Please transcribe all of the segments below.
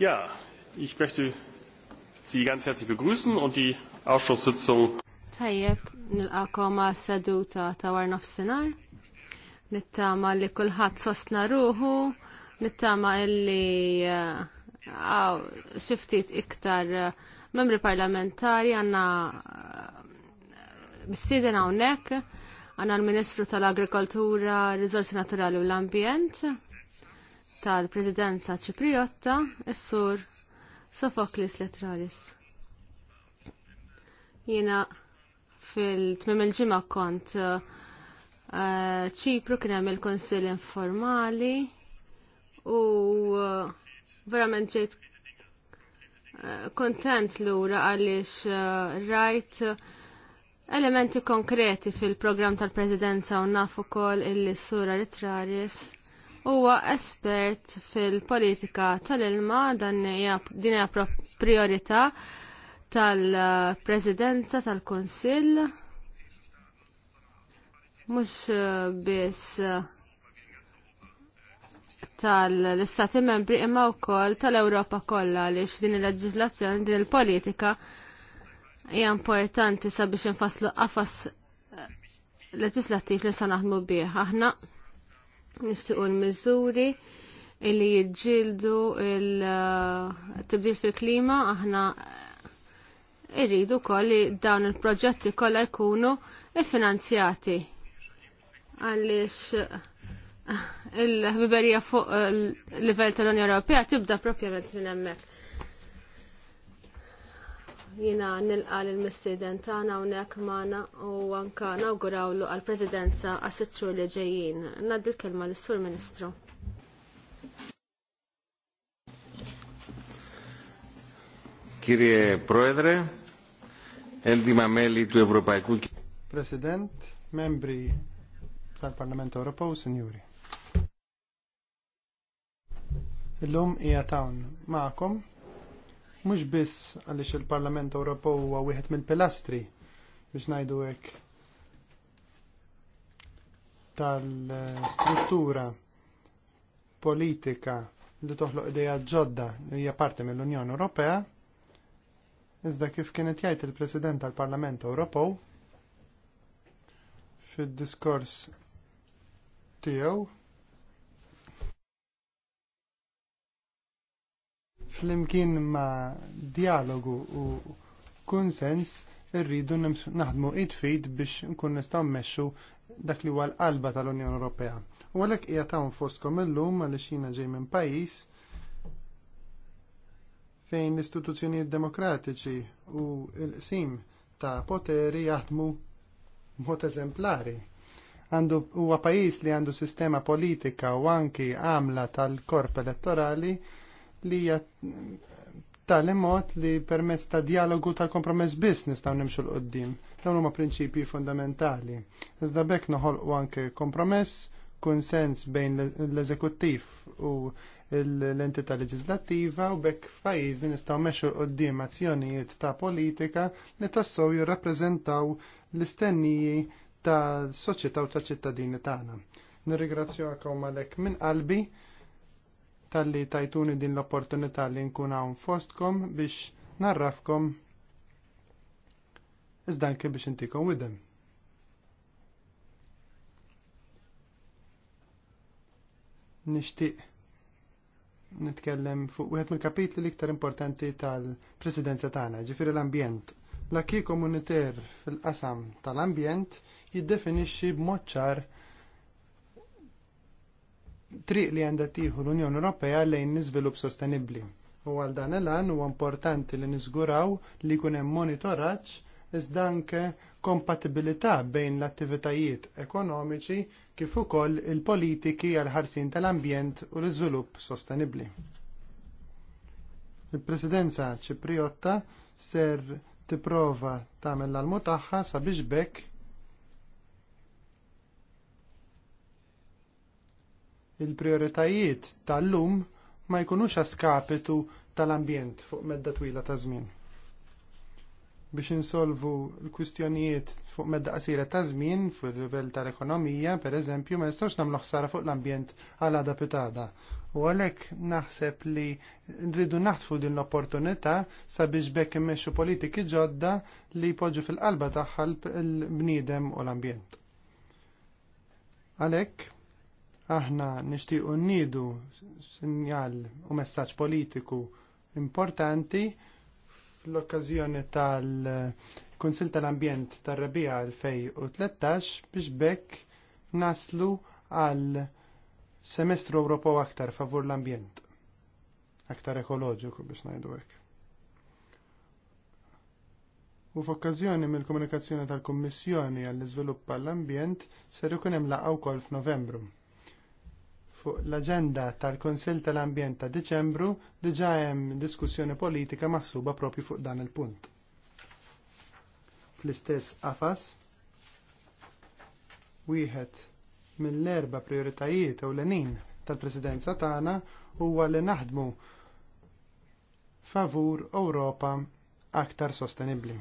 Ja, ich möchte Sie ganz herzlich begrüßen und die Ausschusssitzung. Tajjeb, nil-għakom seduta ta' war nofsinar. Nittama li kullħat sostna ruħu, nittama illi eh, għaw xiftit iktar eh, membri parlamentari għanna bistiden eh, għawnek għanna l-Ministru tal-Agrikoltura, Rizorsi Naturali u l-Ambjent tal-Presidenza Ċipriotta, is-Sur Sofoklis Letralis. Jiena fil-tmim il kont eh, ċipru kien hemm il-Konsil informali u eh, verament ġejt eh, kontent lura għaliex rajt elementi konkreti fil-programm tal-Presidenza u nafu kol illi sura ritraris huwa espert fil-politika tal-ilma din hija priorità tal-Presidenza tal-Kunsill mhux biss eh, tal-Istati Membri imma wkoll tal-Ewropa kollha għaliex din il-leġiżlazzjoni din il-politika hija importanti sabiex infasslu qafas eh, leġislattiv li sa naħdmu bih aħna nixtiequ l-miżuri illi jiġġieldu il-tibdil fil-klima aħna irridu koll dawn il-proġetti kollha jkunu iffinanzjati għaliex il-ħbiberija fuq il-livell tal-Unja Ewropea tibda propjament minn hemmhekk Jina nilqa l-mistiden tagħna hawnhekk magħna u anka nawgurawlu għall-Presidenza għas li ġejjin. Ngħaddi l-kelma lis-Sur Ministru. Kirje Proedre, Eldima Meli tu Europajku. President, membri tal-Parlament Ewropew, Sinjuri. Illum hija tawn ma'kom mhux biss għaliex il-Parlament Ewropew huwa wieħed mill-pilastri biex ngħidu hekk tal-struttura politika li toħloq ideja ġodda hija parti mill-Unjoni Ewropea, iżda kif kienet jgħid il-President tal-Parlament Ewropew fid-diskors tiegħu flimkien ma' dialogu u konsens irridu naħdmu it tfid biex nkun nistgħu mmexxu dak li huwa l-qalba tal-Unjoni Ewropea. U għalhekk qiegħed hawn fostkom illum għaliex jiena ġej minn pajjiż fejn l-istituzzjonijiet demokratiċi u l-qsim ta' poteri jaħdmu b'mod eżemplari. Għandu huwa pajjiż li għandu sistema politika u anki għamla tal-korp elettorali li hija tal mod li permezz ta' dialogu tal-kompromess biss nistgħu nimxu l-qoddim. Dawn huma prinċipji fundamentali. Iżda bekk noħolqu anke kompromess, konsens bejn l-eżekuttiv u l-entità leġislattiva u bekk f'pajjiżi nistgħu mexxu qoddim azzjonijiet ta' politika li tassew jirrappreżentaw l-istenniji ta' soċjetà u ta' ċittadini tagħna. Nirrigrazzjakom għalhekk minn qalbi tal-li tajtuni din l-opportunità li nkun hawn fostkom biex narrafkom iżda anke biex intikom widem. Nixtieq nitkellem fuq wieħed mill-kapitli l-iktar importanti tal-presidenza tagħna, ġifieri l-ambjent. L-akki komuniter fil-qasam tal-ambjent jiddefinixxi b'mod ċar triq li għandha tieħu l-Unjoni Ewropea lejn niżvilupp sostenibbli. U għal dan il-għan huwa importanti li niżguraw li jkun hemm monitoraġġ iżda anke kompatibilità bejn l-attivitajiet ekonomiċi kif ukoll il-politiki għal ħarsin tal-ambjent u l-iżvilupp sostenibbli. Il-Presidenza Ċipriotta ser tipprova tagħmel l-almu tagħha sabiex bekk il-prioritajiet tal-lum ma jkunux skapitu tal-ambjent fuq medda twila ta' żmien. Biex insolvu l-kwistjonijiet fuq medda qasira ta' żmien fuq livell tal-ekonomija, pereżempju, ma jistgħux nagħmlu ħsara fuq l-ambjent għal għada pitada. U għalhekk naħseb li nridu naħtfu din l-opportunità sabiex bekk immexxu politiki ġodda li jpoġġu fil-qalba tagħha l-bniedem u l-ambjent. Għalhekk Aħna nixtiequ nniedu sinjal u messaġġ politiku importanti fl-okkażjoni tal kunsill tal-Ambjent tar-Rebija 2013 biex bekk naslu għal semestru Ewropew aktar favur l-ambjent. Aktar ekoloġiku biex ngħidu hekk. U f'okkażjoni mill-komunikazzjoni tal-Kummissjoni għall iżvilupp għall-ambjent ser ikun hemm laqgħa wkoll f'Novembru fuq l-aġenda tal-Konsil tal-Ambjent ta' Diċembru diġa hemm diskussjoni politika maħsuba propju fuq dan il-punt. Fl-istess qafas, wieħed mill-erba' prioritajiet ewlenin tal-Presidenza tagħna huwa li naħdmu favur Ewropa aktar sostenibbli.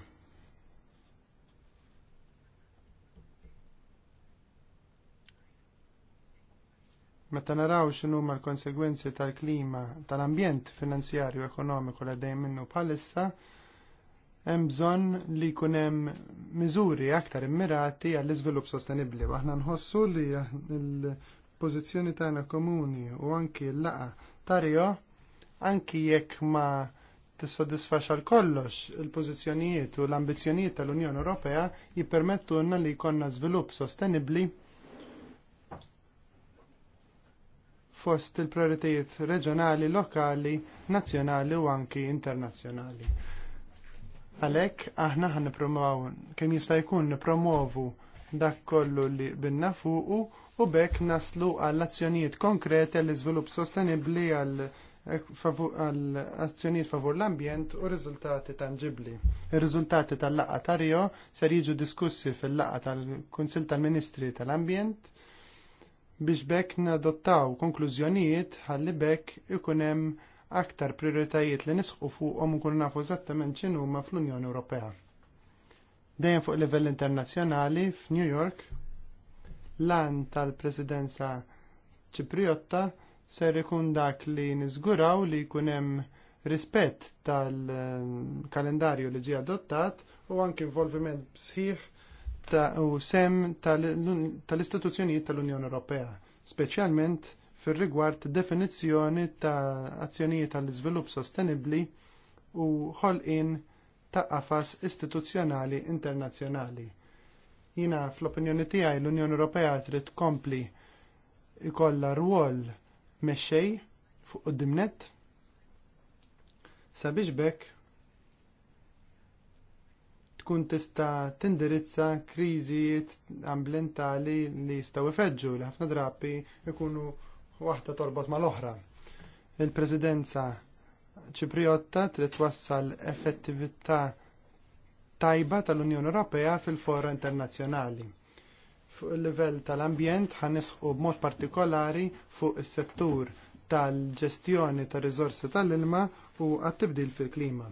Meta naraw x'inhu l-konsegwenzi tal-klima, tal-ambjent finanzjarju ekonomiku li għaddej minnu bħalissa, hemm bżonn li jkun hemm miżuri aktar immirati għall iżvilupp sostenibbli. Aħna nħossu li il pożizzjoni tagħna komuni u anki l-laqa tarjo anki jekk ma tissodisfax għal kollox il-pożizzjonijiet u l-ambizzjonijiet tal-Unjoni Ewropea jippermettulna li jkollna żvilupp sostenibbli fost il prioritiet reġjonali, lokali, nazzjonali u anki internazzjonali. Għalhekk aħna ħan kemm jista' jkun nipromovu dak kollu li binna fuqu u bekk naslu għall azzjonijiet konkreti għall iżvilupp sostenibbli għall eh, azzjonijiet favur l-ambjent u riżultati tangibli. Ir-riżultati tal-laqgħa tar Rio ser jiġu diskussi fil-laqgħa tal-Kunsil tal-Ministri tal-Ambjent biex bekk nadottaw konklużjonijiet ħalli bekk ikun hemm aktar prioritajiet li nisħu fuqhom u nafu eżattament x'inhu ma fl-Unjoni Ewropea. Dejjem fuq livell internazzjonali f'New York l-an tal-Presidenza Ċipriotta ser ikun dak li niżguraw li jkun hemm rispett tal-kalendarju li ġie adottat u anke involviment sħiħ ta' u sem tal-istituzzjonijiet tal-Unjoni Ewropea, speċjalment fir rigward definizzjoni ta' azzjonijiet tal-iżvilupp sostenibbli u ħolqien ta' qafas istituzzjonali internazzjonali. Jina fl-opinjoni tiegħi l-Unjoni Ewropea trid tkompli ikollha rwol mexxej fuq qudiemnet sabiex bekk tkun tista' tindirizza kriżijiet ambientali li jistgħu ifeġġu li ħafna drabi ikunu waħda torbot mal-oħra. Il-Presidenza Ċipriotta trid twassal effettività tajba tal-Unjoni Ewropea fil-fora internazzjonali. Fuq il-livell tal-ambjent ħanisħu b'mod partikolari fuq is-settur tal-ġestjoni tar-riżorsi tal-ilma u għat-tibdil fil-klima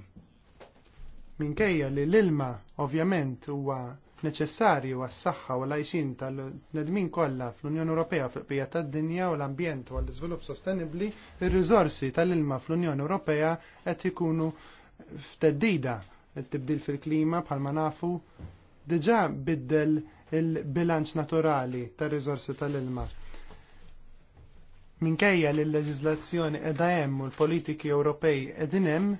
minkejja li l-ilma ovvjament huwa neċessarju għas-saħħa u l-għajxin tal-nedmin kollha fl-Unjoni Ewropea fuq pija tad-dinja u l-ambjent u l-iżvilupp sostenibbli, ir-riżorsi tal-ilma fl-Unjoni Ewropea qed ikunu f'teddida tibdil fil-klima bħalma nafu diġà biddel il-bilanċ naturali tar-riżorsi tal-ilma. Minkejja li l-leġiżlazzjoni qiegħda hemm u l-politiki Ewropej qegħdin hemm,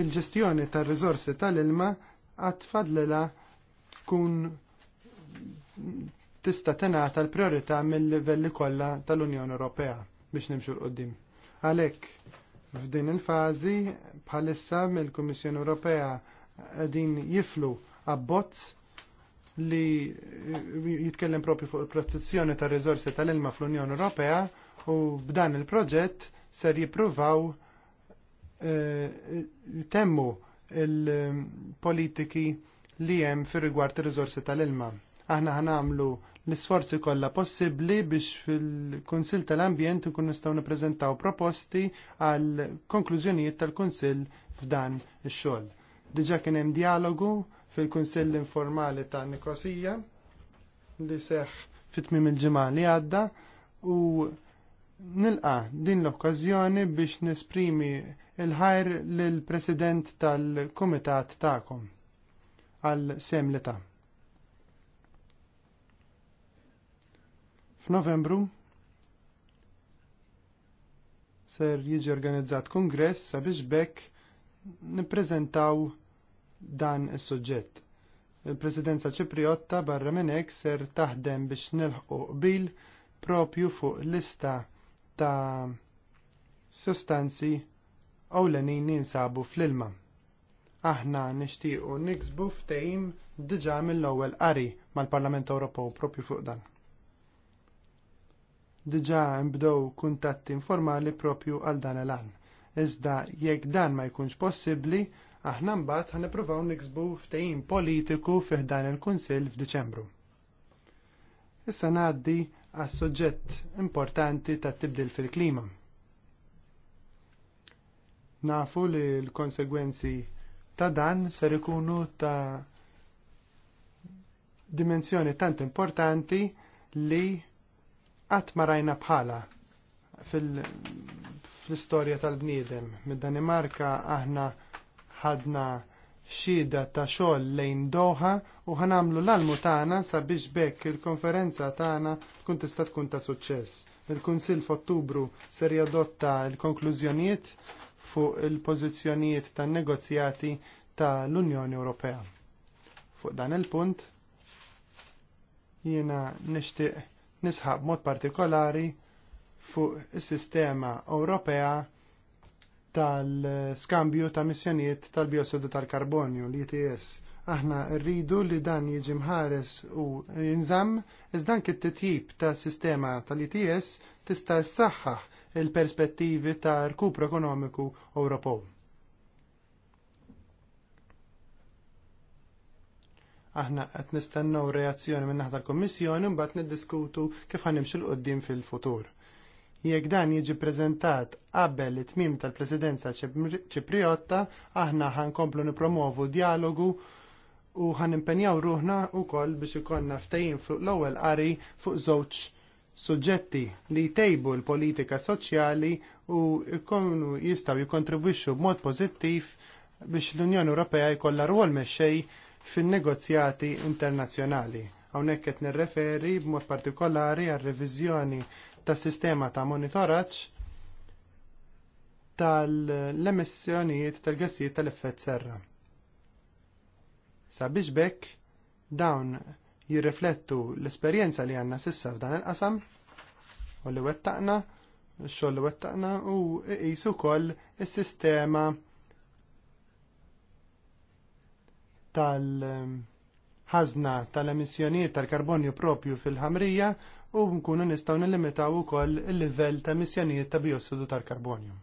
il-ġestjoni tar rizorsi tal-ilma għad fadlila tkun tista' tena l-priorità mill-livelli kollha tal-Unjoni Ewropea biex nimxu l-qoddim. Għalhekk f'din il-fażi bħalissa mill-Kummissjoni Ewropea qegħdin jiflu abbozz li jitkellem propju fuq il-protezzjoni tar rizorsi tal-ilma fl-Unjoni Ewropea u b'dan il-proġett ser jippruvaw Eh, temmu il-politiki li hemm fir rigward ir-riżorsi tal-ilma. Aħna ħanamlu l-isforzi kollha possibbli biex fil-Kunsill tal-Ambjent nkun nistgħu nippreżentaw proposti għal konklużjonijiet tal-Kunsill f'dan ix-xogħol. Diġà kien hemm dialogu fil-Kunsill informali ta' Nikosija li seħħ fit-tmiem il-ġimgħa li għadda u nilqa' din l-okkażjoni biex nesprimi il-ħajr lill-President tal-Kumitat tagħkom għal semlita. F'Novembru ser jiġi organizzat kongress sabiex bekk nippreżentaw dan is-suġġett. Il-Presidenza Ċipriotta barra minn hekk ser taħdem biex nilħqu qbil propju fuq lista ta' sostanzi ewlenin jinsabu fl-ilma. Aħna nixtiequ niksbu ftehim diġà mill-ewwel qari mal-Parlament Ewropew propju fuq dan. Diġà nbdew kuntatti informali propju għal dan il-għan. Iżda jekk dan ma jkunx possibbli, aħna mbagħad ħanippruvaw niksbu ftehim politiku fih dan il-Kunsill f'Diċembru. Issa ngħaddi għas suġġett importanti tat-tibdil fil-klima. Nafu li l-konsegwenzi ta' dan ser ikunu ta' dimensjoni tant importanti li qatt ma rajna bħala fl istorja tal-bniedem. Mid-Danimarka aħna ħadna xhieda ta' xogħol lejn Doha u ħanamlu l-almu tagħna sabiex bekk il-konferenza tagħna tkun tista' tkun ta' suċċess. Il-Kunsill f'Ottubru ser jadotta l-konklużjonijiet fuq il-pożizzjonijiet tan-negozjati tal-Unjoni Ewropea. Fuq dan il-punt jiena nixtieq nisħab mod partikolari fuq is-sistema Ewropea tal-skambju ta' missjonijiet tal-biossidu tal-karbonju, l-ITS. Aħna rridu li dan jiġi mħares u jinżamm iżda anke t-titjib ta' sistema tal-ITS tista' ssaħħaħ il-perspettivi ta' rkupru ekonomiku Ewropew. Aħna qed nistennew reazzjoni minn naħa tal kummissjoni mbagħad niddiskutu kif ħanimxu l-qoddim fil-futur. Jekk dan jiġi ppreżentat qabel it-tmiem tal-Presidenza Ċipriotta, aħna ħankomplu nipromovu dialogu u ħanimpenjaw ruħna wkoll biex ikonna ftehim fuq l-ewwel qari fuq żewġ suġġetti li jtejbu l-politika soċjali u jkunu jistaw jikontribwixxu b'mod pożittiv biex l-Unjoni Ewropea jkollha rwol mexxej fin-negozjati internazzjonali. Hawnhekk qed nirreferi b'mod partikolari għar reviżjoni tas sistema ta' monitoraġġ tal-emissjonijiet tal-gassijiet tal-effett serra. Sabiex bekk dawn jirriflettu l-esperjenza li għandna sissa f'dan il-qasam u li wettaqna, x-xogħol li wettaqna u jisu wkoll is-sistema tal-ħażna tal-emissjonijiet tal-karbonju propju fil-ħamrija u nkunu nistgħu nillimitaw ukoll il-livell ta' emissjonijiet ta' biossidu tal-karbonju.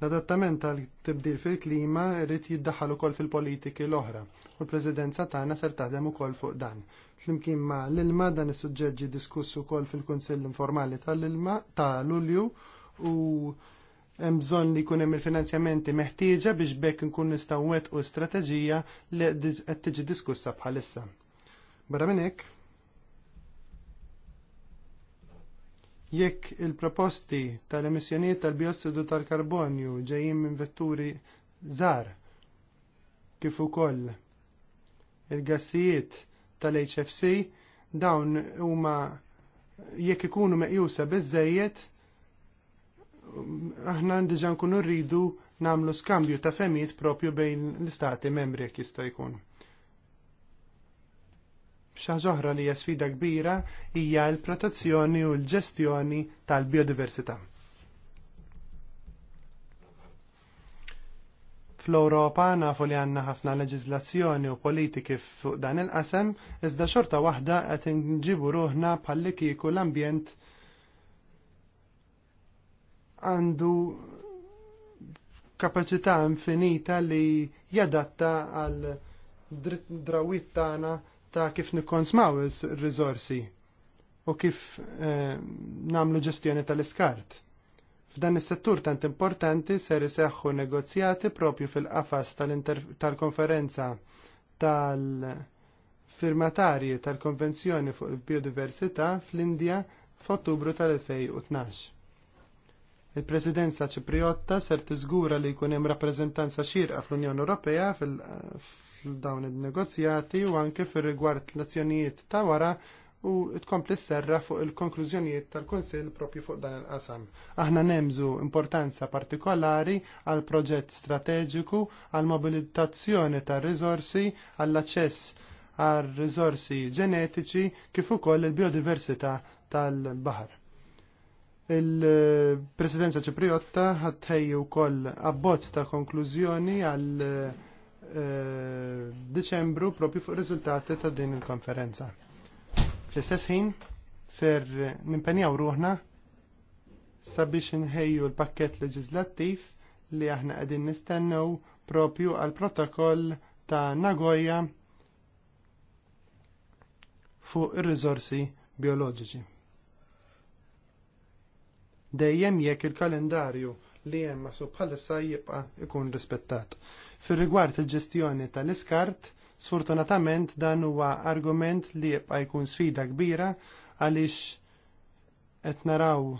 L-adattament tal-tibdil fil-klima rrit jiddaħħal ukoll fil-politiki l-oħra u l-Presidenza tagħna ser taħdem ukoll fuq dan. Flimkien ma l-ilma dan is-suġġeġġi diskuss ukoll fil-Kunsill Informali tal-Ilma ta' Lulju u hemm bżonn li jkun hemm il-finanzjamenti meħtieġa biex bekk nkun nistgħu wettqu strateġija li qed tiġi diskussa bħalissa. Barra minn hekk, Jekk il-proposti tal-emissjonijiet tal-biossidu tal-karbonju ġejjin minn vetturi żgħar kif ukoll il-gassijiet tal-HFC dawn huma jekk ikunu meqjusa biżżejjed aħna diġa nkunu rridu nagħmlu skambju ta' femijiet propju bejn l-istati membri jekk jista' jkun ħaġa li hija sfida kbira hija l-protezzjoni u l-ġestjoni tal-biodiversità. Fl-Ewropa nafu li għandna ħafna leġiżlazzjoni u politiki fuq dan il-qasem, iżda xorta waħda qed nġibu ruħna bħalli kieku l-ambjent għandu kapaċità infinita li jadatta għal drawit tagħna ta' kif nikkonsmaw il-rizorsi u kif eh, namlu ġestjoni tal-iskart. F'dan is-settur tant importanti ser iseħħu negozjati propju fil-qafas tal-konferenza tal firmatarji tal-Konvenzjoni fuq il-Biodiversità fl-Indja f'Ottubru tal-2012. Il-Presidenza Ċipriotta ser tiżgura li jkun hemm rappreżentanza xierqa fl-Unjoni Ewropea f'dawn id-negozjati u anke fir-rigward l-azzjonijiet ta' wara u tkompli serra fuq il-konklużjonijiet tal-Kunsill propju fuq dan il-qasam. Aħna nemżu importanza partikolari għal proġett strateġiku għal mobilitazzjoni ta' riżorsi għall aċċess għal riżorsi ġenetiċi kif ukoll il-biodiversità tal-baħar. Il-Presidenza Ċipriotta ħadħejju wkoll abbozz ta' konklużjoni għal Eh, Deċembru propju fuq riżultati ta' din il-konferenza. Fl-istess ħin ser nimpenjaw ruħna sabiex inħejju l-pakket leġislattiv li aħna qegħdin nistennew propju għal protokoll ta' Nagoya fuq ir-riżorsi bioloġiċi. Dejjem jekk il-kalendarju li hemm maħsub bħalissa jibqa' ikun rispettat. Fir-rigward il-ġestjoni tal-iskart, sfortunatament dan huwa argument li jibqa' jkun sfida kbira għaliex qed naraw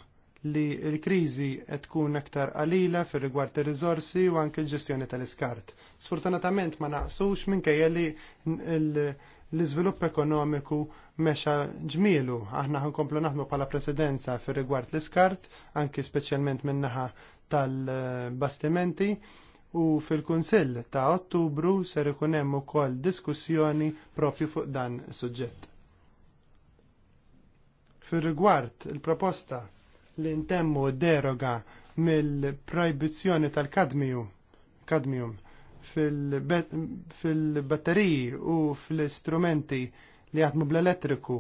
li l-kriżi qed tkun aktar qalila fir rigward ir-riżorsi u anke l-ġestjoni tal-iskart. Sfortunatament ma naqsux minkejja li l-iżvilupp ekonomiku mexa ġmielu. Aħna ħankomplu naħdmu bħala presidenza fir rigward l-iskart, anke speċjalment min-naħa tal-bastimenti u fil-Kunsill ta' Ottubru ser ikun hemm ukoll diskussjoni propju fuq dan is-suġġett. Fir-rigward il-proposta li ntemmu deroga mill-projbizzjoni tal-kadmiju kadmium fil-batteriji u fl-istrumenti li jaħdmu bl-elettriku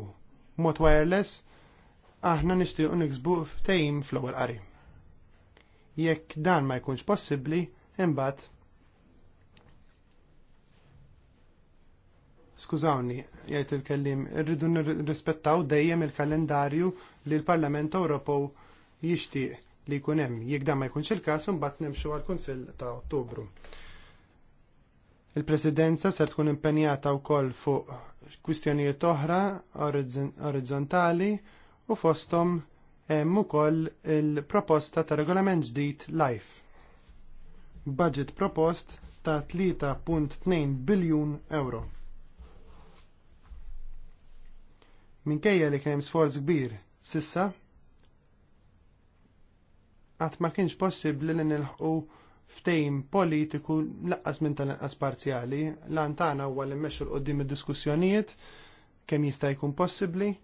mod wireless, aħna nixtiequ niksbu ftejm fl-ewwel qari. Jekk dan ma jkunx possibbli, Imbagħad Skużawni, jgħid il-kellim, irridu nirrispettaw dejjem il-kalendarju li l-Parlament Ewropew jixtieq li jkun hemm. Jekk dan ma jkunx il-każ imbagħad nimxu għall-Kunsill ta' Ottubru. Il-Presidenza ser tkun impenjata wkoll fuq kwistjonijiet oħra orizzontali u fosthom hemm ukoll il-proposta ta' regolament ġdid life budget propost ta' 3.2 biljun euro. Minkejja li kien hemm sforz kbir sissa, qatt ma kienx possibbli li nilħqu ftejm politiku laqqas minn tal-inqas parzjali, lan tagħna huwa li mmexxu l qoddim id-diskussjonijiet kemm jista' jkun possibbli.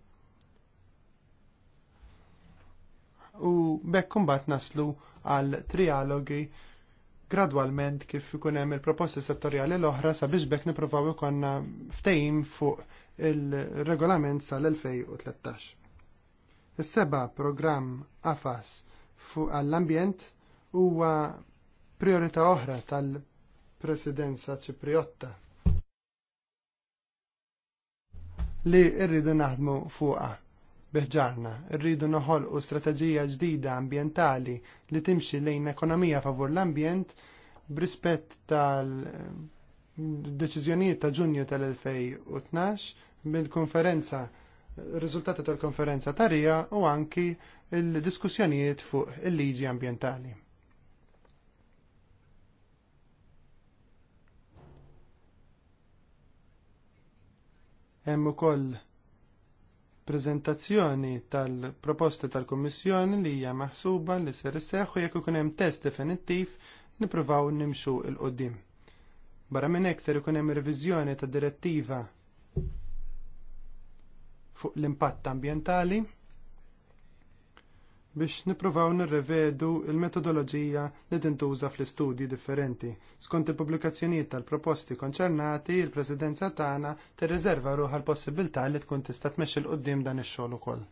U bekk kumbat naslu għal trialogi gradwalment kif ikun hemm il-proposti settorjali l-oħra sabiex bekk nippruvaw ikollna ftehim fuq il-regolament sal-2013. Is-seba programm AFAS fuq għall-ambjent huwa priorità oħra tal-Presidenza Ċipriotta li rridu naħdmu fuqha biħġarna. Rridu noħolqu strateġija ġdida ambjentali li timxi lejn ekonomija favur l-ambjent b'rispett tal-deċiżjonijiet mm, ta' ġunju tal-2012 bil-konferenza riżultati tal-konferenza ta' Rija u anki il-diskussjonijiet fuq il-liġi ambjentali. Hemm ukoll prezentazzjoni tal-proposta tal-Kommissjoni li hija maħsuba li ser isseħħu jekk ikun hemm test definittiv nippruvaw nimxu il qoddim Barra minn hekk ser ikun hemm reviżjoni tad direttiva fuq l-impatt ambjentali biex nippruvaw nirrevedu l metodoloġija li tintuża fl-istudji differenti. Skont il-pubblikazzjonijiet tal-proposti konċernati, il-Presidenza tagħna tirriserva ruħa l-possibilità li tkun tista' tmexxi l qudiem dan ix-xogħol ukoll.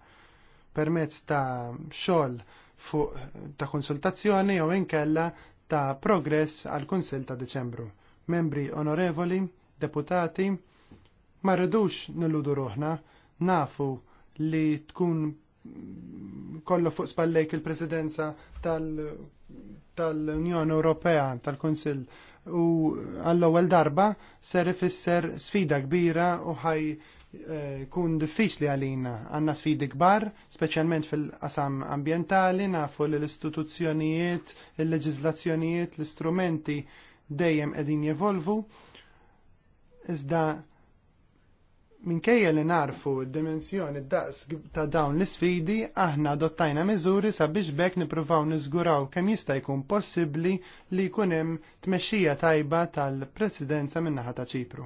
Permezz ta' xogħol fuq ta' konsultazzjoni jew inkella ta' progress għal kunsill ta' Deċembru. Membri onorevoli, deputati, ma rridux nilludu ruħna, nafu li tkun kollu fuq spallejk il-presidenza tal-Unjoni Ewropea, tal-Konsil, u għall-ewwel darba ser ifisser sfida kbira u ħaj eh, kun diffiċli għalina. Għanna sfidi kbar, specialment fil-qasam ambientali, nafu li l-istituzzjonijiet, il-leġizlazzjonijiet, l-istrumenti dejjem edin jevolvu. Iżda Minkejja li narfu d-dimensjoni daqs ta' dawn l-isfidi, aħna adottajna miżuri sabiex bekk nipruvaw niżguraw kemm jista' jkun possibbli li jkun hemm tmexxija tajba tal-Presidenza min-naħa ta' Ċipru.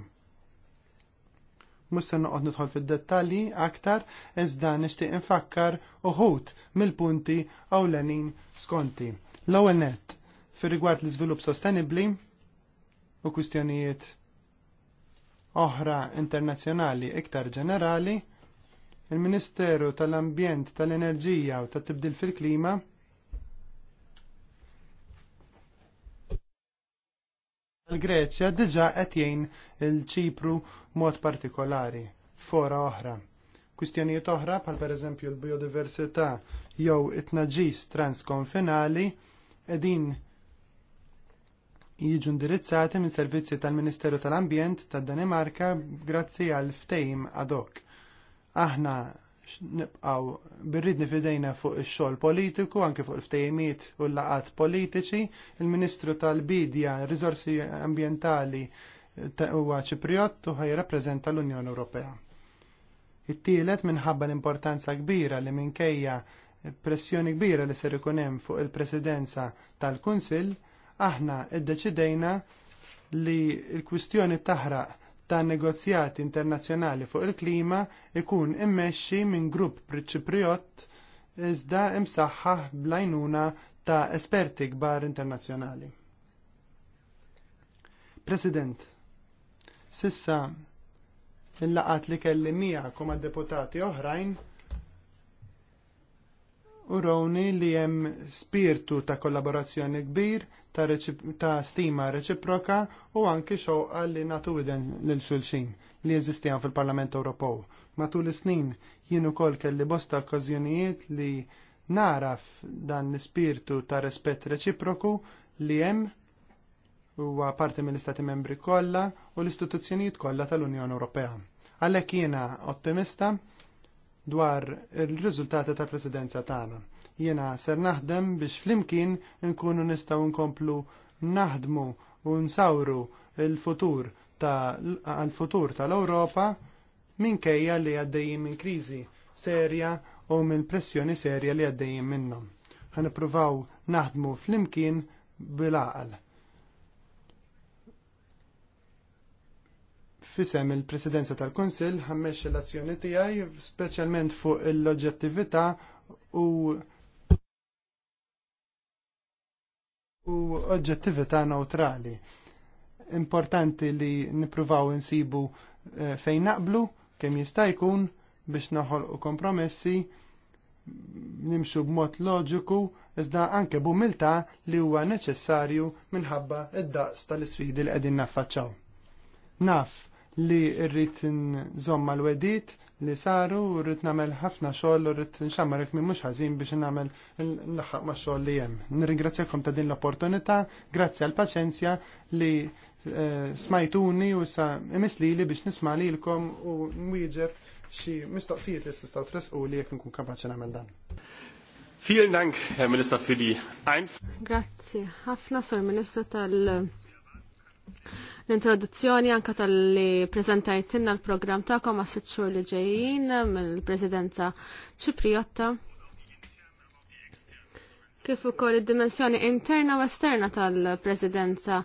Mussa noqgħod nidħol fid-dettalji aktar iżda nixtieq infakkar uħud mill-punti ewlenin skonti. L-ewwel nett fir-rigward l-iżvilupp sostenibbli u kwistjonijiet oħra internazzjonali iktar ġenerali, il-Ministeru tal-Ambjent, tal-Enerġija u tat-Tibdil fil-Klima l greċja diġa qed jgħin il-Ċipru mod partikolari, fora oħra. Kwistjonijiet oħra bħal pereżempju l-biodiversità jew it-tnaġis transkonfinali qegħdin jiġu indirizzati minn servizzi tal-Ministeru tal-Ambjent tad-Danimarka grazzi għal ftejim ad hoc. Aħna nibqaw birridni fidejna fuq ix-xogħol politiku, anke fuq il-ftejimiet u l-laqat politiċi, il-Ministru tal-Bidja, Risorsi Ambjentali huwa Ċipriot u ħajrappreżenta l-Unjoni Ewropea. It-tielet minħabba l-importanza kbira li minkejja pressjoni kbira li ser ikun hemm fuq il-Presidenza tal-Kunsill, aħna iddeċidejna li l-kwistjoni taħraq ta' negozjati internazzjonali fuq il-klima ikun immexxi minn grupp priċipriot iżda imsaħħaħ blajnuna ta' esperti kbar internazzjonali. President, sissa il-laqat li kelli miegħkom deputati oħrajn u rowni li hemm spirtu ta' kollaborazzjoni kbir, ta', ta stima reċiproka u anki xoqqa li natu widen lil xulxin li jeżistijan fil-Parlament Ewropew. Matul is-snin jien ukoll kelli bosta okkażjonijiet li naraf dan l-ispirtu ta' rispett reċiproku li hemm huwa parti mill-Istati Membri kollha u l-istituzzjonijiet kollha tal-Unjoni Ewropea. Għalhekk jiena ottimista dwar il-riżultati tal-presidenza tagħna. Jiena ser naħdem biex flimkien nkunu nistgħu nkomplu naħdmu u nsawru l futur tal-futur tal-Ewropa minkejja li għaddejjin minn kriżi serja u minn pressjoni serja li għaddejjin minnhom. Ħanipruvaw naħdmu flimkien bil-aqal fisem il-Presidenza tal-Konsil ħammex l-azzjoni tiegħi speċjalment fuq l-oġġettività u u oġġettività neutrali. Importanti li nippruvaw insibu eh, fejn naqblu kemm jista' jkun biex naħolqu kompromessi nimxu b'mod loġiku iżda anke b'umiltà li huwa neċessarju minħabba id-daqs tal-isfidi li qegħdin naffaċċaw. Naf li rrit nżomma l-wedit li saru u rrit namel ħafna xoll u rrit nxammarek minn mux ħazin biex namel l-ħak ma xoll li jem. Nirringrazzjakom ta' din l-opportunità, grazzi għal paċenzja li eh, smajtuni u sa imisli li biex nisma li l-kom u nwieġeb xi mistoqsijiet li s-istaw u li jek nkun kapaċi namel dan. Vielen Dank, Herr Minister, für die Einf. Grazie. Ħafna, Sir Minister, tal- l-introduzzjoni anka tal-li prezentajtinna l-program ta'kom għas xhur li ġejjin mill-Presidenza Ċipriotta. Kif ukoll id-dimensjoni interna u esterna tal-Presidenza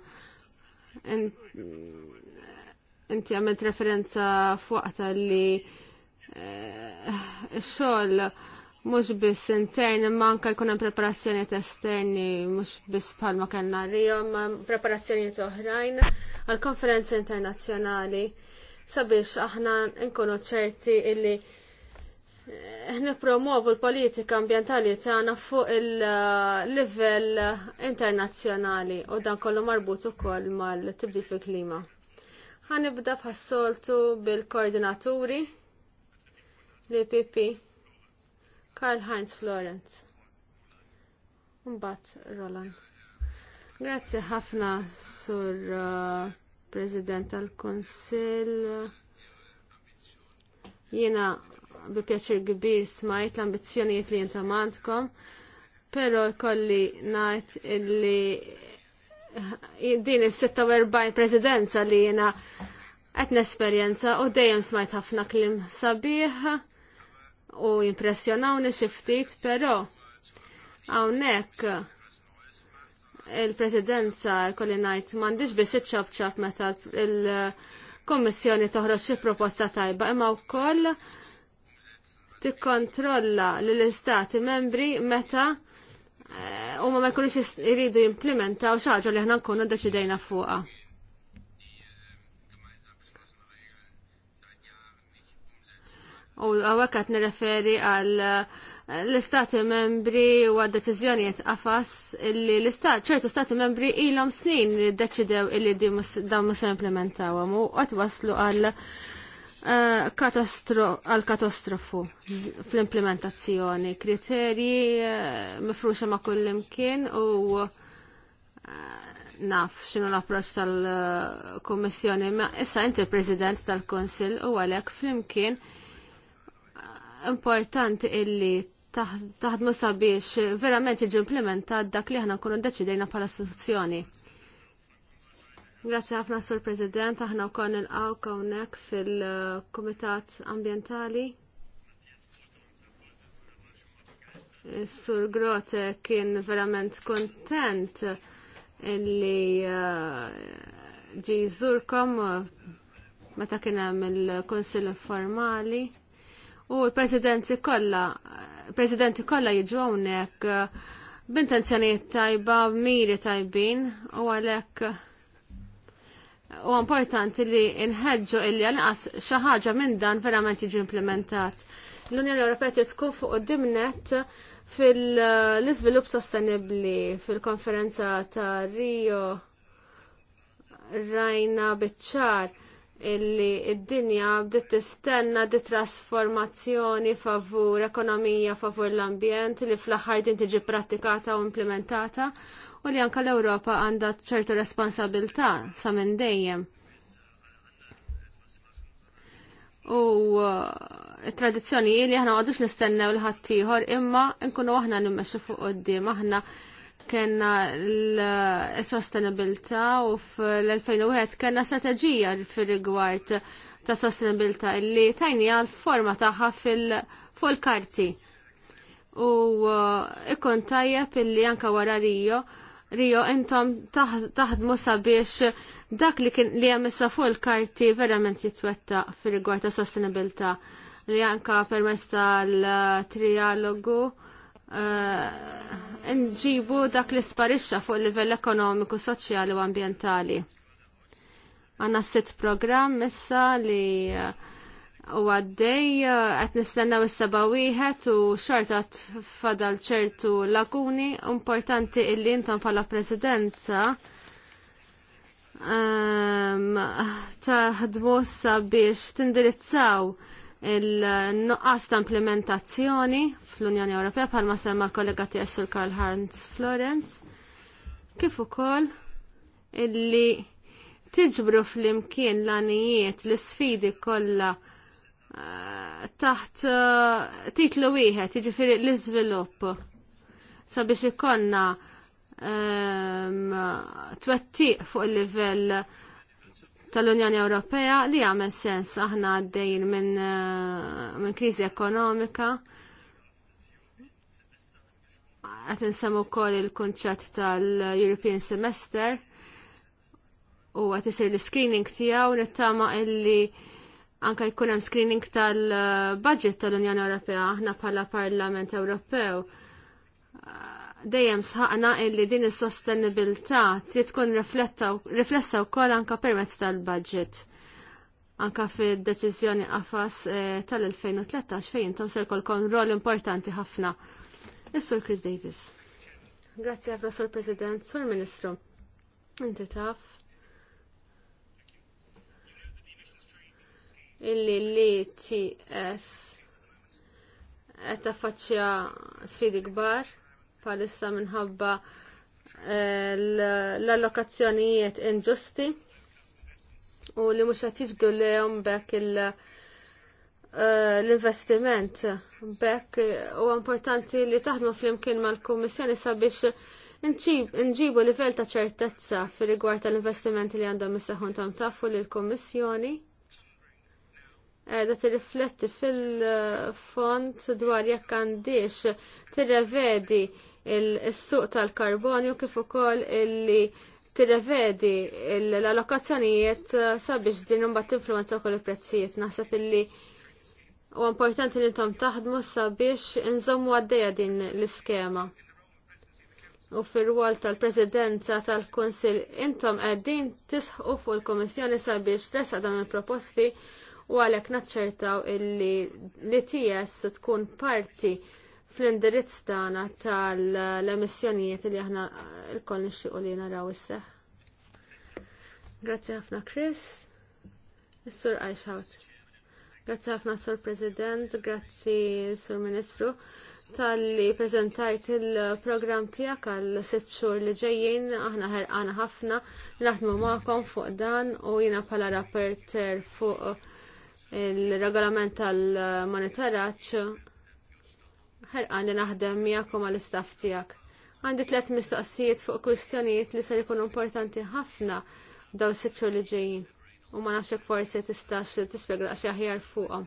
inti għamilt referenza fuq tal-li eh, xogħol mhux biss interni, manka jkun hemm preparazzjonijiet esterni, mhux biss bħalma kellna rihom, ma preparazzjonijiet oħrajn għal konferenzi internazzjonali sabiex aħna nkunu ċerti illi eh, nipromovu l-politika ambjentali tagħna fuq il-livell internazzjonali u dan kollu marbut ukoll mal-tibdil fil-klima. Ħanibda bħas-soltu bil-koordinaturi l-PP Karl Heinz Florenz. Mbatt, Roland. Grazie ħafna sur uh, President tal-Konsil. Jiena bi pjaċir gbir smajt l-ambizzjonijiet li jenta mandkom, pero kolli najt illi eh, din il 46 presidenza li jiena għetna esperienza u dejjem smajt ħafna klim sabiħ u impressjonawni xi ftit, però hawnhekk il-presidenza kolli ngħid m'għandix biss iċċabċab meta il-Kommissjoni toħroġ xi proposta tajba imma wkoll tikkontrolla lill istati membri meta eh, u ma jkunux iridu jimplementaw xaġa li aħna nkunu deċidejna fuqha. u għawek għat nireferi għal eh, l-istati membri u għad deċizjoniet għafas illi l-istat, ċertu stati membri ilhom snin li deċidew illi di dawn mus implementaw u għat waslu għal eh, għal katastrofu fl-implementazzjoni, kriterji eh, mifruxa ma' kullimkien u naf xinu l-approċ tal-Kommissjoni, ma issa inti President tal-Konsil u għalek flimkien importanti illi taħdmu sabiex verament jiġi implementat dak li ħna nkunu deċidejna bħala istituzzjoni. Grazie ħafna sur President, aħna wkoll nilqgħu hawnhekk fil-Kumitat Ambjentali. Sur Grot kien verament kontent illi uh, ġi jżurkom uh, meta kien hemm il konsil informali u l-presidenti kollha presidenti kollha jiġu hawnhekk eh, b'intenzjonijiet tajba, miri tajbin u għalhekk eh, u importanti li nħeġġu illi għalqas xi ħaġa minn dan verament jiġi implementat. L-Unjoni Ewropea trid tkun fuq dimnet fil-iżvilupp sostenibbli fil-konferenza ta' Rio rajna biċ-ċar illi id-dinja bdiet tistenna di trasformazzjoni favur ekonomija favur l-ambjent li fl-aħħar din tiġi pratikata u implementata u li anka l-Ewropa għandha ċertu responsabilità sa minn dejjem. U uh, tradizzjoni li aħna għadux nistennew l ħaddieħor imma nkunu aħna nimmexxu fuq quddiem aħna kena l-sostenibilta u fl-2001 kena strategija fil-rigward ta' sostenibilta illi tajni għal forma taħħa fil-karti. U uh, ikon tajjeb illi anka wara Rio, Rio intom taħdmu sabiex dak li kien li jamissa fuq il-karti verament jitwetta fil-rigward ta' sostenibilta li anka permesta tal-trialogu. Uh, nġibu dak li sparixxa fuq il-livell ekonomiku, soċjali u ambjentali. Għanna sitt program issa li uh, u għaddej uh, għet nistennaw is-seba wieħed u għat fadal ċertu laguni importanti illi intom bħala presidenza um, taħdmu biex tindirizzaw il-nuqqas ta' implementazzjoni fl-Unjoni Ewropea bħalma semma l-kollega tiegħi Sur Karl Heinz Florence kif ukoll illi tiġbru fl-imkien l-anijiet l-sfidi kollha eh, taħt eh, titlu wieħed, jiġifieri l-iżvilupp sabiex ikonna ehm, twettiq fuq il-livell tal-Unjoni Ewropea li għamel sens aħna għaddejn minn eh, min kriżi ekonomika. Għat nsemmu kol il-kunċett tal-European Semester u għat isir l-screening tiegħu nittama illi anka jkun hemm screening tal-budget eh, tal-Unjoni Ewropea aħna bħala Parlament Ewropew dejjem sħaqna illi din is-sostenibilità trid tkun riflessa wkoll anke permezz tal-budget. Anka fid-deċiżjoni qafas eh, tal-2013 fejn intom se jkollkom rol importanti ħafna. Is-Sur Chris Davis. Grazzi ħafna Sur President, Sur Ministru. Inti taf. Illi li TS qed taffaċċja sfidi kbar palissa minħabba eh, l-allokazzjonijiet inġusti u li mux għat jibdu li bekk eh, l-investiment bekk eh, u importanti li taħdmu fl-imkien mal-Kummissjoni sabiex nġibu livell ta' ċertezza fil-rigward tal-investimenti li għandhom is-saħun tam tafu li l-Kummissjoni da tirrifletti fil fond dwar jekk għandix tirrevedi il-suq tal-karbonju kif ukoll illi tirrevedi l-allokazzjonijiet uh, sabiex din imbagħad tinfluwenza wkoll il-prezzijiet. Naħseb illi u importanti li intom taħdmu sabiex inżommu għaddejja din l-iskema. U fir-rwol tal-Presidenza tal-Kunsil intom qegħdin tisħu fuq il-Kummissjoni sabiex tesaq dawn il-proposti u għalhekk naċċertaw illi l-ITS tkun parti fl-indirizz tagħna tal-emissjonijiet li aħna l-koll nixtiequ li naraw isseħ. Grazzi ħafna Chris. Is-Sur Għajxawt. Grazzi ħafna Sur President, grazzi Sur Ministru tal-li prezentajt il-program tijak għal sitt xhur li ġejjin, aħna ħerqana ħafna, naħdmu ma'kom fuq dan u jina pala rapporter fuq il-regolament tal-monitoraċ ħerqan li naħdem miegħekom għall-istaff tiegħek. Għandi tliet mistoqsijiet fuq kwistjonijiet li ser ikunu importanti ħafna daw s-sitxu li ġejjin u ma nafx hekk forsi tistax tispjega xi aħjar fuqhom.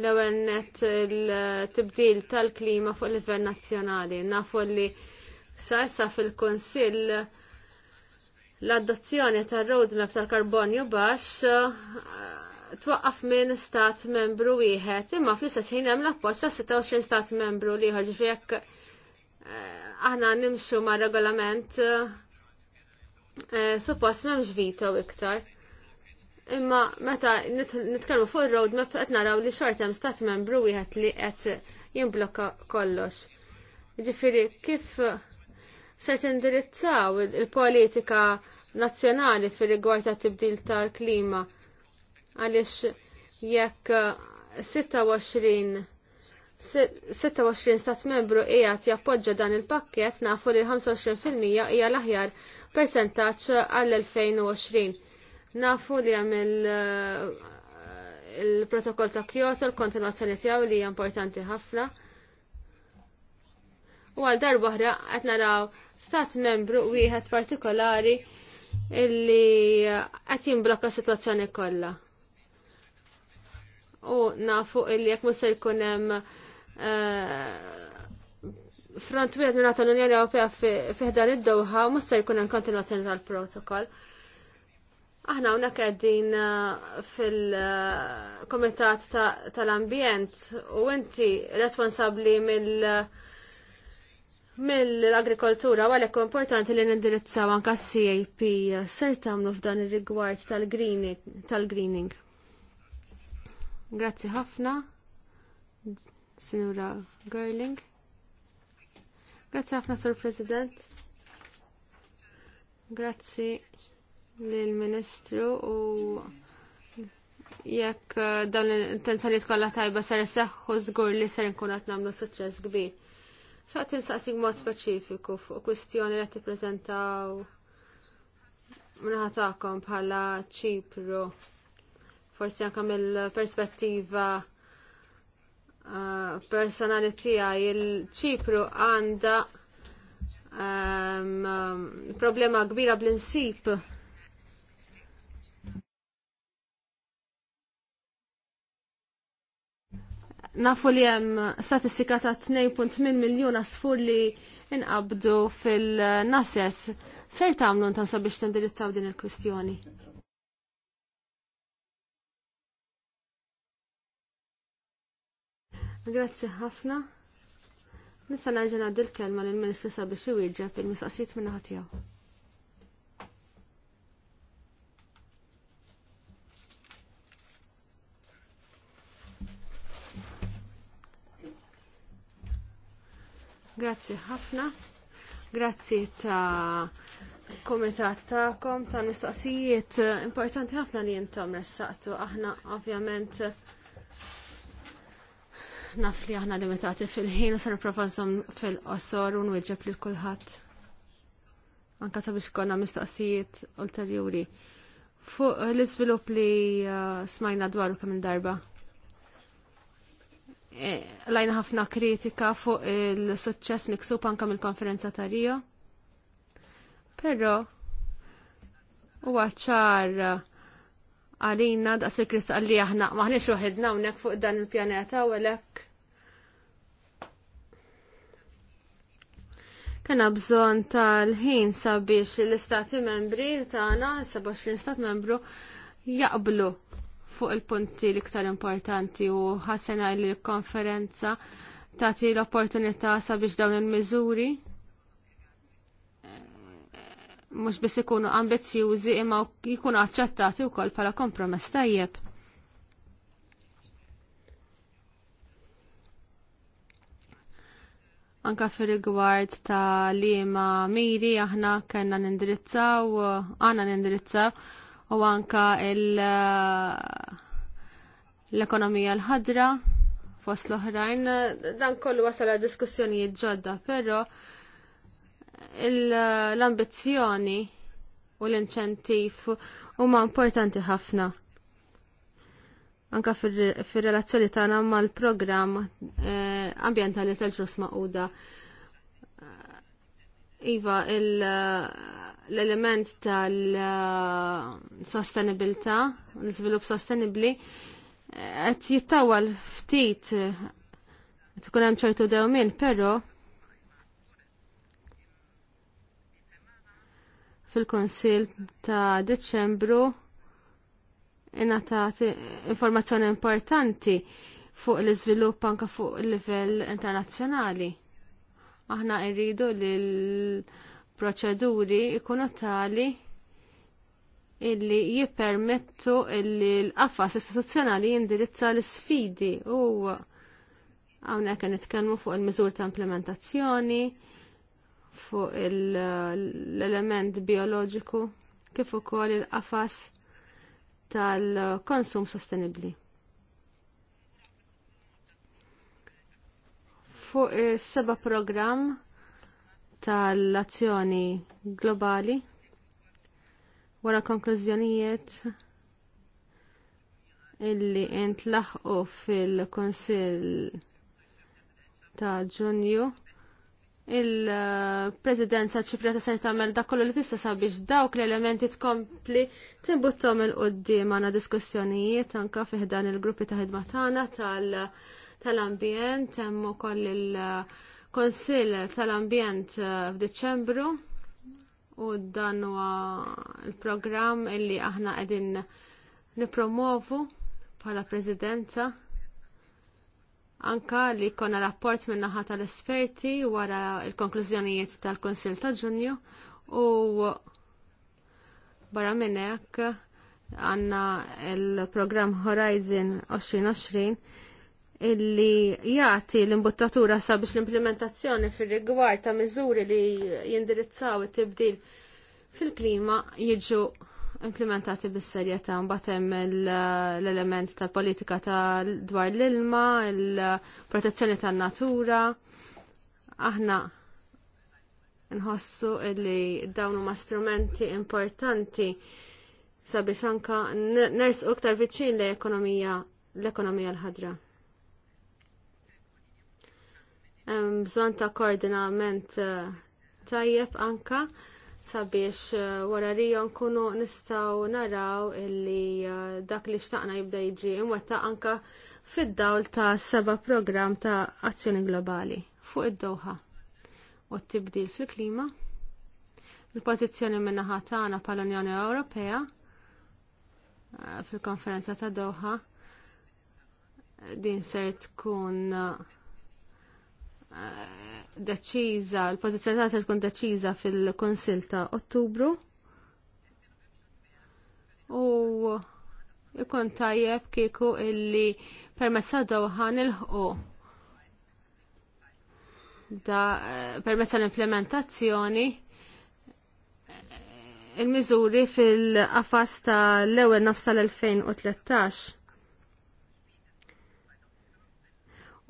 L-ewwel net il-tibdil tal-klima fuq livell nazzjonali. Nafu li sarsa fil-Kunsill l-adozzjoni tar roadmap tal-karbonju baxx twaqqaf minn stat membru wieħed, imma fl-istess ħin hemm l-appoġġ ta' 26 stat membru li ieħor ġifieri jekk eh, aħna nimxu ma' regolament eh, suppost m'hemmx vito iktar. Imma meta nitkellmu fuq ir map qed naraw li xort hemm stat membru wieħed li qed jimblokka kollox. Ġifieri kif se tindirizzaw il-politika nazzjonali fir rigward tat tibdil tal-klima? għaliex jekk 26 stat membru ijat jappoġġa dan il-pakkett nafu li 25% hija l-aħjar għal għall-2020. Nafu li hemm eh, il-protokoll ta' Kyoto, l-kontinuazzjoni tiegħu li hija importanti ħafna. U għal darba oħra qed naraw stat membru wieħed partikolari illi qed jimblokka s-sitwazzjoni kollha u nafu illi jekk mhux jkun hemm eh, front wieħed minn l-Unjoni Ewropea fiħdan id-dowħa mhux se jkun hemm kontinwazzjoni tal-protokoll. Aħna hawnhekk qegħdin eh, fil-Kumitat tal-Ambjent u inti responsabbli mill- mill-agrikoltura għalhekk importanti li nindirizzaw anke s-CAP ser tagħmlu f'dan ir-rigward tal-greening. Grazzi ħafna, Sinura Gerling. Grazzi ħafna, Sur President. Grazzi lill-Ministru u jekk eh, dawn l-intenzjoniet kollha tajba ser iseħħu żgur li ser nkun qed nagħmlu suċċess kbir. Xaqt insaqsik mod speċifiku fuq kwistjoni li tippreżentaw minħatakom bħala Ċipru forsi anka mill-perspettiva uh, personali tiegħi il-Ċipru għandha um, um, problema kbira bl-insib nafu li hemm statistika ta' 2.8 miljun asfur li inqabdu fil-nases. Ser tagħmlu ntansa biex tindirizzaw din il-kwistjoni? Grazzi ħafna. Nista nerġa' ngħaddi l-kelma lill ministru sabiex iwieġeb il-mistaqsijiet minn ħadd tiegħu. Grazzi ħafna. Grazzi ta' komitat ta'kom ta' mistaqsijiet importanti ħafna li jintom ressaqtu. Aħna ovvjament naf li aħna limitati fil-ħin u se nżomm fil-qosor u nwieġeb lil kulħadd. Anka sabiex konna mistoqsijiet ulterjuri. Fuq l-iżvilupp li uh, smajna dwaru kemm darba. E, lajna ħafna kritika fuq il-suċċess miksub anke mill-konferenza ta' Rio. Però huwa ċar għalina da' se kristal li aħna maħniex uħedna unek fuq dan il-pjaneta u għalek. Kena bżon tal-ħin sabiex l-istati membri tagħna, 27 stat membru, jaqblu fuq il-punti l-iktar importanti u ħassena li l-konferenza tagħti l-opportunità sabiex dawn il-miżuri mhux biss ikunu ambizzjużi imma jkunu aċċettati wkoll bħala kompromess tajjeb. Anka fir rigward ta' liema miri aħna kellna nindirizzaw, għana nindirizzaw u anka l-ekonomija l-ħadra fost l-oħrajn, dan kollu wasal diskussjoni diskussjonijiet ġodda, però l-ambizzjoni u l-inċentiv huma importanti ħafna. Anka fir-relazzjoni tagħna mal-programm eh, ambjentali tal-ġrus maquda. Iva, l-element tal-sostenibilità, l-iżvilupp sostenibli, eh, qed jittawal ftit għet ikun hemm ċertu dewmien, però fil-Konsil ta' Deċembru ingħatat informazzjoni importanti fuq l-iżvilupp anke fuq il-livell internazzjonali. Aħna rridu li l-proċeduri ikunu tali illi jippermettu illi l-qafas istituzzjonali jindirizza l isfidi u hawnhekk nitkellmu fuq il-miżur ta' implementazzjoni, fuq l-element bioloġiku kif ukoll il-qafas tal-konsum sostenibbli. Fuq is-seba' programm tal-azzjoni globali wara konklużjonijiet illi intlaħqu fil kunsill ta' Ġunju il-Presidenza ċipriata ser tagħmel dak kollu li tista' sabiex dawk l-elementi tkompli timbuttom il qoddim għana diskussjonijiet anke fih dan il-gruppi ta' ħidma tagħna tal-ambjent hemm ukoll il-Konsill tal-Ambjent f'Diċembru u dan huwa l-programm illi aħna qegħdin nipromovu bħala Presidenza anka li jkollna rapport minn naħa tal-esperti wara l-konklużjonijiet tal-Kunsil ta' Ġunju u barra minn hekk għandna l-programm Horizon 2020 illi jagħti l-imbuttatura sabiex l-implementazzjoni fir-rigward ta' miżuri li jindirizzaw it-tibdil fil-klima jiġu implementati bis-serjetà mbagħad hemm l-element tal-politika ta' dwar l-ilma, il-protezzjoni tan-natura. Aħna nħossu li dawn huma strumenti importanti sabiex anka nersqu iktar viċin l-ekonomija l-ekonomija l-ħadra. Bżon ta' koordinament eh, tajjeb anka sabiex eh, wara rijon kunu nistaw naraw illi eh, dak li xtaqna jibda jiġi imwetta anka fid-dawl ta' seba program ta' azzjoni globali fuq id-doha u t-tibdil fil-klima. Il-pozizjoni naħa tagħna pal-Unjoni Ewropea eh, fil-konferenza ta' Doha din ser tkun deċiża, l pozizjoni tagħna se tkun deċiża fil kunsil ta' Ottubru. U ikun tajjeb kieku illi permessa dawħa nilħu da permessa l-implementazzjoni il-miżuri fil-qafas ta' l-ewwel nofs tal-2013.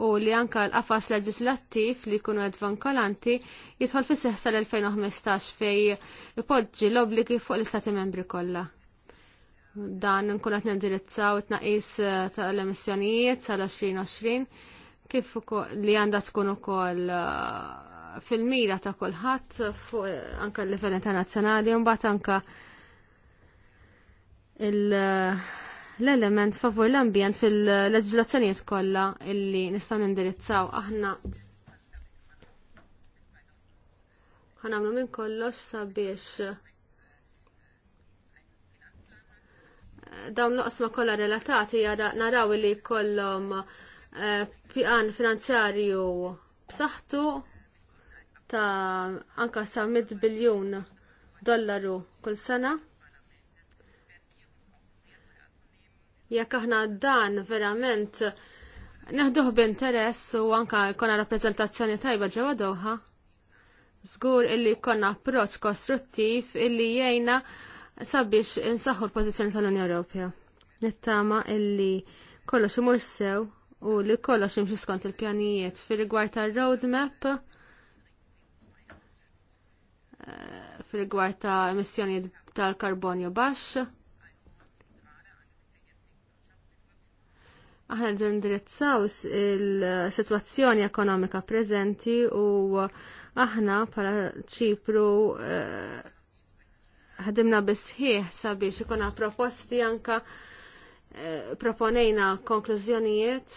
u li anka l-qafas leġislattiv li jkunu advankolanti jidħol fis seħsa l-2015 fej ipoġġi l-obligi fuq l-istati membri kollha. Dan nkun qed nindirizzaw it naqis eh, tal-emissjonijiet sal-2020 kif li għandha tkun ukoll eh, fil-mira ta' kulħadd fuq eh, anke l-livell internazzjonali un mbagħad anke il- l-element favur l-ambjent fil leġizlazzjoniet kollha illi nistgħu nindirizzaw aħna ħanamlu minn kollox sabiex eh, dawn l-oqsma kollha relatati naraw li kollhom eh, pjan finanzjarju b'saħħtu ta' anka sa' mid biljun dollaru kull sena. Jekk aħna dan verament neħduh b'interess u anka jkollna rappreżentazzjoni tajba ġewwa Doha, żgur illi jkollna approċċ kostruttiv illi jgħinna sabiex insaħħu l-pożizzjoni tal-Unja Ewropea. Nittama illi kollox imur sew u li kollox imxi skont il-pjanijiet fir rigward tar-roadmap eh, fil rigward ta' emissjonijiet tal-karbonju baxx aħna rridu indirizzaw il-sitwazzjoni ekonomika preżenti u aħna bħala ċipru eh, ħadimna bisħieħ sabiex ikuna proposti anka eh, proponejna konklużjonijiet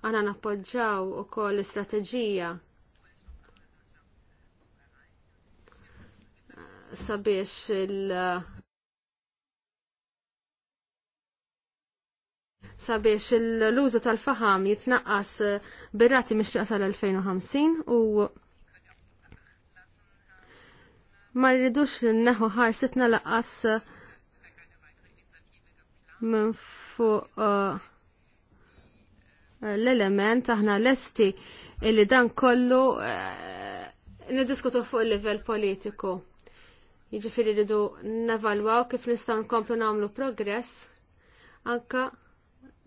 aħna nappoġġaw ukoll l-istrateġija eh, sabiex il- sabiex l-użu tal-faham jitnaqqas eh, birrati mixtieqa sal-2050 u ma rridux neħu ħar sitna laqqas eh, minn fuq eh, l-element aħna lesti illi dan kollu nidiskutu fuq il-livell politiku. Jiġifieri rridu nevalwaw kif nistgħu nkomplu nagħmlu progress anka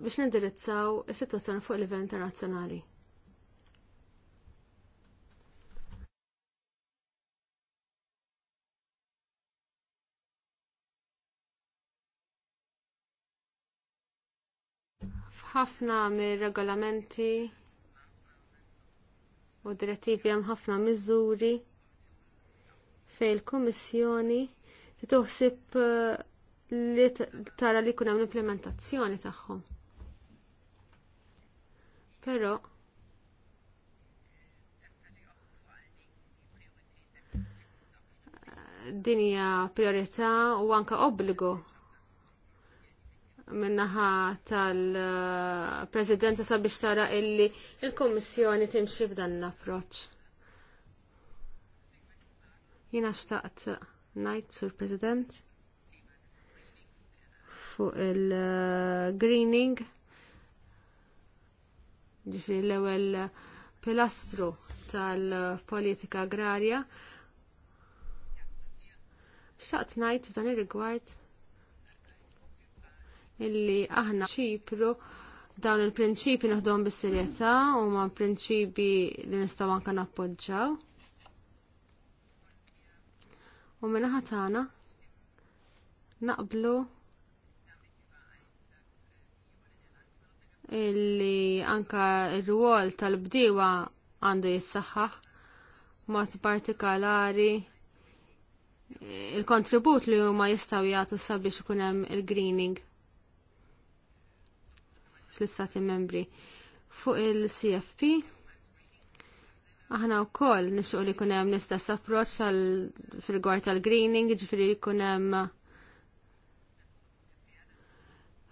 biex nindirizzaw is-sitwazzjoni fuq livell internazzjonali. ħafna mir-regolamenti u direttivi hemm ħafna miżuri fejn il-Kummissjoni eh, li toħsib li tara li jkun hemm l-implementazzjoni tagħhom. Però din hija priorità u anke obbligu minnaħa tal-Presidenza sabiex tara illi il-Kommissjoni timxi b'dan l-approċ. Jina xtaqt najt sur President fuq il-greening ġifiri l-ewel pilastru tal-politika agrarja. Xaqt najt f'dan ir-rigward illi aħna ċipru dawn il-prinċipi naħdom bis-serjetà u ma prinċipi li nistgħu anke nappoġġaw. U minnaħa tagħna naqblu illi anka r-ruol tal-bdiewa għandu jissaxħaħ mod partikolari il-kontribut li huma jistgħu jagħtu sabiex ikun hemm il-greening fl-istati membri fuq il-CFP. Aħna u li jkun hemm l-istess approċċ fil-gwar tal-greening, jkun hemm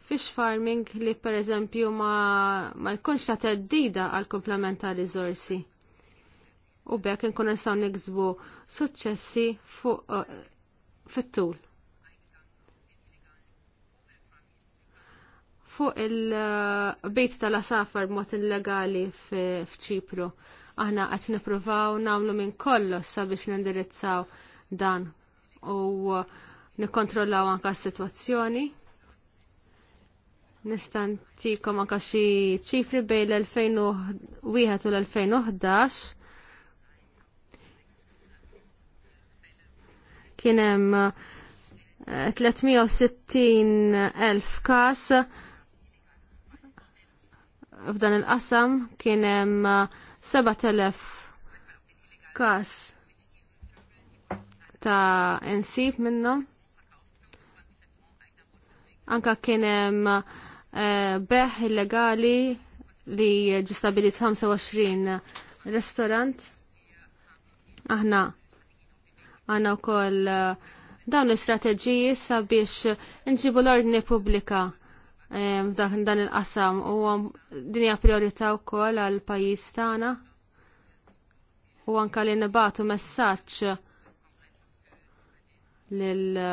fish farming li per eżempju ma, ma jkunx ta' teddida għal komplementa ta' rizorsi. U bekk nkun nistgħu niksbu suċċessi fuq uh, fit-tul. Fuq il-bejt tal-asafar b'mod illegali f'Ċipru. Aħna qed nippruvaw nagħmlu minn kollox sabiex nindirizzaw dan u nikkontrollaw anke s-sitwazzjoni nistantikom anka xi ċifri bej l-2001 u l-2011 kien hemm 360,000 eh, każ f'dan il-qasam kien hemm 7,000 eh, każ ta' insib minnhom anka kien hemm Eh, beħ illegali li ġistabilit 25 restorant. Aħna għanna u koll eh, dawn l-istrateġiji sabiex nġibu l-ordni publika eh, dan il-qasam u dinja priorita u koll għal pajis tana u anka li nibatu messaċ lil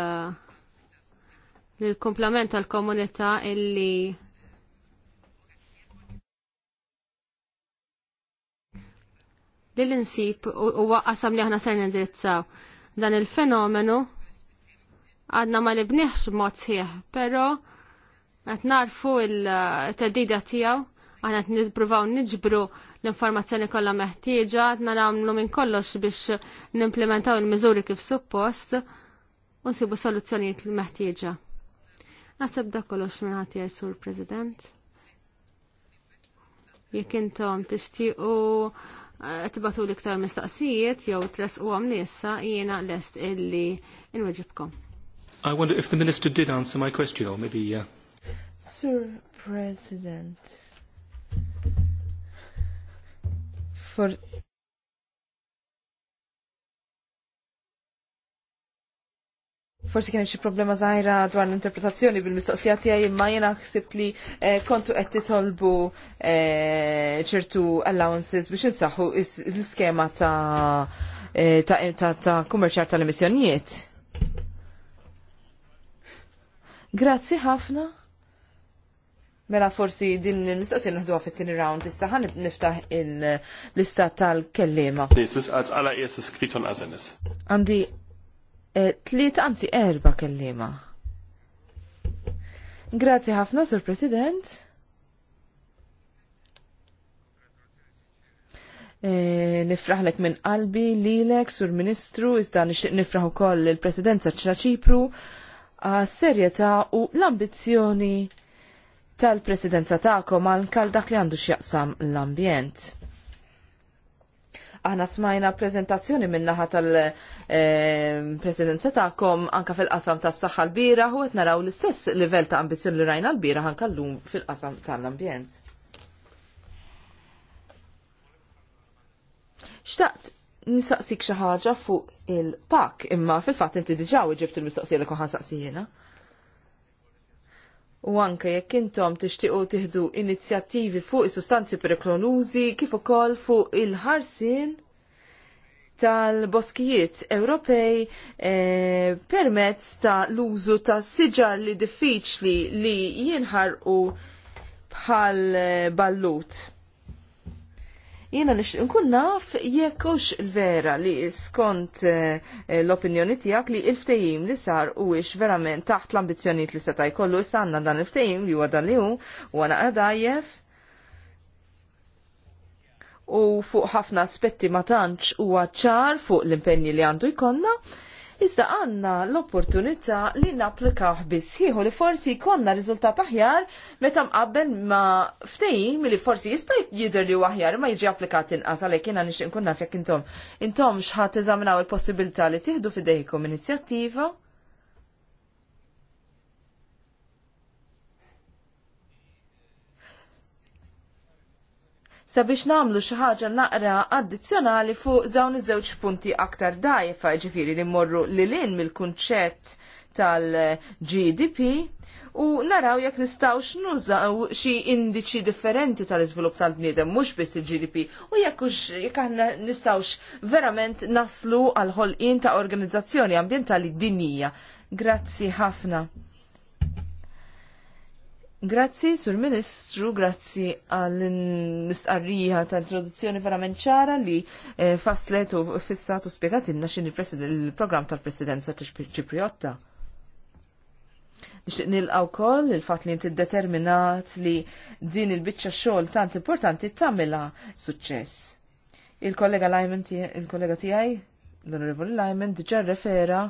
l-komplement tal-komunità illi l-insib u għasam li aħna ser nindirizzaw. Dan il-fenomenu għadna ma nibniħx mod sħiħ, pero għat narfu il-teddida tijaw, għana għat nizbruvaw nġbru l-informazzjoni kollha meħtieġa, għat naramlu minn kollox biex nimplementaw il-mizuri kif suppost, sibu soluzzjonijiet l-meħtieġa. Nasab da kollox minn ħati l President. Jek intom tixtiequ eh, tibatu l-iktar mistaqsijiet jew tresqu għam nissa jiena lest illi inweġibkom. I wonder if the minister did answer my question or maybe yeah. Uh, Sir President. For forsi kien xi problema żgħira dwar l-interpretazzjoni bil-mistoqsija tiegħi imma jiena ħsibt li eh, kontu qed titolbu eh, ċertu allowances biex insaħħu l-iskema ta' eh, ta' kummerċjar tal-emissjonijiet. Grazzi ħafna. Mela forsi din il-mistoqsija nħduha fit-tieni round issa ħan niftaħ il-lista tal-kellima. Għandi Eh, tliet anzi erba kellima. Grazzi ħafna, Sur President. Eh, nifraħlek minn qalbi lilek sur ministru iżda nixtieq nifraħ ukoll il-Presidenza ċina Ċipru għas-serjetà u l-ambizzjoni tal-presidenza tagħkom għal kal dak li għandu x'jaqsam l-ambjent. Aħna smajna prezentazzjoni minnaħa tal-presidenza eh, tagħkom anka fil-qasam tas-saħħa l-bira u qed naraw l-istess livell ta' ambizzjoni li rajna l-bira anka llum fil-qasam tal-ambjent. Xtaqt nistaqsik xi ħaġa fuq il-pak imma fil-fatt inti diġà ġibt il-mistoqsija li konħan saqsijina. U anke jekk intom tixtiequ tieħdu inizjattivi fuq is-sustanzi perikolużi kif ukoll fuq il-ħarsien tal-boskijiet Ewropej eh, permezz ta' l-użu ta' siġar li diffiċli li jinħarqu bħal eh, ballut. Jiena nkun naf jekkux vera li skont eh, eh, l-opinjoni tiegħek li il-ftehim li sar u verament taħt l-ambizzjonijiet li seta' jkollu issa għandna dan il-ftehim li huwa dan li hu u naqra dajjef u fuq ħafna aspetti ma tantx huwa ċar fuq l-impenni li għandu jkollna Iżda għanna l-opportunità li biss ħieħu li forsi konna riżultat aħjar meta mqabbel ma ftejim li forsi jista' jidher li aħjar ma jiġi applikat inqas għalhekk jiena nixtieq nkun naf jekk intom intom x'ħadd eżaminaw il-possibilità li tieħdu fidejkom inizjattiva sabiex namlu xi ħaġa naqra addizzjonali fuq dawn iż-żewġ punti aktar dajfa, ġifieri li mmorru in mill-kunċett tal-GDP u naraw jekk nistgħux nużaw xi indiċi differenti tal-iżvilupp tal-bniedem mhux biss il-GDP u jekk jekk aħna nistgħux verament naslu għal ħolqien ta' organizzazzjoni ambjentali dinija. Grazzi ħafna. Grazzi, Sur Ministru, grazzi għall-istqarrija ta' introduzzjoni verament ċara li eh, faslet u fissat u inna xin il-program tal-presidenza ċipriotta. Nixtieq nilqaw kol il-fatt li inti determinat li din il-biċċa xogħol tant importanti tagħmilha suċċess. Il-kollega Lajmen, il-kollega tiegħi, l-Onorevoli Lajmen, diġà refera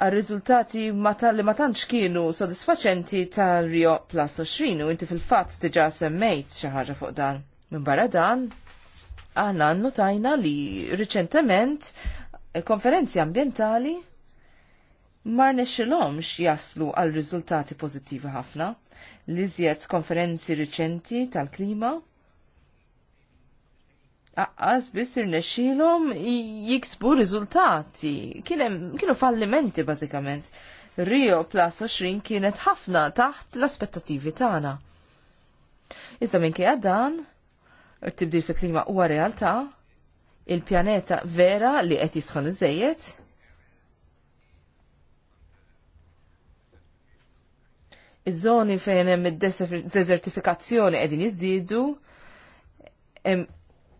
għal-rizultati li ma tantx kienu sodisfaċenti ta' Rio Plus 20 u inti fil-fatt diġa semmejt xi ħaġa fuq dan. Minn barra dan, aħna notajna li riċentement konferenzi ambientali mar nexxilhomx jaslu għal riżultati pożittivi ħafna. Li żjed konferenzi riċenti tal-klima aqqas biss irnexxilhom jiksbu riżultati. Kienu fallimenti bażikament. Rio Plus 20 kienet ħafna taħt l-aspettattivi tagħna. Iżda minkejja dan, tibdil fil-klima huwa realtà, il-pjaneta vera li qed jisħon iżejjed, iż-żoni fejn hemm id-desertifikazzjoni qegħdin jiżdiedu,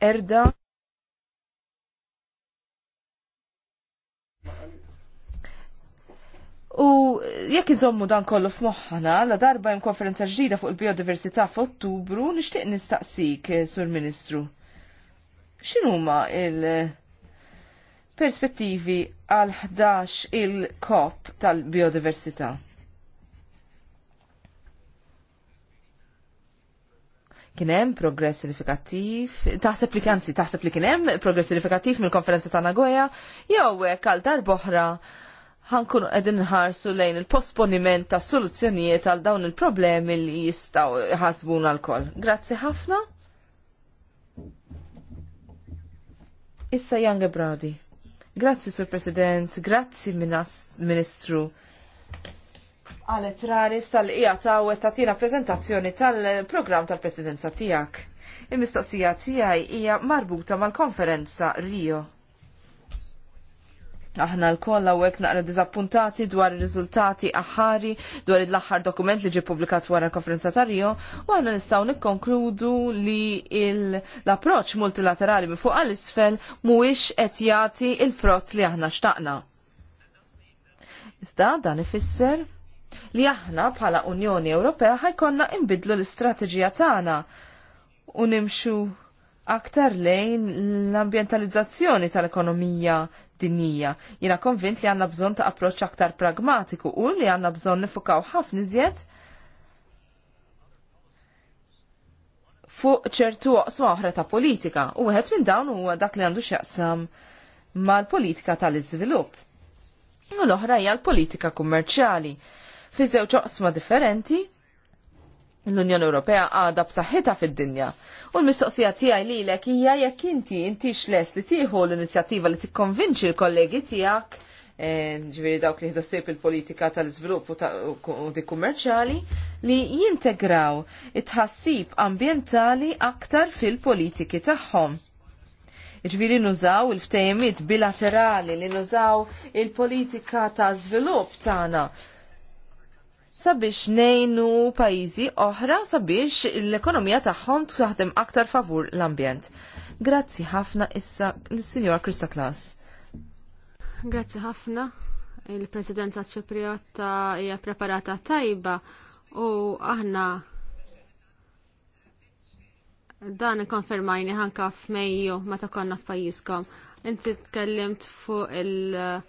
erda U jekk iżommu dan kollu f'moħħana, la darba hemm konferenza ġdida fuq il-biodiversità f'Ottubru, nixtieq nistaqsik, eh, Sur Ministru. X'inhuma il- perspettivi għal 11 il-COP tal-biodiversità? Kien hemm progress sinifikattiv, taħseb li kanzi, taħseb li kien hemm progress significativ mill-konferenza ta' Nagoya, jew għal darboħra ħankunu qegħdin nħarsu lejn il-posponiment ta' soluzzjonijiet għal dawn il-problemi li jistgħu ħasbuna għal koll Grazzi ħafna. Issa Jange Brody. Grazzi, Sur President, grazzi Ministru għalet raris tal ija ta' u tatina prezentazzjoni tal-program tal-presidenza tijak. Il-mistoqsija tijaj hija marbuta mal-konferenza Rio. Aħna l-koll għawek naqra dizappuntati dwar il-rizultati aħari dwar id laħħar dokument li ġi publikat wara l-konferenza ta' Rio u għana nistaw nikkonkludu li l-approċ multilaterali minn fuq għal-isfel muwix etjati il-frott li aħna xtaqna. Iżda dan ifisser? li aħna bħala Unjoni Ewropea ħajkonna imbidlu l-istrateġija tagħna u nimxu aktar lejn l-ambientalizzazzjoni tal-ekonomija dinija. Jina konvint li għanna bżon ta' approċ aktar pragmatiku u li għanna bżon nifukaw ħafna iżjed fuq ċertu oqsma oħra ta' politika u wieħed minn dawn huwa dak li għandu x'jaqsam mal-politika tal-iżvilupp. U l-oħra hija l-politika kummerċjali fi żewġ oqsma differenti l-Unjoni Ewropea għadha b'saħħitha fid-dinja. U l-mistoqsija tiegħi lilek hija jekk inti intix lest li tieħu l-inizjattiva li tikkonvinċi l-kollegi tiegħek eh, ġviri dawk li ħdossib il-politika tal-izvilupp u di kummerċali li jintegraw it-ħassib ambientali aktar fil-politiki tagħhom. Ġviri nużaw il-ftejemiet bilaterali li nużaw il-politika ta' zvilupp tagħna sabiex nejnu pajizi oħra sabiex l-ekonomija tagħhom taħdem aktar favur l-ambjent. Grazzi ħafna issa l-Sinjor Krista Klas. Grazzi ħafna. Il-Presidenza Ċipriotta hija preparata tajba u aħna dan ikkonfermajni ħanka f'Mejju meta konna f'pajjiżkom. Inti tkellimt fuq il-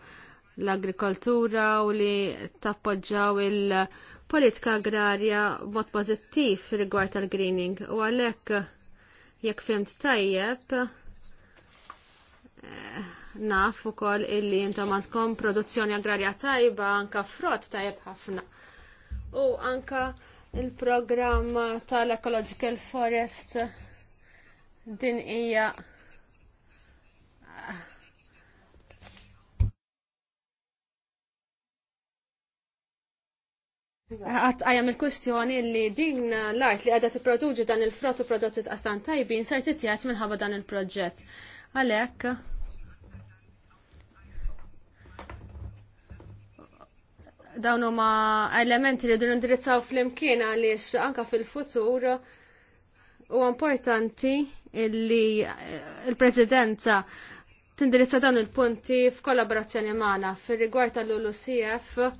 l-agrikoltura u li tappoġġaw il-politika agrarja mod pożittiv rigward tal-greening u għalhekk jekk fimt tajjeb eh, naf ukoll illi intom għandkom produzzjoni agrarja tajba anka frott tajjeb ħafna. U anka il-programm tal-Ecological Forest din hija għajam il-kustjoni li din l-art li għadha t-produġu dan il frotu prodotti prodotti tqastan tajbin sar titjat minnħabba dan il-proġett. Għalek. Dawn huma elementi li dun indirizzaw fl-imkien għaliex anka fil-futur u importanti li eh, il-Presidenza tindirizza dawn il-punti f'kollaborazzjoni maħna fir-rigward tal-LULUCF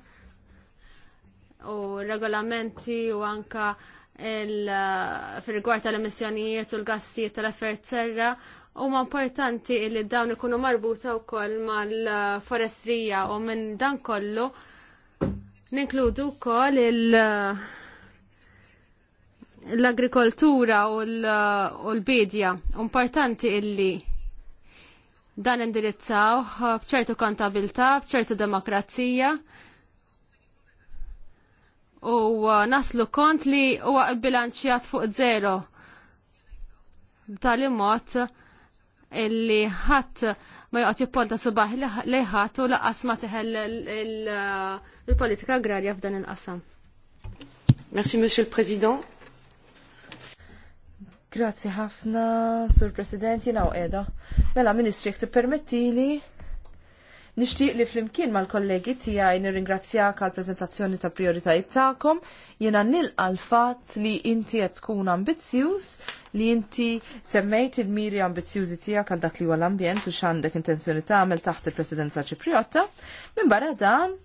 u regolamenti u anka eh, fil-rigward tal-emissjonijiet u l-gassijiet tal affer serra u ma importanti li dawn ikunu marbuta u koll mal-forestrija u minn dan kollu ninkludu koll l-agrikoltura u l-bidja. Importanti illi dan indirizzaw bċertu kontabilta, bċertu demokrazija u uh, naslu kont li huwa bilanċjat fuq zero. B'tali mod illi ħadd ma joqgħod jipponta subaħ li ħadd u laqas ma teħel uh, il-politika agrarja f'dan il-qasam. Merci, Monsieur le Président. Grazzi ħafna, Sur President, jina u edha. Mela, Ministri, ti permettili Nixtieq li flimkien mal-kollegi tiegħi nirringrazzjak għal preżentazzjoni ta' prioritajiet tagħkom, jena nilqa għal fatt li inti qed tkun ambizzjuż, li inti semmejt il-miri ambizjużi tiegħek għal dak li huwa l-ambjent u x'għandek intenzjoni tagħmel taħt il-Presidenza Ċipriotta. Minn barra dan,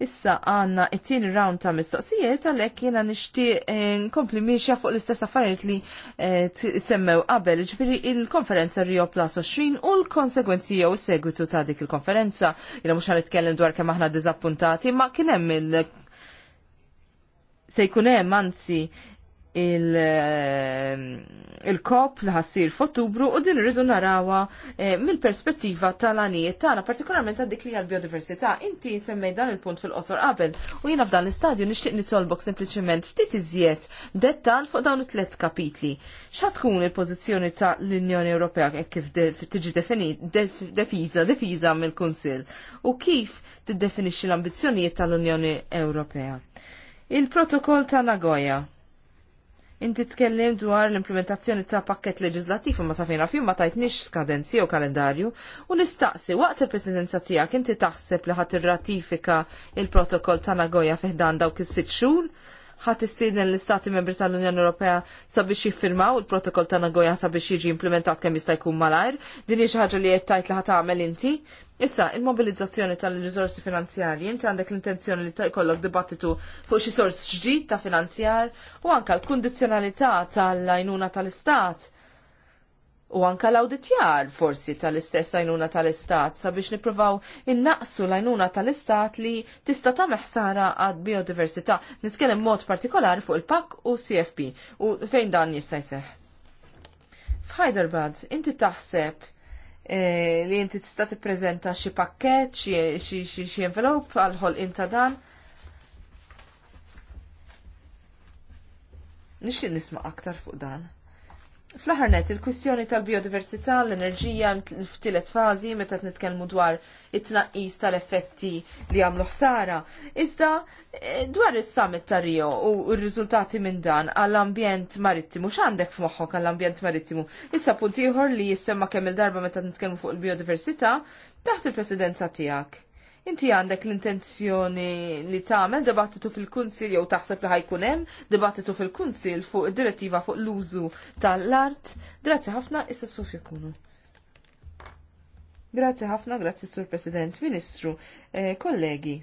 Issa għanna it-tieni round ta' mistoqsijiet għalhekk jiena nixtieq eh, nkompli miexja fuq l-istess affarijiet li eh, semmew qabel, ġifieri il-konferenza Rio Plus 20 u l-konsegwenzi jew is-segwitu ta' dik il-konferenza. Jiena mhux ħanitkellem dwar kemm aħna diżappuntati, ma kien hemm il- se jkun hemm anzi Ehm, il-kop il ħassir f'Ottubru u din irridu narawa eh, mill-perspettiva tal-għaniet tagħna, partikolarment għad dik li għal-biodiversità. Inti semmej dan il-punt fil-qosor qabel u jiena f'dan l-istadju nixtieq nitolbok sempliċement ftit iżjed dettal fuq dawn it-tlet kapitli. Xa il-pożizzjoni ta' l-Unjoni Ewropea e kif tiġi defiża defiża mill-Kunsill u kif tiddefinixxi l-ambizzjonijiet tal-Unjoni Ewropea. Il-protokoll ta' Nagoya Inti tkellim dwar l-implementazzjoni ta' pakket leġislattiv ma sa fim ma tajtnix skadenzi jew kalendarju u nistaqsi waqt il-presidenza tiegħek inti taħseb li ħadd irratifika il-protokoll ta' Nagoya fiħdan dawk is-sitt xhur? ħadd istiedna l-Istati Membri tal-Unjoni Ewropea sabiex jiffirmaw il-protokoll ta' Nagoya sabiex jiġi implementat kemm jista' jkun malajr, din hi xi ħaġa li qed tajt li ħadd tagħmel inti, Issa, il-mobilizzazzjoni tal-rizorsi finanzjari, inti għandek l-intenzjoni li jkollok dibattitu fuq xi sors ġdid ta' finanzjar u anka l kundizzjonalità tal-għajnuna tal-istat u anka l-auditjar forsi tal-istess għajnuna tal-istat sabiex niprovaw innaqsu l-għajnuna tal-istat li tista' ta' meħsara għad biodiversità. Nitkellem mod partikolari fuq il-PAK u CFP u fejn dan jista' jseħ. F'Hyderabad, inti taħseb Eh, li inti tista' tippreżenta xi pakkett, xi envelope għal ħolqien ta' dan. Nixtieq nisma' aktar fuq dan. Fl-aħħar net, il-kwistjoni tal-biodiversità, l-enerġija, f'tielet fażi meta t nitkellmu dwar it-tnaqqis tal-effetti li għamlu ħsara. Iżda eh, dwar is-summit ta' Rio u r-riżultati minn dan għall-ambjent marittimu, x'għandek f'moħħok għall-ambjent marittimu? Issa punt ieħor li jissemma kemm il-darba meta nitkellmu fuq il-biodiversità taħt il-presidenza tiegħek. Inti għandek l-intenzjoni li tagħmel dibattitu fil-Kunsil jew taħseb li ħajkun hemm dibattitu fil-Kunsil fuq id-direttiva fuq l-użu tal-art. Grazzi ħafna issa Sofja Kunu. Grazzi ħafna, grazzi Sur President, Ministru, eh, kollegi.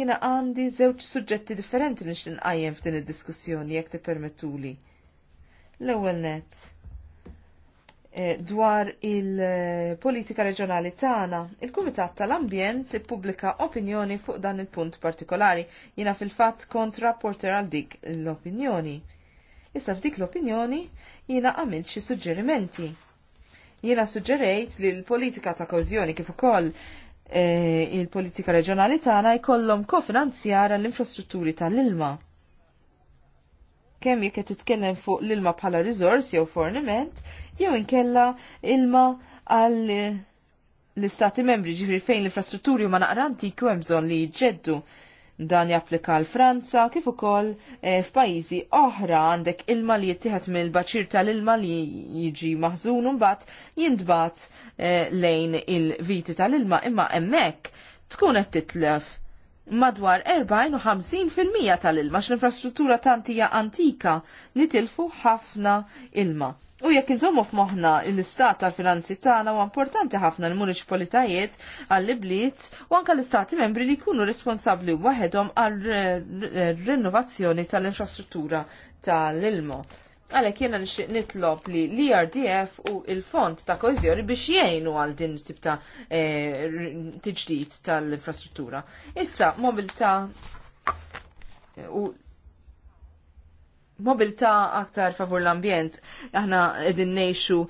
Jiena għandi żewġ suġġetti differenti nix nqajjem f'din id-diskussjoni jekk tippermettuli. L-ewwel nett Eh, dwar il-politika reġjonali tagħna. Il-Kumitat tal-Ambjent ippubblika opinjoni fuq dan il-punt partikolari. Jiena fil-fatt kont rapporter għal dik l-opinjoni. Issa f'dik l-opinjoni jiena għamilt xi suġġerimenti. Jiena suġġerejt li l-politika ta' kożjoni kif ukoll eh, il-politika reġjonali tagħna jkollhom kofinanzjara l-infrastrutturi tal-ilma kemm jekk qed titkellem fuq l-ilma bħala riżors jew forniment, jew inkella ilma għal l-istati membri ġifri fejn l-infrastrutturi ma naqranti kju hemm bżonn li jġeddu. Dan japplika l Franza kif ukoll eh, f'pajjiżi oħra għandek ilma li jittieħed mill-baċir tal-ilma li jiġi maħżun mbagħad jintbat eh, lejn il-viti tal-ilma imma hemmhekk tkun qed titlef madwar 54% tal-ilma x-infrastruttura tantija antika nitilfu ħafna ilma. U jekk inżommu f'moħħna l-istat tal-finanzi tagħna u importanti ħafna l-municipalitajiet għall-ibliet u anke l-istati membri li jkunu responsabbli waħedhom għal rinnovazzjoni tal-infrastruttura tal ilma Għalhekk jiena nixtieq nitlob li l-IRDF u il-Fond ta' Koezjoni biex jgħinu għal din tip ta' eh, tiġdid tal-infrastruttura. Issa, mobilità eh, u mobilità aktar favur l-ambjent, aħna qegħdin ngħixu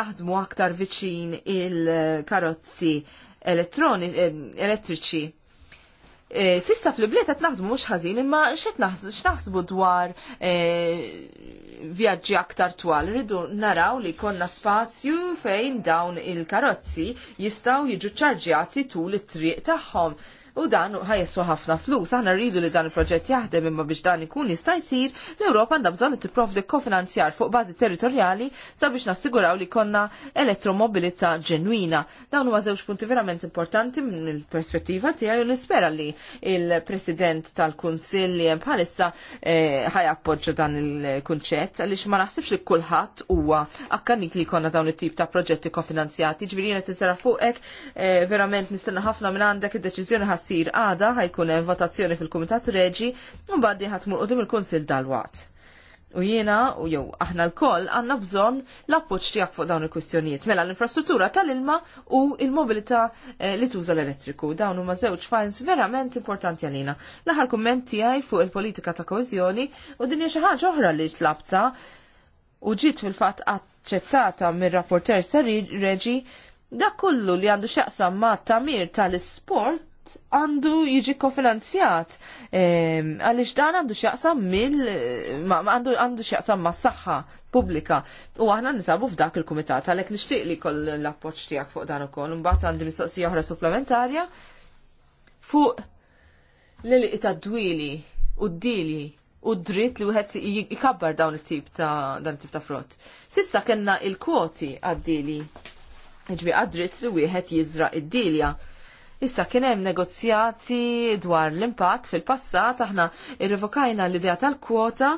naħdmu aktar viċin il-karozzi eh, elettriċi. Sissa fl-bliet qed naħdmu mhux ħażin, imma x'qed naħsbu dwar vjaġġi aktar twal. Rridu naraw li konna spazju fejn dawn il-karozzi jistaw jiġu ċarġjati tul it-triq tagħhom U dan ħajessu ħafna flus, aħna rridu li dan il-proġett jaħdem imma biex dan ikun jista' jsir, l-Ewropa għandha bżonn tipprovdi kofinanzjar fuq bażi territorjali sabiex nassiguraw li konna elettromobilità ġenwina. Dawn huwa żewġ punti verament importanti mill-perspettiva tiegħi u nispera li il-President tal-Kunsill li hemm bħalissa eh, ħajappoġġa dan il-kunċett għaliex ma naħsibx li kulħadd huwa akkanit li jkollna dawn it-tip ta' proġetti kofinanzjati. Ġifieri qed fuq hekk verament nistenna ħafna minn għandek id-deċiżjoni ħassi ħassir għada ħajkun hemm votazzjoni fil-Kumitat Reġi u mbagħad mur qudiem il kunsill dal U jiena u jew aħna l-koll għandna bżonn l-appoġġ tiegħek fuq dawn il-kwistjonijiet mela l-infrastruttura tal-ilma u l-mobilità eh, li tuża l-elettriku. Dawn huma żewġ fajns verament importanti għalina. L-aħħar kumment tiegħi fuq il-politika ta' koeżjoni u din hija xi ħaġa oħra li tlabta u ġiet fil-fatt aċċettata mir-rapporter Sari Reġi dak kollu li għandu xaqsam ma tamir tal-sport għandu jiġi kofinanzjat. Ehm, Għalix dan għandu xjaqsam mill għandu għandu xjaqsam ma' saħħa pubblika. U aħna nisabu f'dak il-kumitat għalhekk nixtieq li koll l-appoġġ tiegħek fuq dan ukoll. Imbagħad għandi mistoqsija oħra supplementarja fuq li li itadwili dwili u d-dili u dritt li wieħed jikabbar dawn it-tip ta' dan tip ta' frott. Sissa kellna il-kwoti għad-dili ġbi għadrit li wieħed jizra id-dilja. Issa kien hemm negozjati dwar l-impatt fil-passat aħna irrevokajna l-idea tal-kwota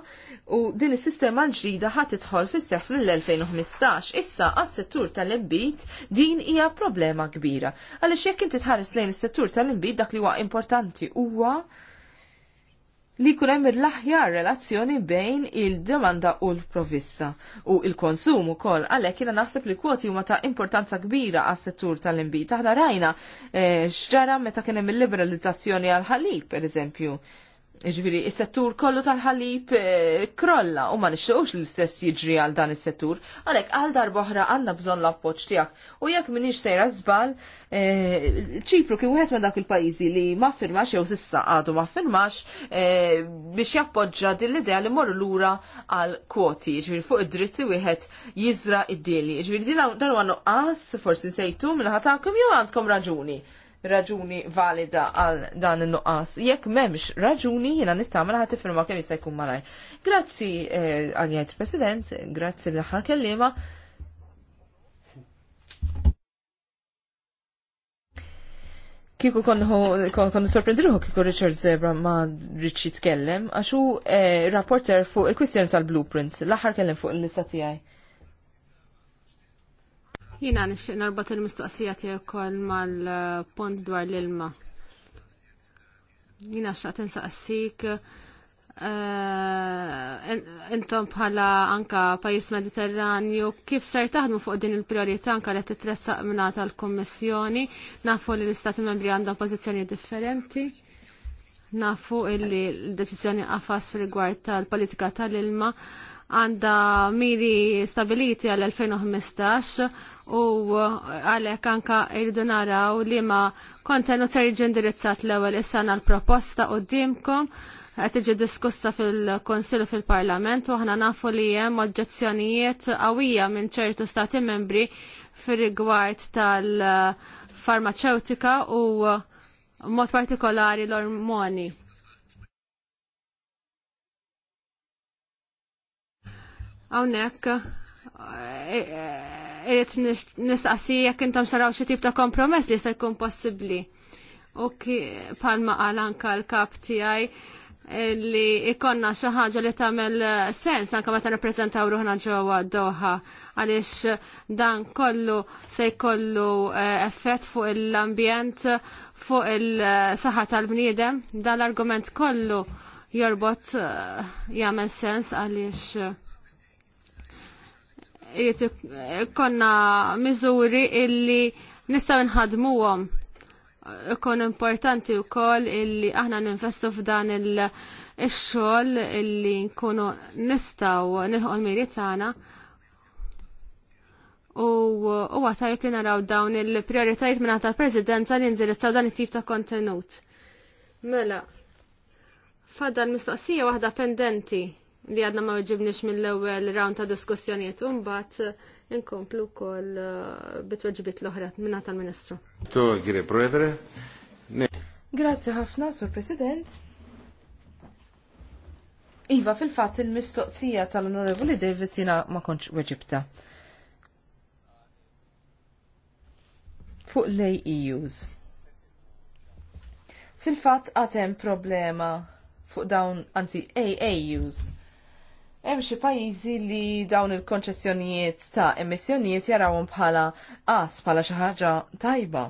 u din is-sistema l-ġdida ħadd idħol fis-seħħ fl-2015. Issa għas-settur tal-imbit din hija problema kbira. Għaliex jekk inti tħares lejn is-settur tal-imbit dak li huwa importanti huwa li kunem l-aħjar relazzjoni bejn il-demanda u l-provista u il-konsum u kol Għalek jina naħseb li kwoti huma ta' importanza kbira għas settur tal-imbi. Taħna rajna eh, xġara meta kienem il-liberalizzazzjoni għal-ħalib, per eżempju. Ġviri, il-settur kollu tal-ħalib eh, krolla u ma nixtuqx l-istess jiġri għal dan il-settur, għalek għal darboħra għanna bżon l-appoċ tijak. U jekk minix sejra zbal, eh, ċipru kien wieħed ma' dak il-pajizi li ma firmax jew sissa għadu ma firmax eh, biex jappoġġa din l-idea li morru lura għal kwoti, ġviri fuq id-dritt li wieħed jizra id-dili. Ġviri, dan għannu għas, forsi nsejtu minnaħatakum, ħatakom jew għandkom raġuni raġuni valida għal dan il-nuqqas. Jekk memx raġuni jena nittamela ħat firma kien jista' jkun malaj. Grazzi għal eh, President, grazzi l-aħħar kellima. kiku konħu, konħu sorprendiruħu kiku Richard Zebra ma Richie tkellem, għaxu eh, rapporter fuq il-kwistjoni tal-blueprint, l-axar kellem fuq l-lista Jina nixtieq narbat il-mistoqsija tiegħek ukoll mal-pont dwar l-ilma. Jina xtaqt insaqsik eh, intom bħala anka pajis mediterranju, kif ser taħdmu fuq din il-priorità anka li titressaq minna tal-Kommissjoni, nafu li l-Istati membri għandhom pożizzjoni differenti, nafu illi l-deċizjoni qafas fil tal-politika tal-ilma għanda miri stabiliti għal-2015 u għalhekk anka jridu naraw li ma kontenut ser indirizzat l-ewwel is-sena l-proposta qudiemkom qed tiġi diskussa fil-Konsil fil-Parlament u aħna nafu li hemm oġġezzjonijiet qawwija minn ċertu stati membri fir-rigward tal-farmaceutika u mod partikolari l-ormoni. Hawnhekk irrit nistaqsi jekk intom xaraw xi tip ta' kompromess li jista' jkun possibbli. U palma qal anka l-kap tiegħi eh, li ikonna xi ħaġa li tagħmel eh, sens anke meta nippreżentaw ruħna ġewwa Doha għaliex eh, dan kollu se jkollu effett fuq l-ambjent fuq il-saħħa tal-bniedem dan l-argument kollu jorbot jagħmel sens għaliex konna miżuri illi nistaw nħadmuhom. Ikun importanti wkoll illi aħna ninvestu f'dan il-xogħol illi nkunu nistgħu nilħu l-miri tagħna u huwa tajb li naraw dawn il-prioritajiet minn tal-Presidenza li indirizzaw dan it-tip ta' kontenut. Mela, fadda l-mistoqsija waħda pendenti li għadna ma weġibniex mill-ewwel round ta' diskussjonijiet un bat inkomplu wkoll uh, bitweġbiet l-oħra minna tal-Ministru. Grazzi ħafna, Sur President. Iva, fil-fatt il-mistoqsija tal-Onorevoli Davis jina ma konċ weġibta. Fuq lej EUs. Fil-fatt għatem problema fuq dawn, anzi, AAUs Hemm xi pajjiżi li dawn il-konċessjonijiet ta' emissjonijiet jarawhom bħala qas bħala xi ħaġa tajba.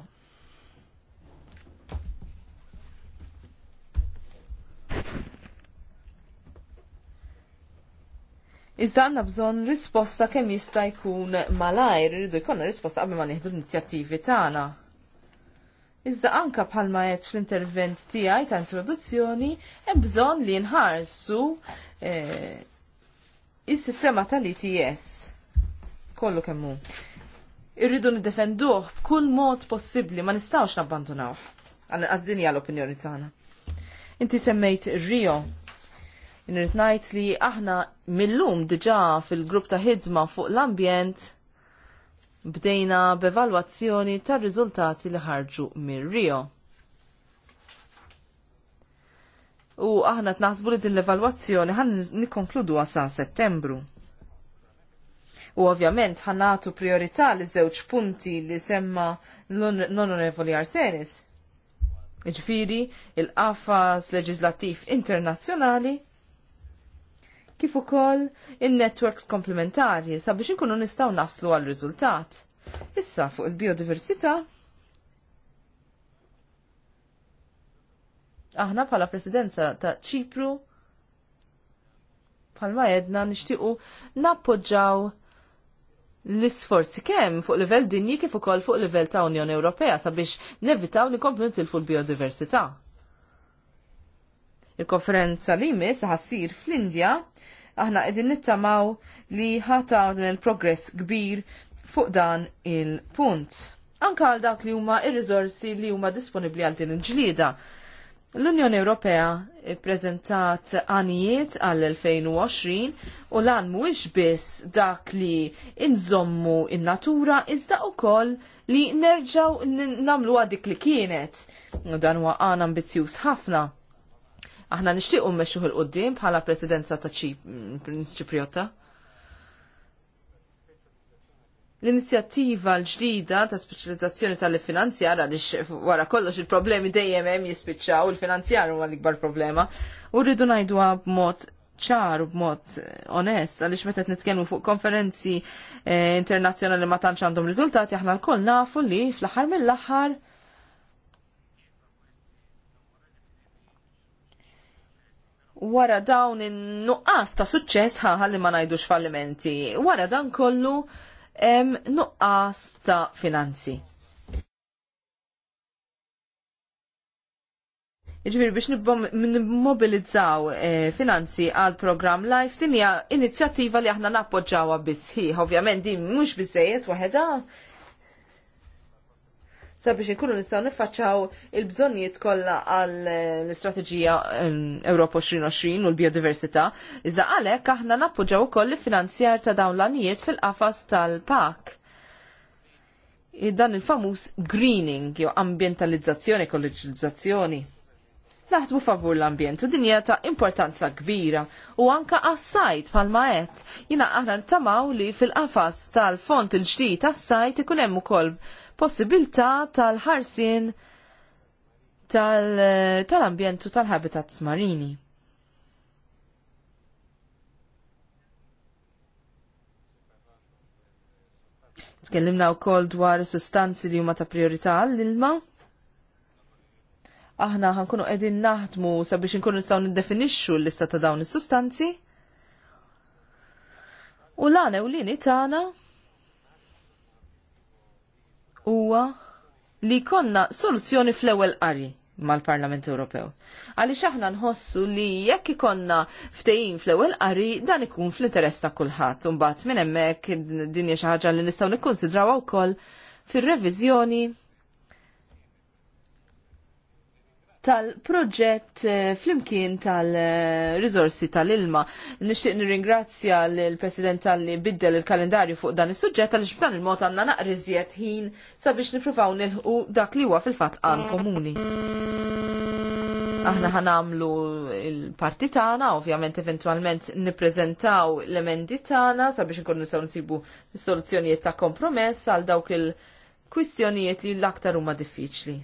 Iżda għandna bżonn risposta kemm jista' jkun malajr, irridu jkollna risposta qabel ma nieħdu l-inizjattivi tagħna. Iżda anka bħalma qed fl-intervent tiegħi ta' introduzzjoni hemm bżonn li nħarsu eh, il-sistema tal-ETS kollu kemmu. Irridu niddefenduh b'kull mod possibbli ma nistawx nabbandunaw. Għan għazdinja l-opinjoni tagħna. Inti semmejt Rio. Irrid ngħid li aħna millum diġà fil-grupp ta' ħidma fuq l-ambjent bdejna b'evalwazzjoni tar-riżultati li ħarġu mir Rio. u aħna t-naħsbu li din l-evalwazzjoni ħan nikonkludu sa' settembru. U ovvjament ħanatu priorità li żewġ punti li semma l-onorevoli Arsenis. Ġifiri, il-qafas leġislattiv internazzjonali kif ukoll in-networks komplementarji sabiex inkunu nistgħu naslu għal riżultat. Issa fuq il-biodiversità aħna bħala presidenza ta' ċipru bħalma jedna nixtiequ nappoġġaw l-isforzi kemm fuq livell dinji kif ukoll fuq livell ta' Unjoni Ewropea sabiex nevitaw li komplu nitilfu l-biodiversità. Il-konferenza li jmiss ħassir fl-Indja aħna qegħdin nittamaw li ħatar progress kbir fuq dan il-punt. Anka għal dak li huma ir-riżorsi li huma disponibbli għal din il-ġlieda. il ġlieda L-Unjoni Ewropea prezentat għanijiet għall-2020 u lan mhuwiex biss dak li inżommu in-natura iżda wkoll li nerġaw namlu dik li kienet. Dan huwa għan ambizjuż ħafna. Aħna nixtiequ mmexxuh il qudiem bħala presidenza ta' Ċipriotta. L-inizjattiva l-ġdida ta' speċjalizzazzjoni tal finanzjara għaliex wara kollox il-problemi dejjem hemm jispiċċaw il-finanzjar huwa l-ikbar problema. U rridu ngħidwa b'mod ċar b'mod eh, onest, għaliex meta nitkellmu fuq konferenzi eh, internazzjonali ma tantx għandhom riżultati, aħna lkoll nafu li fl-aħħar mill-aħħar wara dawn in-nuqqas ta' suċċess ħaħa li ma ngħidux fallimenti. Wara dan kollu Em nuqqas ta' finanzi. Iġviri biex nimmobilizzaw eh, finanzi għal program Life, din hija inizjattiva li aħna nappoġġawha bisħiħ. Ovvjament din mhux biżejjed waħedha, sabiex ikunu nistgħu niffaċċaw il-bżonnijiet kollha għall-istrateġija Ewropa 2020 u l-biodiversità. Iżda għalhekk aħna nappoġġaw ukoll il-finanzjar ta' dawn l-anijiet fil-qafas tal-PAK dan il-famus greening, jew ambientalizzazzjoni, ekoloġizzazzjoni. Naħdmu favur l-ambjent u dinja ta' importanza kbira u anka għas-sajt pal-maħet. Jina aħna ntamaw li fil-qafas tal-font il-ġdijt għas-sajt ikun hemm ukoll possibilità tal-ħarsin tal-ambjentu tal eh, tal-habitats marini. Tkellimna wkoll dwar sustanzi li huma ta' priorità l-ilma. Aħna ħankunu qegħdin naħdmu sabiex inkunu nistgħu niddefinixxu l-lista ta' dawn is-sustanzi. U l-għana u l-lini tagħna huwa li konna soluzzjoni fl-ewwel qari mal-Parlament Ewropew. Għaliex aħna nħossu li jekk ikonna ftejin fl-ewwel qari dan ikun fl-interess ta' kulħadd. Imbagħad minn hemmhekk din hija xi ħaġa li nistgħu nikkonsidraw wkoll fir-reviżjoni tal-proġett eh, flimkien tal-rizorsi tal-ilma. Nishtiq nirringrazzja l-President tal-li biddel il-kalendarju fuq dan is-suġġett għal xbtan il-mod għanna naqriżiet ħin sabiex nipruvaw nilħu dak li huwa fil-fatt għan komuni. Aħna ħanamlu il-parti tagħna, ovvjament eventualment nippreżentaw l-emendi tagħna sabiex nkunu nistgħu nsibu soluzzjonijiet ta' kompromess għal dawk il-kwistjonijiet li l-aktar huma diffiċli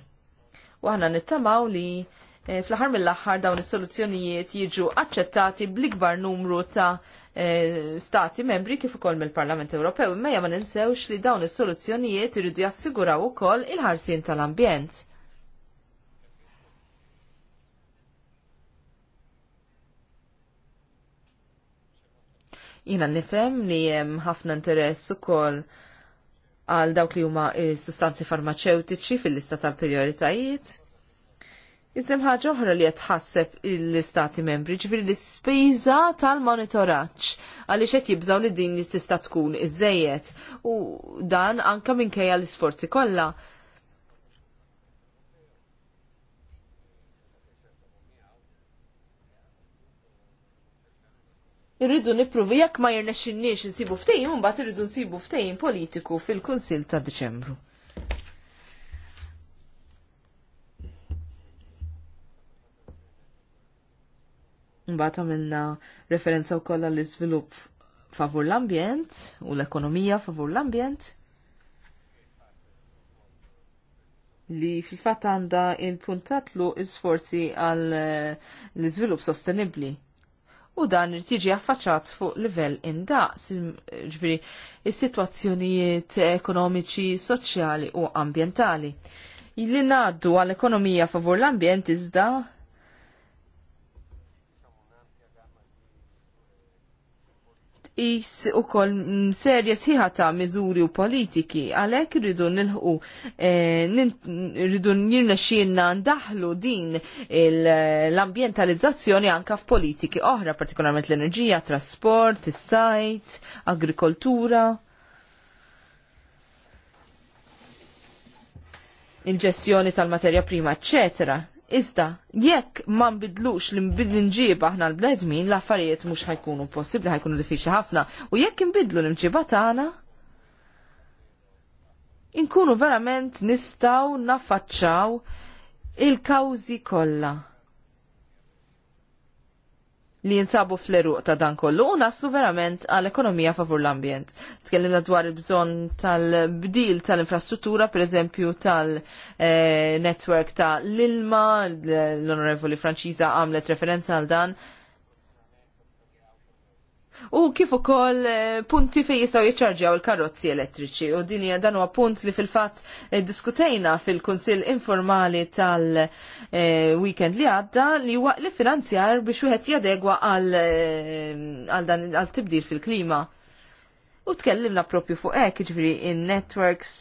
u aħna nittamaw li eh, fl-aħħar mill-aħħar dawn is-soluzzjonijiet jiġu aċċettati bl-ikbar numru ta' eh, stati membri kif ukoll mill-Parlament Ewropew, imma ma ninsewx li dawn is-soluzzjonijiet iridu jassiguraw ukoll il-ħarsien tal-ambjent. Jina nifhem li hemm ħafna interess ukoll koll għal dawk li huma sustanzi farmaceutiċi fil-lista tal-prioritajiet. Iżdem ħaġa oħra li qed tħasseb l-istati membri ġifieri l-ispiża tal-monitoraġġ għaliex qed jibżgħu li din tista' tkun iżejjed u dan anke minkejja l-isforzi kollha irridu nippruvi jekk ma nsibu insibu ftehim imbagħad irridu nsibu ftejn politiku fil-Kunsill ta' Diċembru. Mbagħad għamilna referenza wkoll għall iżvilupp favur l-ambjent u l-ekonomija favur l-ambjent li fil-fatt għandha il-puntatlu sforzi għal l-iżvilupp sostenibbli u dan irid jiġi affaċċat fuq livell indaqs, ġbiri, il sitwazzjonijiet ekonomiċi, soċjali u ambjentali. Li ngħaddu għall-ekonomija favur l-ambjent iżda is ukoll serja sħiħa ta' miżuri u politiki għalhekk irridu nilħu eh, irridu xienna ndaħlu din l-ambjentalizzazzjoni anka f'politiki oħra, partikolarment l-enerġija, trasport, is-sajt, agrikoltura. il-ġestjoni tal-materja prima, eccetera Iżda, jekk ma nbidlux li nġib aħna l-bnedmin, l-affarijiet mhux ħajkunu possibbli ħajkunu diffiċi ħafna. U jekk nbidlu l-imġiba tagħna, inkunu verament nistaw naffaċċaw il-kawżi kollha li jinsabu fl-eruq ta' dan kollu u naslu verament għal ekonomija favur l-ambjent. Tkellimna dwar il-bżon tal-bdil tal-infrastruttura, per eżempju tal-network eh, ta' l-ilma, l-onorevoli Franċiza għamlet referenza għal dan, U kif ukoll eh, punti fejn jistgħu jiċċarġjaw il-karozzi elettriċi u din hija dan huwa punt li fil-fatt eh, diskutejna fil-Kunsill informali tal-weekend eh, li għadda li huwa li finanzjar biex wieħed jadegwa għal dan għal tibdil fil-klima. U tkellimna propju fuq hekk, ġifieri in-networks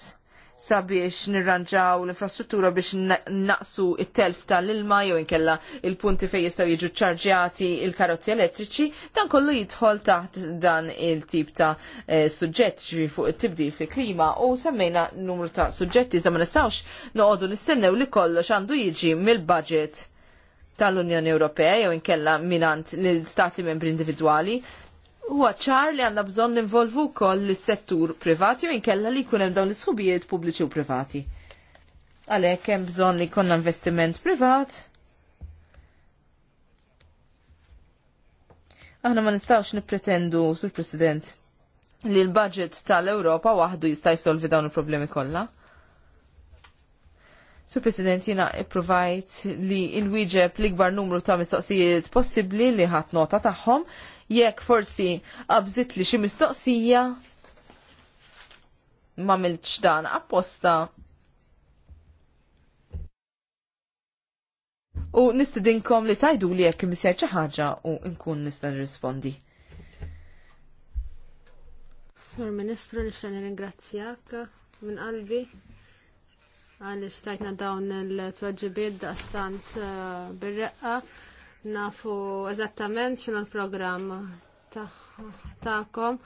sabiex nirranġaw l-infrastruttura biex naqsu it-telf tal-ilma jew inkella il-punti fejn jistgħu jiġu ċarġjati il-karozzi elettriċi, dan kollu jidħol taħt dan il-tip ta' eh, suġġett ġri fuq it-tibdil fi klima u semmejna numru ta' suġġetti iżda ma nistgħux noqogħdu nistennew li kollox għandu jiġi mill-budget tal-Unjoni Ewropea jew inkella minant l istati membri individwali huwa ċar li għandna bżonn ninvolvu wkoll l settur privati u inkella li jkun hemm dawn l-isħubijiet pubbliċi u privati. Għalhekk hemm bżonn li jkollna investiment privat. Aħna ma nistgħux nippretendu sur President li l-budget tal-Ewropa waħdu jista' jsolvi dawn il-problemi kollha. Sur President, jina ipprovajt li il-wieġeb l-ikbar numru ta' mistoqsijiet possibbli li ħadd nota tagħhom jekk forsi qabżit li xi mistoqsija ma milx dan apposta. U nistidinkom li tajdu li jekk misjer xi ħaġa u nkun nista' nirrispondi. Sur Ministru, nixtieq nirringrazzjak minn qalbi għaliex tajtna dawn il-tweġibiet daqstant eh, bir-reqqa nafu eżattament xinu l-programm ta'kom.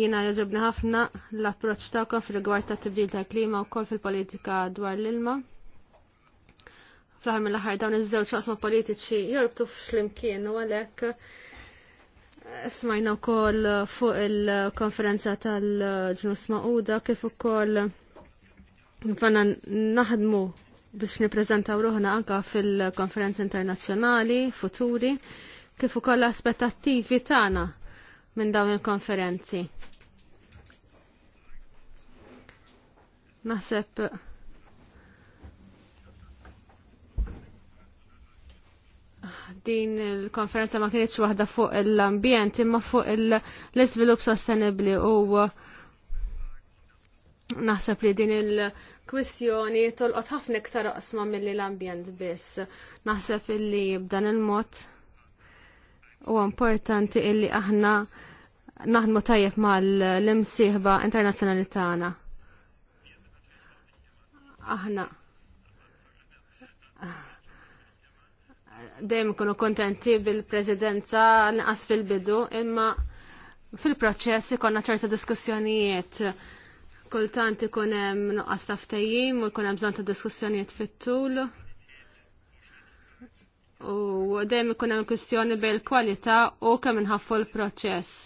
Jina joġobni ħafna l-approċ ta'kom fil-rigward ta' tibdil ta' klima u koll fil-politika dwar l-ilma. Fl-ħar mill-ħar dawn iż-żewġ qasma politiċi jorbtu fl-imkien u għalhekk smajna wkoll fuq il-konferenza tal-ġnus Mauda kif ukoll fanna naħdmu biex nippreżentaw ruħna anka fil konferenz internazzjonali futuri kif ukoll aspettattivi tagħna minn dawn il-konferenzi. Naħseb din il-konferenza ma kienx waħda fuq l-ambjent imma fuq l-iżvilupp sostenibbli u Naħseb li din il-kwistjoni tolqot ħafna iktar oqsma milli l-ambjent biss. Naħseb illi b'dan il-mod u importanti illi aħna naħdmu tajjeb mal-imsieħba internazzjonali tagħna. Aħna. Dejjem ikunu kontenti bil presidenza nqas fil-bidu, imma fil-proċess ikonna ċerta diskussjonijiet kultant ikun hemm nuqqas taftajjim u jkun hemm bżonn ta' diskussjonijiet fit-tul. U dejjem ikun hemm kwistjoni bejn il-kwalità u kemm inħaffu l-proċess.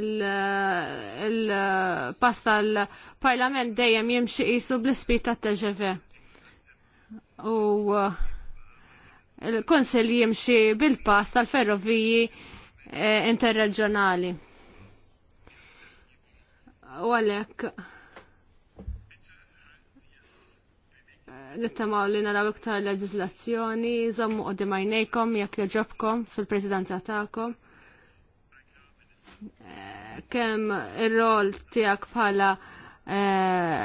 Il-pasta il pasta l parlament dejjem jimxi qisu bl-ispit tat-TGV. U uh, il-konsil jimxi bil-pass tal-ferroviji eh, interreġjonali u għalhekk eh, nittamaw li naraw iktar leġislazzjoni, zammu għoddi majnejkom, jekk joġobkom fil-prezidenza ta'kom. Eh, Kem il-rol tijak bħala eh,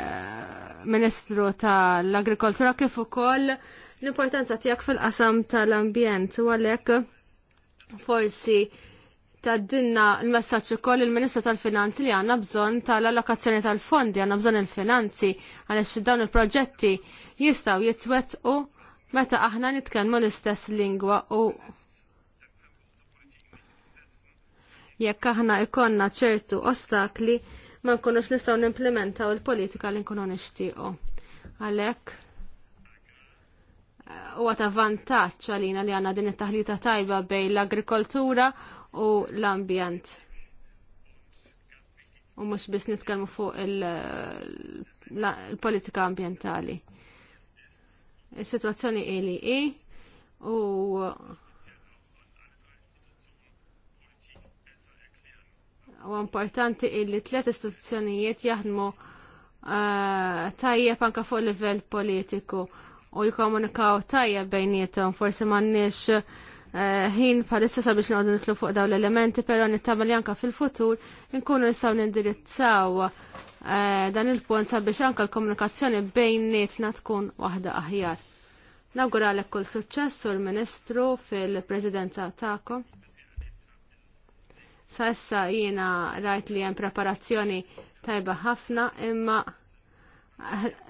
ministru tal-agrikoltura kif ukoll l-importanza tijak fil-qasam tal-ambjent u għalek forsi taddinna l-messagġ ukoll il-Ministru tal-Finanzi li għandna bżonn tal-allokazzjoni tal-fondi, għandna bżonn il-finanzi għaliex dawn il-proġetti jistgħu jitwettqu meta aħna nitkellmu l-istess lingwa u jekk aħna ikonna ċertu ostakli ma nkunux nistgħu nimplementaw il-politika li nkunu nixtiequ. Għalhekk eh, huwa ta' vantaġġ għalina li għandna din it-taħlita tajba bejn l-agrikoltura u l-ambjent. U mhux biss nitkellmu fuq il-politika ambjentali. Is-sitwazzjoni ili i u u importanti illi tliet istituzzjonijiet jaħdmu eh, tajjeb anka fuq livell politiku u jikomunikaw tajjeb bejnietom forsi m'għandniex Eh, ħin bħalissa sabiex noqdu nitlu fuq dawn l-elementi, però nittama li anka fil-futur nkunu nistgħu nindirizzaw eh, dan il-punt sabiex anka l-komunikazzjoni bejn nietna tkun waħda aħjar. Nawguralek kull suċċess u l-Ministru fil-Presidenza tagħkom. Sa issa jiena rajt li hemm preparazzjoni tajba ħafna imma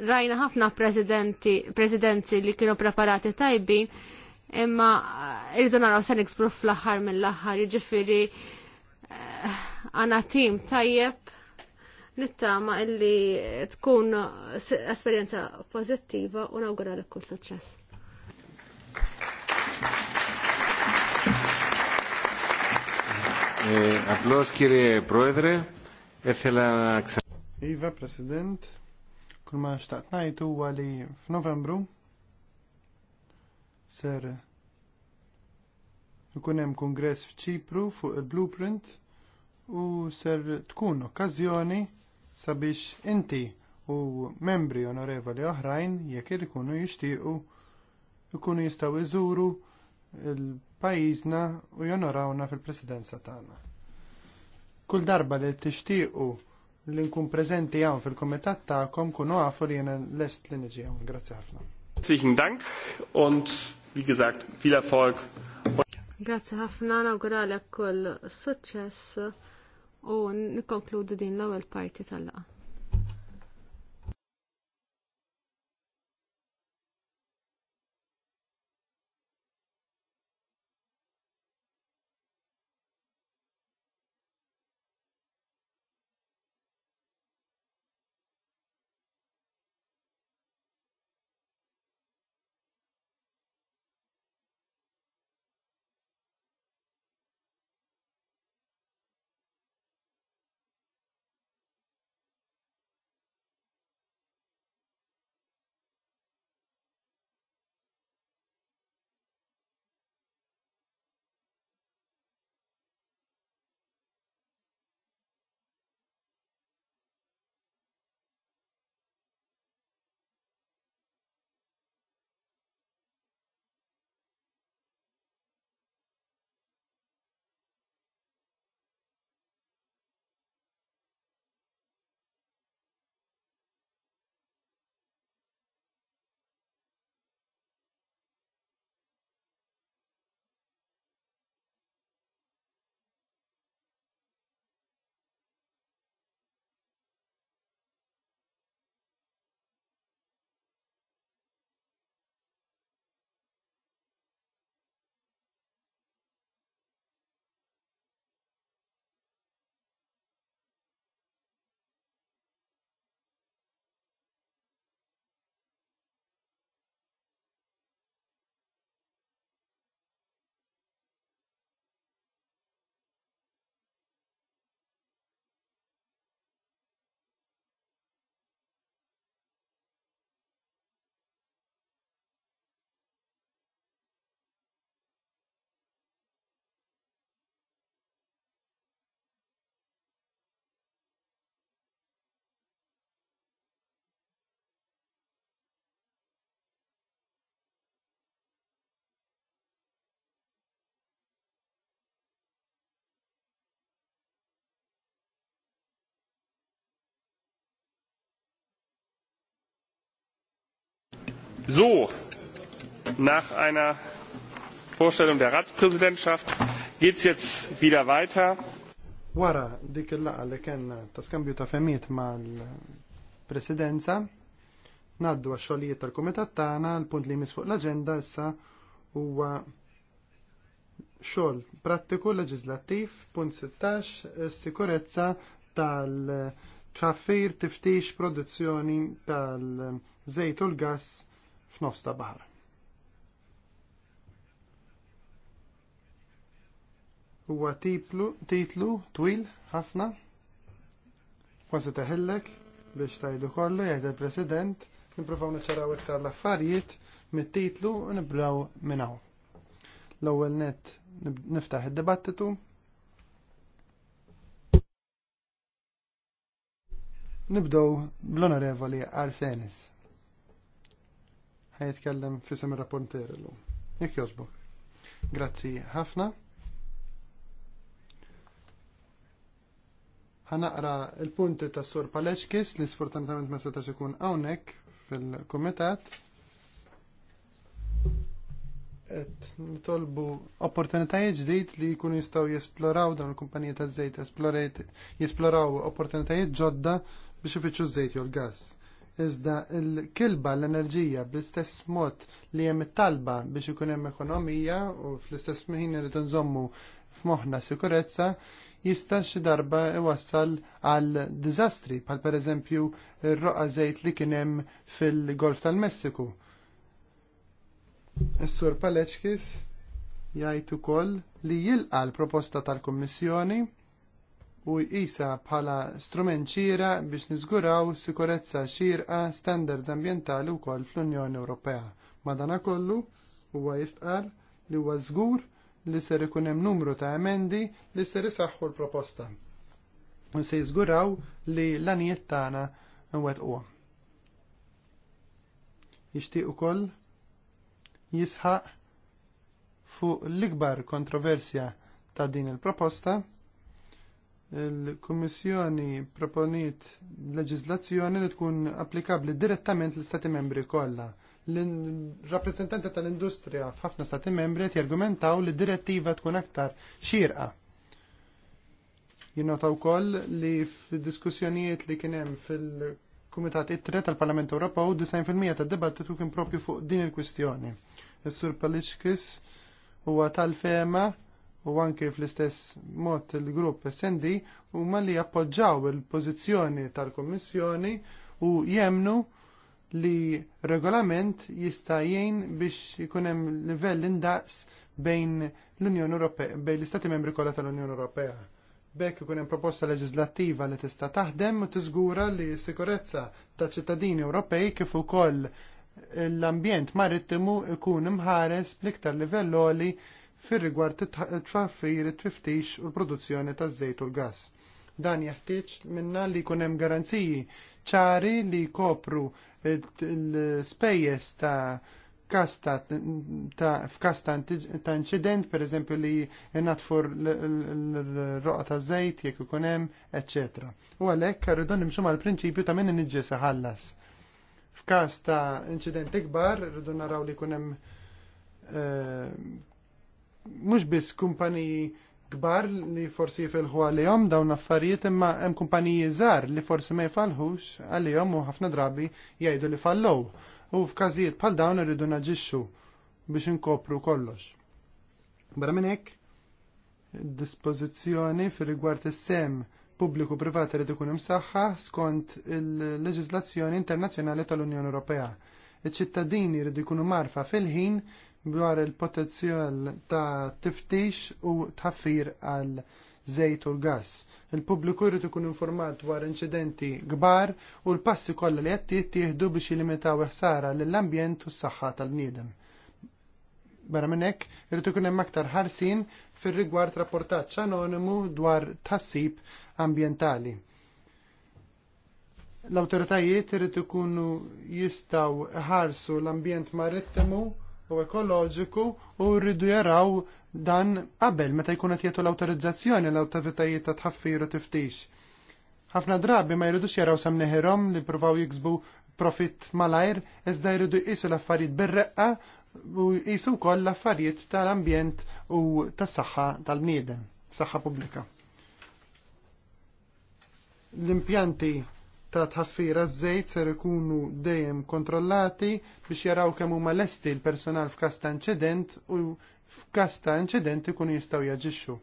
rajna ħafna presidenti, presidenti li kienu preparati tajbin imma eh, irridu naraw se niksbru fl-aħħar mill-aħħar, jiġifieri eh, għandna tim tajjeb nittama illi tkun esperjenza pożittiva u nawgura lek kull suċċess. Eh, Applaus kiri proedre, ήθελα Iva, president, Ήβα, Πρεσιντέντ, κουλμα στατνάει του ser ikun hemm kungress f'Ċipru fuq il-blueprint u ser tkun okkażjoni sabiex inti u membri onorevoli oħrajn jekk ikunu jixtiequ ikunu jistgħu iżuru il-pajjiżna u jonorawna fil-presidenza tagħna. Kull darba li tixtiequ li nkun preżenti hawn fil kumitat tagħkom kunu għafu li jiena lest li niġi hawn. Grazzi ħafna. Herzlichen Dank und wie gesagt viel Erfolg. Grazie ħafna nawguralek kull suċċess u nikkonkludu din l-ewwel parti tal-laqa. So, nach einer Vorstellung der Ratspräsidentschaft geht es jetzt wieder weiter. Wara dik il-laqa li kena ta' skambju ta' femiet ma' l presidenza naddu għax tal komitat tagħna, l-punt li jmiss fuq l agenda issa huwa xogħol prattiku leġislattiv, punt 16, sikurezza tal-traffir, tiftix, produzzjoni tal-żejt u l-gass f'nofs ta' baħar. Huwa titlu twil ħafna kważi teħillek biex tajdu kollu, jgħid il-President, niprofaw niċċaraw iktar l-affarijiet mit-titlu u niblaw minnaw. L-ewwel net niftaħ id-dibattitu. Nibdow bl-Onorevoli Arsenis ħajitkellem fisem il-rapporter l Jekk Jek Grazzi ħafna. ħanaqra il-punti ta' Sur Paleċkis li sfortunatament ma setax ikun hawnhekk fil-kumitat. Et nitolbu opportunitajiet ġdid li jkunu jistgħu jesploraw dawn il-kumpanija ta' żejt, jesploraw opportunitajiet ġodda biex ifittxu żejt jew l-gass iżda l-kilba l-enerġija bl-istess mod li hemm it-talba biex ikun hemm ekonomija u fl-istess ħin irid nżommu f'moħħna sikurezza jista' xi darba iwassal għal diżastri bħal pereżempju r-roqa żejt li kien hemm fil-Golf tal-Messiku. Is-Sur Paleċkis jgħid ukoll li jilqa l-proposta tal-Kummissjoni u jqisha bħala strument xieraq biex niżguraw sikurezza xirqa standards ambjentali wkoll fl-Unjoni Ewropea. Madanakollu huwa jistqar li huwa żgur li ser ikun hemm numru ta' emendi li ser isaħħu l-proposta. U se jiżguraw li l-anijiet tagħna nwettquha. Jixtieq ukoll jisħaq fuq l-ikbar kontroversja ta' din il-proposta il-Kummissjoni proponiet leġiżlazzjoni li tkun applikabbli direttament l istati membri kollha. L-rappresentanti tal-industrija f'ħafna stati membri qed jargumentaw li direttiva tkun aktar xirqa. Jinnota wkoll li f'diskussjonijiet li kien hemm fil-Kumitat Ittre tal-Parlament Ewropew 90% tad-dibattitu kien propju fuq din il-kwistjoni. Is-Sur Paliċkis huwa tal-fema u anke fl-istess mod il-grupp SND huma li appoġġaw il pożizzjoni tal kummissjoni u jemnu li regolament jista' jgħin biex ikun hemm livell indaqs bejn l-Unjoni Ewropea, bejn l-Istati Membri kollha tal-Unjoni Ewropea. Bekk ikun hemm proposta leġislattiva li tista' taħdem u tiżgura li s-sikurezza ta' ċittadini Ewropej kif ukoll l-ambjent marittimu ikun imħares bl-iktar livell oli fir-rigward it-tfaffir, it-tfiftix u l-produzzjoni taż-żejt u l-gass. Dan jeħtieġ minna li jkun hemm garanziji ċari li jkopru l-spejjeż ta' kasta ta' f'kasta ta' inċident, per eżempju li natfu l-roqa ta' żejt jekk ikun hemm, eċċetera. U għalhekk rridu nimxu mal-prinċipju ta' min inġiesa saħallas. F'każ ta' inċident ikbar, rridu naraw li jkun hemm eh, mhux biss kumpaniji kbar li forsi jifilħu għalihom dawn affarijiet imma hemm kumpaniji żgħar li forsi ma jfalħux għalihom u ħafna drabi jgħidu li fallow. U f'każijiet bħal dawn irridu naġixxu biex inkopru kollox. Barra minn hekk, dispożizzjoni fir rigward is-sem pubbliku privat irid ikun imsaħħa skont il-leġiżlazzjoni internazzjonali tal-Unjoni Ewropea. Iċ-ċittadini jridu jkunu marfa fil-ħin dwar il-potenzjal ta' tiftix u tħaffir għal żejt u l-gass. Il-pubbliku jrid ikun informat dwar inċidenti kbar u l-passi kollha li qed jittieħdu biex jilimitaw ħsara lill-ambjent u s-saħħa tal-bniedem. Barra minn hekk irid ikun hemm aktar ħarsin fir-rigward rapportaġġ anonimu dwar tassib ambjentali. L-awtoritajiet irid ikunu jistgħu ħarsu l-ambjent marittimu u ekoloġiku u rridu jaraw dan qabel meta jkun qed jagħtu l-awtorizzazzjoni l-awtoritajiet ta' tħaffir u tiftix. Ħafna drabi ma jridux jaraw sam neħirhom li provaw jiksbu profit malajr, iżda jridu jqisu l-affarijiet bir-reqqa u jqisu wkoll l-affarijiet tal-ambjent u tas-saħħa tal-bniedem, saħħa pubblika l-impjanti ta' tħaffira żejt ser ikunu dejjem kontrollati biex jaraw kemm huma lesti l-personal f'każ ta' inċident u f'każ ta' inċident ikunu jistgħu jaġixxu.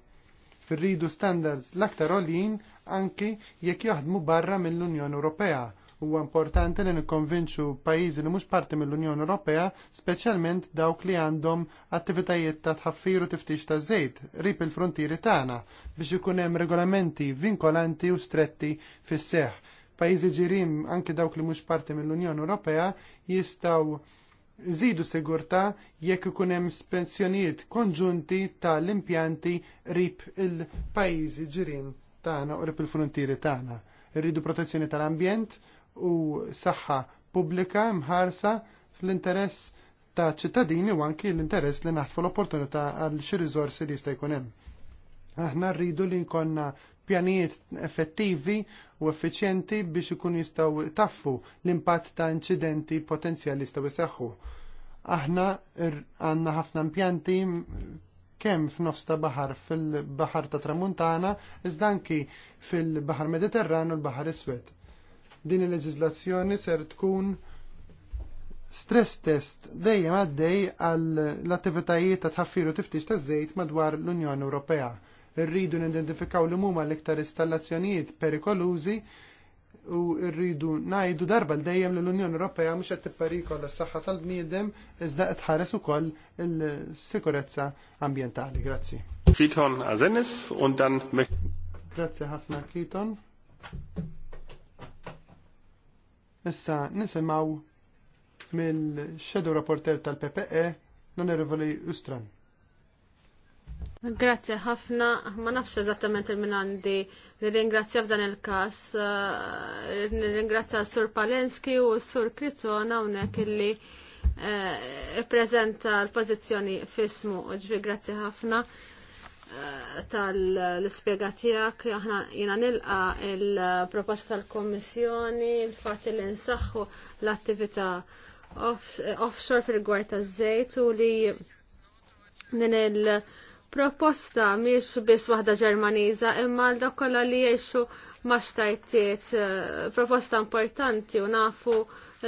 Irridu standards l-aktar għolin anki jekk jaħdmu barra mill-Unjoni Ewropea. Huwa importanti li nikkonvinċu pajjiżi li mhux parti mill-Unjoni Ewropea, speċjalment dawk li għandhom attivitajiet ta' tħaffir u tiftix ta' żejt rib il-frontieri tagħna biex ikun hemm regolamenti vinkolanti u stretti fis-seħħ Pajjiżi ġirim anke dawk li mhux parti mill-Unjoni Ewropea jistgħu żidu sigurtà jekk ikun hemm spensjonijiet konġunti tal-impjanti rib il-pajjiżi ġirien tagħna u rib il fruntieri tagħna. Irridu protezzjoni tal-ambjent u saħħa pubblika mħarsa fl-interess ta' ċittadini u anki l-interess li naħfu l-opportunità għal xi riżorsi li jista' jkun hemm. Aħna rridu li jkollna pjanijiet effettivi u effiċjenti biex ikun jistgħu taffu l-impatt ta' inċidenti potenzjali jistgħu jseħħu. Aħna għandna ħafna impjanti kemm f'nofs ta' baħar fil-baħar ta' Tramuntana, iżda anki fil-baħar Mediterran u l-baħar Iswed. Din il-leġiżlazzjoni ser tkun stress test dejjem għaddej għall attivitajiet ta' tħaffiru tiftix ta' żejt madwar l-Unjoni Ewropea Irridu nidentifikaw li huma l-iktar installazzjonijiet perikolużi u rridu ngħidu darba l dejjem li l-Unjoni Ewropea mhux qed tipperikol s-saħħa tal-bniedem iżda qed tħares ukoll il-sikurezza ambjentali. Grazzi. Kriton Azenis und dan Grazzi ħafna Kriton. Issa nisimgħu mill-Shadow Rapporter tal-PPE, non onorevoli Ustran. Grazie ħafna, ma nafx eżattament il-min għandi nirringrazzja f'dan il-kas, eh, nirringrazzja sur Palenski u s-Sur Kritona unek illi eh, prezenta l-pozizjoni fismu, ġvi grazzi ħafna eh, tal-spiegatijak, aħna jina nilqa il-proposta tal-Komissjoni, il-fat li nsaxħu l-attività offshore fil gwarta z zejt u li din proposta miex biss waħda Ġermaniża imma għal dak kollha li jgħixu ma xtajtiet eh, proposta importanti u nafu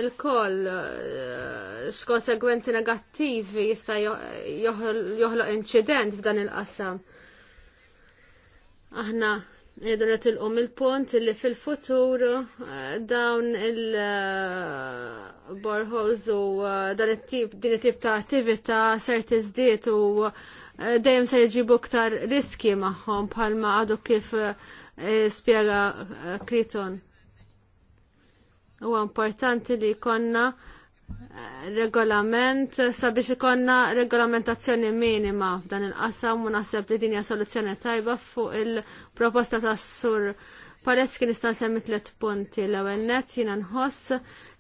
l-koll eh, x'konsegwenzi negattivi jista' joħloq inċident f'dan il-qasam. Aħna Idret il il-pont li fil-futur eh, dawn il-borħolż u dan it-tip din it-tip ta' attività ser tiżdiet u Eh, dejjem ser jġibu ktar riski magħhom bħalma għadu kif eh, spjega eh, Kriton. Huwa importanti li konna regolament sabiex ikonna regolamentazzjoni minima f'dan il-qasam u naħseb li din hija soluzzjoni tajba fuq il-proposta tas-sur Pareski kien nista' semmi tliet punti l-ewwel nett jiena nħoss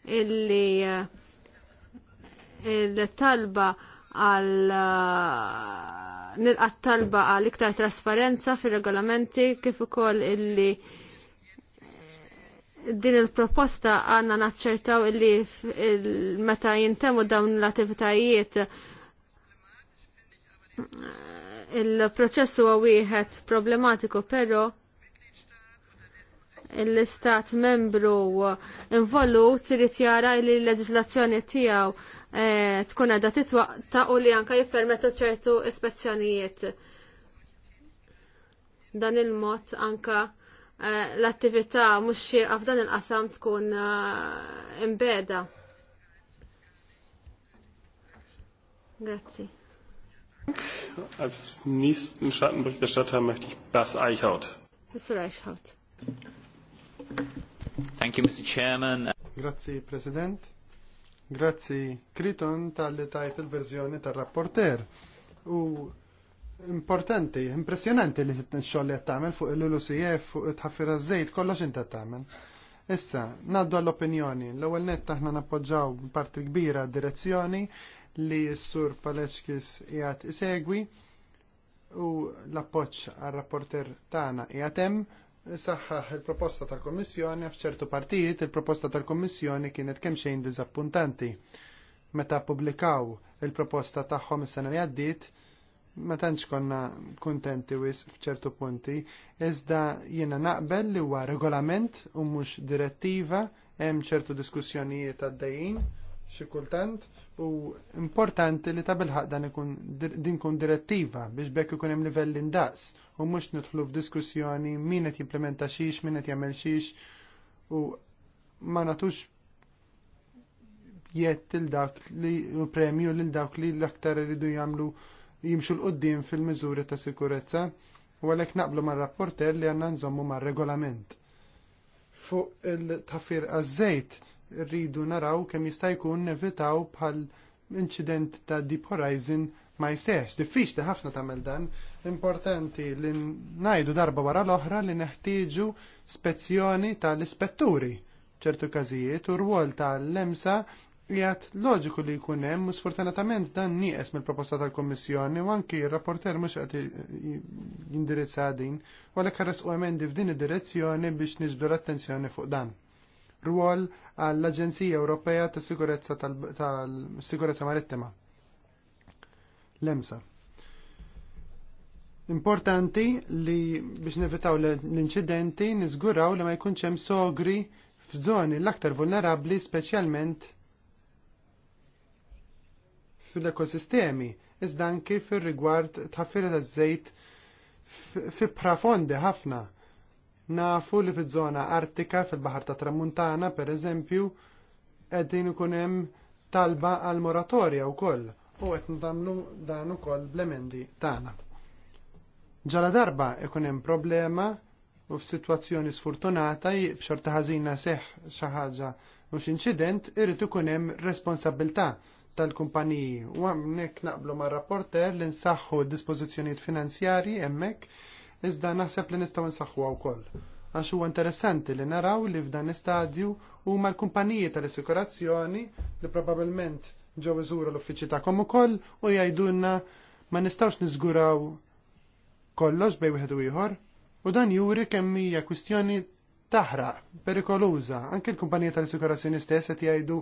illi il-talba il talba għal uh, nilqat talba għal iktar trasparenza fil-regolamenti kif ukoll illi eh, din il-proposta għanna naċċertaw illi meta jintemu dawn l-attivitajiet eh, il-proċess huwa wieħed problematiku però l-istat membru involut irid jara li l-leġislazzjoni tiegħu Eh, tkun għadha titwaqta u li anka jippermettu ċertu ispezzjonijiet. Dan il-mod anka eh, l-attività mhux xirqa f'dan il-qasam tkun eh, imbeda. Grazie. Als nächsten Schattenberichterstatter möchte ich Bas Eichhaut. Mr. Eichhaut. Thank you, Mr. Chairman. Grazie, Präsident. Grazzi Kriton tal-li tajt il-verżjoni tal-rapporter. U importanti, impressionanti li t nxolli li fuq l-LUCF, fuq it-ħaffira z-zejt, kollox inti għattamel. Issa, naddu għall-opinjoni. L-ewel net ħna nappoġġaw parti kbira direzzjoni li s-sur Paleċkis jgħat isegwi u l-appoċ għal-rapporter tagħna jgħatem. hemm saħħaħ il-proposta tal-Kommissjoni f'ċertu partijiet il-proposta tal-Kommissjoni kienet kemm xejn diżappuntanti. Meta publikaw il-proposta tagħhom s sena li għaddiet, ma tantx konna kuntenti wis f'ċertu punti, iżda jiena naqbel li huwa regolament u mhux direttiva hemm ċertu diskussjonijiet għaddejjin xi kultant u importanti li ta' bilħaq dan ikun din kun direttiva biex bekk ikun hemm livell indaqs u mhux nidħlu f'diskussjoni min qed jimplementa xiex, min qed jagħmel xiex u ma nagħtux jett il dak li premju lil dawk li l-aktar iridu jagħmlu jimxu l-qoddim fil-miżuri ta' sikurezza u għalhekk naqblu mar-rapporter li għandna nżommu mar-regolament. Fuq il-tafir għaż-żejt rridu naraw kemm jista' jkun nevitaw bħal incident ta' Deep Horizon ma jsehx. Diffiċli ħafna tagħmel dan. Importanti li ngħidu darba wara l-oħra li neħtieġu spezzjoni tal-ispetturi ċertu każijiet u rwol tal-lemsa jgħat loġiku li jkun hemm, u sfortunatament dan nieqes mill-proposta tal-Kommissjoni u anki r-rapporter mhux qed jindirizza din, u għalhekk ħares u emendi f'din id-direzzjoni biex niġbdu l-attenzjoni fuq dan rwol għall-Aġenzija Ewropea ta' Sigurezza tal-Sigurezza Marittima. L-EMSA. Importanti li biex nevitaw l-inċidenti niżguraw li ma jkunx hemm sogri f'żoni l-aktar vulnerabbli speċjalment fil-ekosistemi, iżda anki fir-rigward tħaffira ta' żejt fi profondi ħafna Nafu li fiż-żona artika fil-Baħar ta' Tramuntana, pereżempju, qegħdin ikun hemm talba għal moratorja wkoll u qed nagħmlu dan ukoll blemendi tagħna. Ġala darba ikun hemm problema u f'sitwazzjoni sfortunata b'xorta ħażina seħħ xi ħaġa u x'inċident irid ikun hemm responsabilità tal-kumpaniji u għamnek naqblu ma' rapporter li nsaħħu dispożizzjonijiet finanzjarji hemmhekk iżda naħseb li nistgħu nsaħħuha wkoll. Għax huwa interessanti li naraw li f'dan l-istadju huma l-kumpaniji tal-assikurazzjoni li probabbilment ġew iżuru l-uffiċċji tagħkom ukoll u jgħidulna ma nistgħux niżguraw kollox bej wieħed u ieħor u dan juri kemm hija kwistjoni taħraq perikoluża. Anke l-kumpanija tal-assikurazzjoni stess qed jgħidu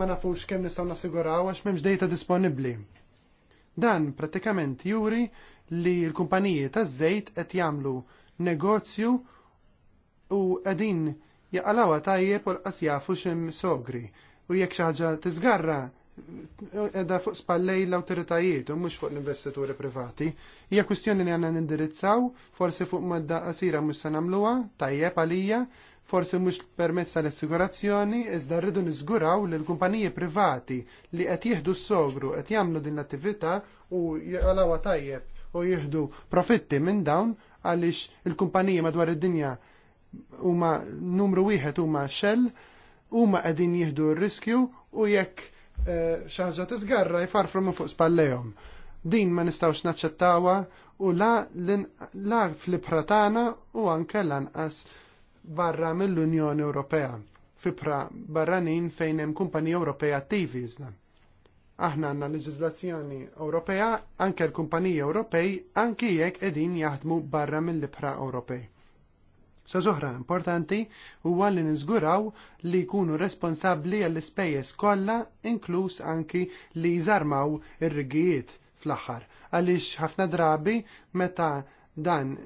ma nafux kemm nistgħu nassiguraw għax m'hemmx dejta disponibbli. Dan prattikament juri li l-kumpaniji taż-żejt qed jagħmlu negozju u qegħdin jaqalawha tajjeb u lqas jafu x'hemm sogri u jekk xi ħaġa tiżgarra edha fuq spallej l awtoritajiet u mhux fuq l-investituri privati. Hija kwistjoni li għandna nindirizzaw, forsi fuq madda qasira mhux se nagħmluha, tajjeb għalija, forsi mhux permezz tal-assigurazzjoni, iżda rridu niżguraw li l-kumpaniji privati li qed jieħdu s-sogru qed jagħmlu din l-attività u jaqalawha tajjeb u jieħdu profitti minn dawn għaliex il-kumpaniji madwar id-dinja huma numru wieħed huma xell huma qegħdin jieħdu r-riskju u jekk eh, xi ħaġa tiżgarra jfarfru minn fuq spallejhom. Din ma nistgħux naċċettawha u la la fl-ibħra tagħna u anke lanqas barra mill-Unjoni Ewropea Fipra barranin fejn hemm kumpaniji Ewropea attivi iżda. Aħna għandna leġizlazzjoni Ewropea anke l-kumpaniji Ewropej anke jekk qegħdin jaħdmu barra mill libra Ewropej. Sa ġoħra importanti huwa li niżguraw li jkunu responsabbli għall-ispejjeż kollha inkluż anki li jżarmaw ir-rigijiet fl-aħħar. Għaliex ħafna drabi meta dan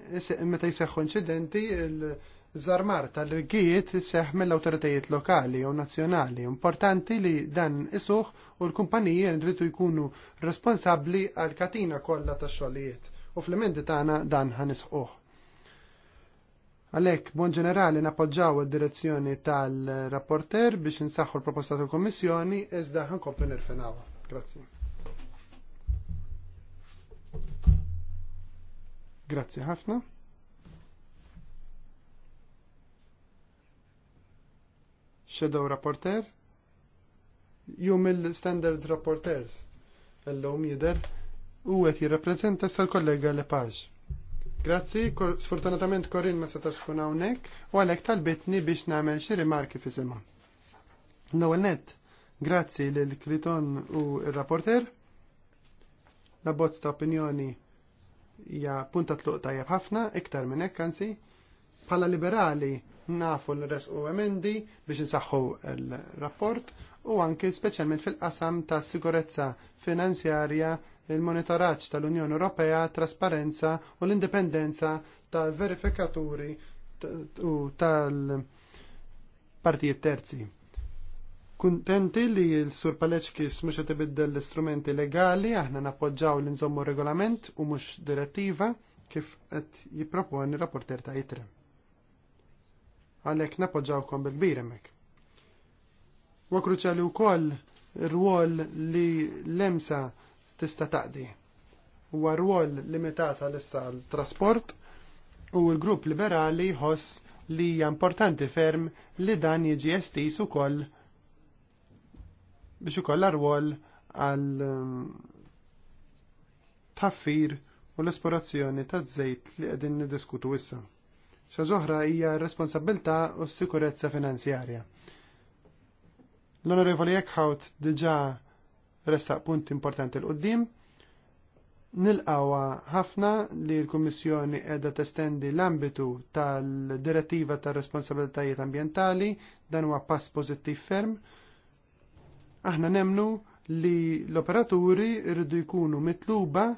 meta jseħħu inċidenti il- Zarmar tal-rgijiet seħ mill-autoritajiet lokali u nazzjonali. Importanti li dan isuħ u l-kumpaniji dritu jkunu responsabli għal-katina kollha ta' xogħlijiet u fl-emendi tagħna dan ħanisħuh. Għalhekk bon ġenerali nappoġġaw id-direzzjoni tal-rapporter biex insaħħu l-proposta tal-Kommissjoni iżda ħankomplu nirfenawha. Grazzi. Grazzi ħafna. Shadow Rapporter? jew mill standard Rapporters. Illum jider u għet jirrapprezenta sal-kollega Lepage. Grazzi, sfortunatament Korin ma setax kun hawnhekk u għalhekk talbitni biex nagħmel xi rimarki fi sema. L-ewwel nett, grazzi lil Kriton u r-rapporter. La bozz ta' opinjoni hija punta tluq tajjeb ħafna, iktar minn hekk anzi. Bħala liberali nafu l u emendi biex nsaħħu l-rapport u anki speċjalment fil-qasam ta' sigurezza finanzjarja, il-monitoraġġ tal-Unjoni Ewropea, trasparenza u l-indipendenza tal-verifikaturi u tal-partijiet terzi kuntenti li l-Sur Paleċkis mux jtibiddel l-istrumenti legali, aħna nappoġġaw l-inżommu regolament u mux direttiva kif qed jipproponi rapporter ta' jitre għalhekk napoġġawkom bil-kbir hemmhekk. Wa kruċjali wkoll ir-rwol li l-emsa tista' taqdi. Huwa rwol limitata issa l-trasport u l-grupp liberali hoss li hija importanti ferm li dan jiġi estis ukoll biex ukoll rwol għal um, taffir u l-esplorazzjoni ta' żejt li qegħdin niddiskutu issa xa ġoħra hija r u s-sikurezza finanzjarja. L-Onorevoli Eckhout diġa ressaq punt importanti l-qoddim. Nilqawa ħafna li l-Kummissjoni qiegħda testendi l-ambitu tal-Direttiva tar-Responsabilitajiet Ambientali dan huwa pass pożittiv ferm. Aħna nemnu li l-operaturi rridu jkunu mitluba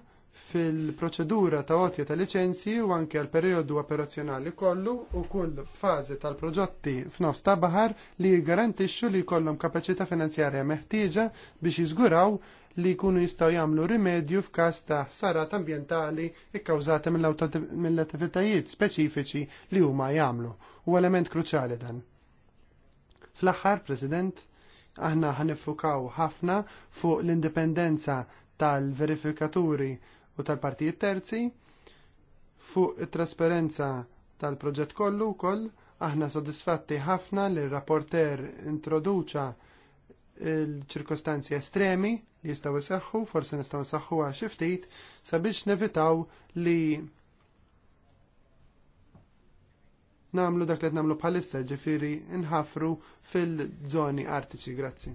fil-proċedura ta' għotja ta' liċenzji u anke għal periodu operazzjonali kollu u kull fażi tal-proġotti f'nofs ta' bahar li jgarantixxu li jkollhom kapaċità finanzjarja meħtieġa biex jiżguraw li jkunu jistgħu jagħmlu rimedju f'każ ta' ħsarat ambjentali ikkawżata mill-attivitajiet speċifiċi li huma jagħmlu. U element kruċjali dan. Fl-aħħar, President, aħna ħanifukaw ħafna fuq l-indipendenza tal-verifikaturi u tal-partijiet terzi fuq it-trasparenza tal-proġett kollu wkoll aħna sodisfatti ħafna li r-rapporter introduċa il-ċirkostanzi estremi li jistgħu jseħħu, forsi nistgħu nsaħħu xi ftit sabiex nevitaw li namlu dak li namlu bħalissa ġifiri nħafru fil-żoni artiċi, grazzi.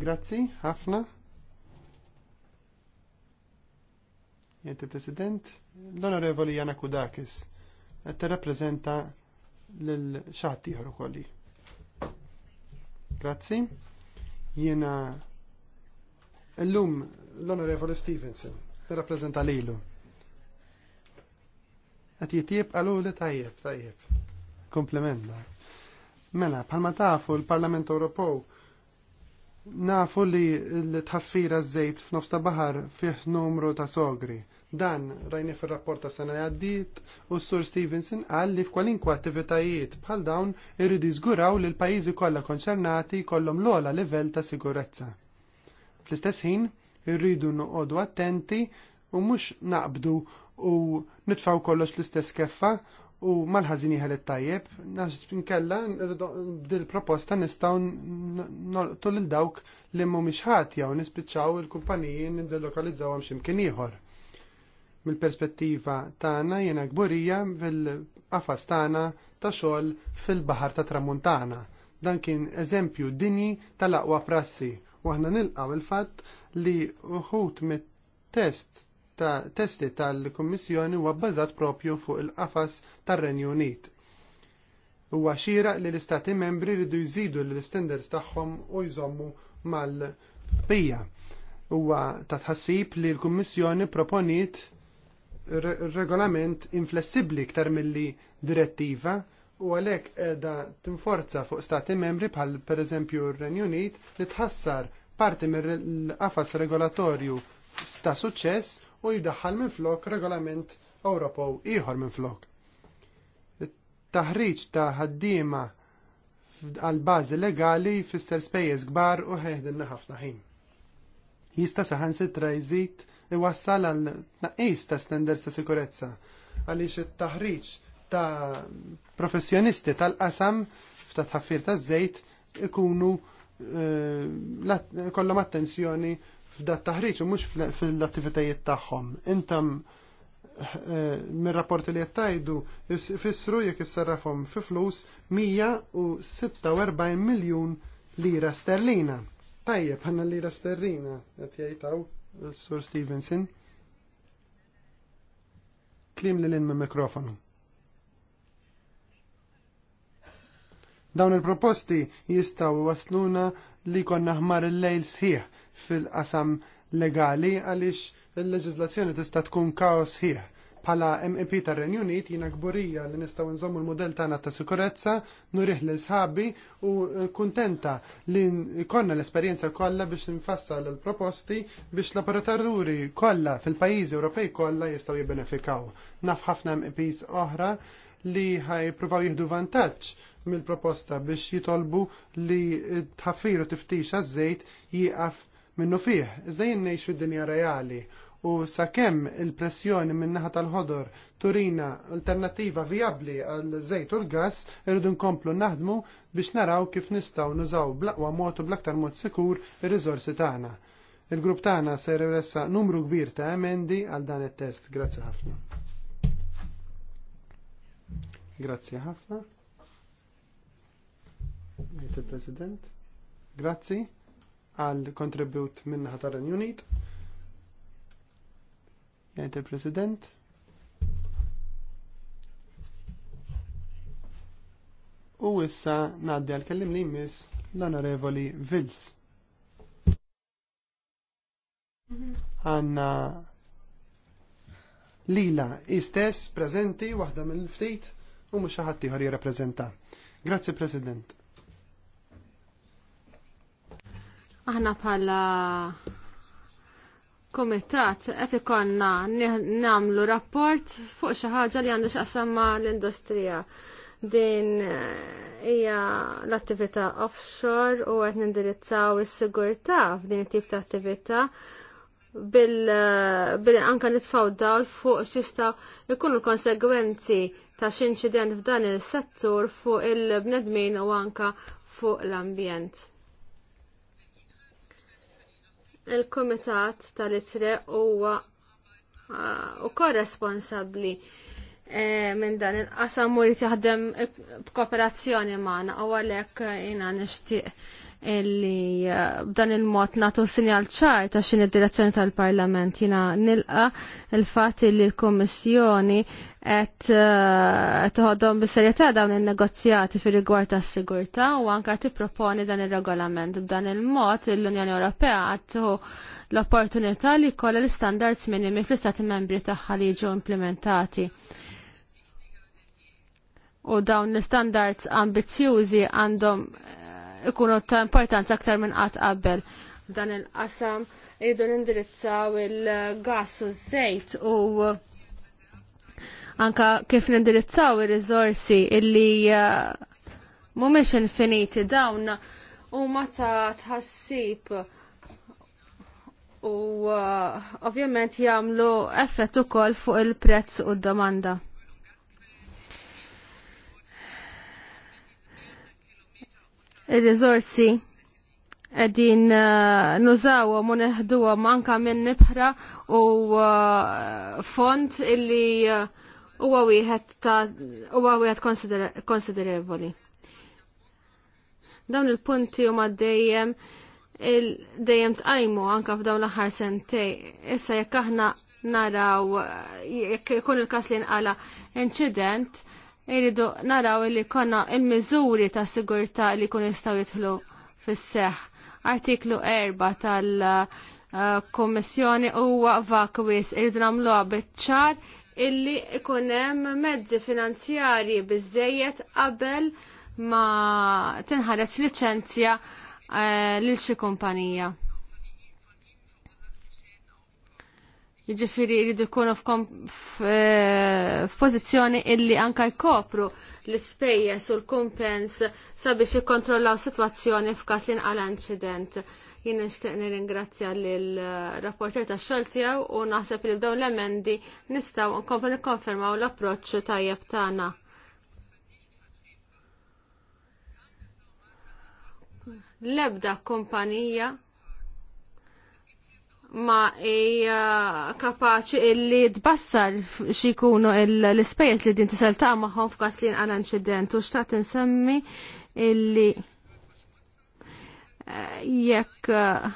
Grazzi, ħafna. jinti president l-Onorevoli Jana Kudakis, qed tirrappreżenta lil xaħat ieħor ukoll. Grazzi. Jiena lum l-Onorevoli Stevenson, l lilu. Qed jitjieb qalu li tajjeb, tajjeb. Kompliment Mela, bħalma tafu l-Parlament Ewropew nafu li l-tħaffira z-zejt f'nofs ta' bahar fih numru ta' sogri. Dan rajni fil-rapport ta' sena jaddit, u s-sur Stevenson qal li f'kwalinkwa attivitajiet bħal dawn irridu jżguraw li l-pajjiżi kollha konċernati kollhom l-ogħla livell ta' sigurezza. Fl-istess ħin irridu noqogħdu attenti u mhux naqbdu u nitfaw kollox l-istess keffa u mal-ħażin jieħel it-tajjeb, nafx nkella dil-proposta nistgħu noqtu lil dawk li mhumiex ħadd jew nispiċċaw il-kumpaniji niddelokalizzawhom x'imkien ieħor mill-perspettiva tagħna jiena gburija fil-qafas tagħna ta' xogħol fil-Baħar ta' Tramuntana. Dan kien eżempju dinji tal-aqwa prassi u aħna nilqgħu il-fatt li uħut mit-test ta' testi tal-Kummissjoni huwa bbażat propju fuq il-qafas tar-Renju Unit. Huwa xira li l-Istati membri jridu jżidu l-standards tagħhom u jżommu mal-bija. Huwa ta' tħassib li l-Kummissjoni proponiet regolament inflessibbli mill milli direttiva u għalhekk qiegħda tinforza fuq stati membri bħal pereżempju r-Renju Unit li tħassar parti mill-qafas regolatorju ta' suċċess u jdaħħal minflok regolament Ewropew ieħor minflok. Taħriġ ta' ħaddiema għal bażi legali fisser spejjeż kbar u ħeħdilna ħafna ħin. Jista' saħansitra jżid iwassal għal tnaqqis ta' standards ta' sikurezza għaliex it-taħriġ ta' professjonisti tal-qasam ta' tħaffir ta' żejt ikunu eh, kollom attenzjoni f'dat taħriġ u mhux fil-attivitajiet tagħhom. Intam eh, mir-rapporti li jattajdu fissru jekk jissarrafom fi flus 146 miljun lira sterlina. Tajjeb, ħanna lira sterlina qed Sur Stevenson. Klim li l-in mikrofonu. Dawn il-proposti jistaw wasluna li konna ħmar il-lejl sħiħ fil-qasam legali għaliex il-leġizlazzjoni tista' tkun kaos sħiħ Pala MEP tar renju Unit jina gburija li nistaw nżommu l model tagħna ta' sikurezza, nurih l sħabi u eh, kuntenta li konna l-esperjenza kollha biex nfassal l-proposti biex l-operaturi kollha fil-pajjiżi Ewropej kollha jistgħu jibbenefikaw. Naf ħafna MEPs oħra li provaw jieħdu vantaġġ mill-proposta biex jitolbu li tħaffiru tiftix għaż-żejt jieqaf minnu fih. Iżda jien fid-dinja reali U sakemm il-pressjoni min-naħa tal-ħodor turina alternattiva vijabbli għal żejt u l-gass, irridu nkomplu naħdmu biex naraw kif nistgħu nużaw blaqwa mod u bl-aktar mod sikur ir-riżorsi tagħna. Il-grupp tagħna se jressa numru kbir ta' emendi għal dan it-test. Grazzi ħafna. Grazzi ħafna. Jiet il-President. Grazzi għal kontribut minnaħa tal renjunit jgħid il-President. U issa naddi għal kellim li jmiss l-Onorevoli Vils. Għanna lila istess prezenti waħda mill-ftit u mhux xi ħadd ieħor jirrappreżenta. Grazzi President. Aħna bħala kumitat qed ikonna nagħmlu rapport fuq xi ħaġa li għandu x'qasam ma' l-industrija. Din eh, hija l-attività offshore u qed nindirizzaw is-sigurtà f'din it-tip ta' attività bil, anke anka nitfaw dawl fuq xista jkunu konsegwenzi ta' x'inċident f'dan il-settur fuq il-bnedmin u anka fuq l-ambjent il-Kumitat tal-Itre huwa ah, u korresponsabbli eh, minn dan il-qasam u jrid jaħdem b'kooperazzjoni maħna u għalhekk jina nixtieq illi eh, b'dan il-mod natu sinjal ċar ta' xin id-direzzjoni tal-Parlament jina nilqa il-fat li l-Kommissjoni qed eh, toħodom bis-serjetà dawn in-negozjati fir rigward tas-sigurtà u anke tipproponi dan ir-regolament. B'dan il-mod l-Unjoni Ewropea għattu l-opportunità li jkollha l-standards minimi fl-istati membri tagħha li implementati u dawn l-standards ambizjużi għandhom ikunu ta' importanza aktar minn qatt qabel. Dan il-qasam jridu nindirizzaw il-gass u żejt u anka kif nindirizzaw ir-riżorsi illi uh, mhumiex infiniti dawn huma ta' tħassib u uh, ovvjament jagħmlu effett ukoll fuq il-prezz u d-domanda. Il il-rizorsi għedin uh, nużawa u neħduwa manka minn nibħra u uh, font illi uh, huwa wieħed ta' konsiderevoli. Dawn il-punti huma dejjem dejjem tqajmu anka f'dawn l-aħħar sentej. Issa jekk aħna naraw jekk ikun il-każ li nqala incident, Iridu naraw li konna il-miżuri ta' sigurta li kun jistaw jitħlu fis-seħ. Artiklu 4 tal-Kommissjoni huwa vakwis iridu nagħmluha biċ-ċar illi ikun hemm mezzi finanzjarji biżejjed qabel ma tinħareġ liċenzja eh, lil xi kumpanija. Jiġifieri jridu jkunu eh, f'pożizzjoni illi anka jkopru l-ispejjeż u l-kumpens sabiex jikkontrollaw sitwazzjoni f'każ li nqala inċident. Jien nixtieq nirringrazzja lill rapporter tax-xogħol tiegħu u naħseb li b'dawn l-emendi nistgħu nkomplu nikkonfermaw l-approċċ tajjeb tagħna. L-ebda kumpanija ma hija eh, kapaċi illi tbassar xikunu l-ispejjeż li din tiselta magħhom f'każ li nqala inċident u xtaqt insemmi illi eh, jekk eh,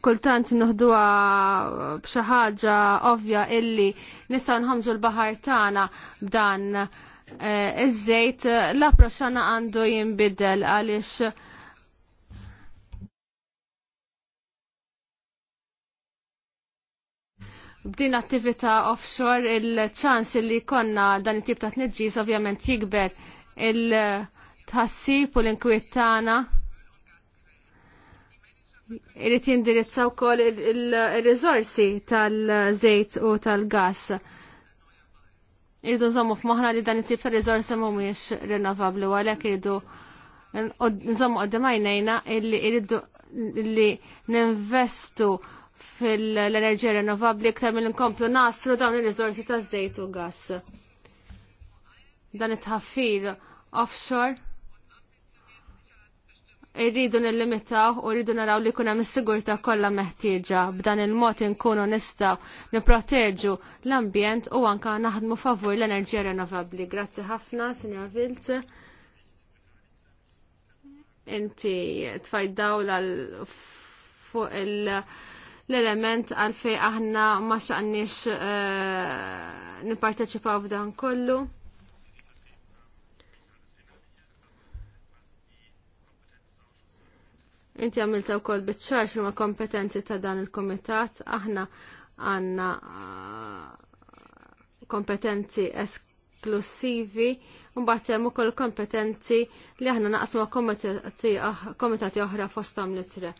kultant nuħduha b'xi ħaġa ovvja illi nistgħu nħomġu l-baħar tagħna b'dan iż-żejt l-approċċ għandu jinbidel għaliex din attività offshore il-ċans li konna dan it-tip ta' tneġġis ovvjament jikber il-tħassib u l-inkwiet tagħna irrit jindirizza u ir il-rizorsi tal-żejt u tal-gas. Irridu nżommu f'moħna li dan it-tip ta' rizorsi mumiex rinnovabli u għalhekk irridu nżommu għajnejna illi irridu li ninvestu fil-enerġija rinnovabli iktar mill nkomplu nasru dawn ir-riżorsi taż-żejt u gass. Dan it-ħaffir offshore irridu nillimitaw u rridu naraw li hemm is-sigurta kollha meħtieġa b'dan il-mod inkunu nistgħu nipproteġu l-ambjent u anka naħdmu favur l-enerġija rinnovabbli. Grazzi ħafna, Sinjor Vilt. Inti tfajdaw fuq il- l-element għalfej aħna ma xaqnix uh, eh, nipparteċipaw f'dan kollu. Inti għamilta u koll bitċarx ma kompetenzi ta' dan il-komitat, aħna għanna eh, kompetenzi esklusivi, mbagħad hemm ukoll kompetenzi li aħna naqsma komitati oħra fostom litre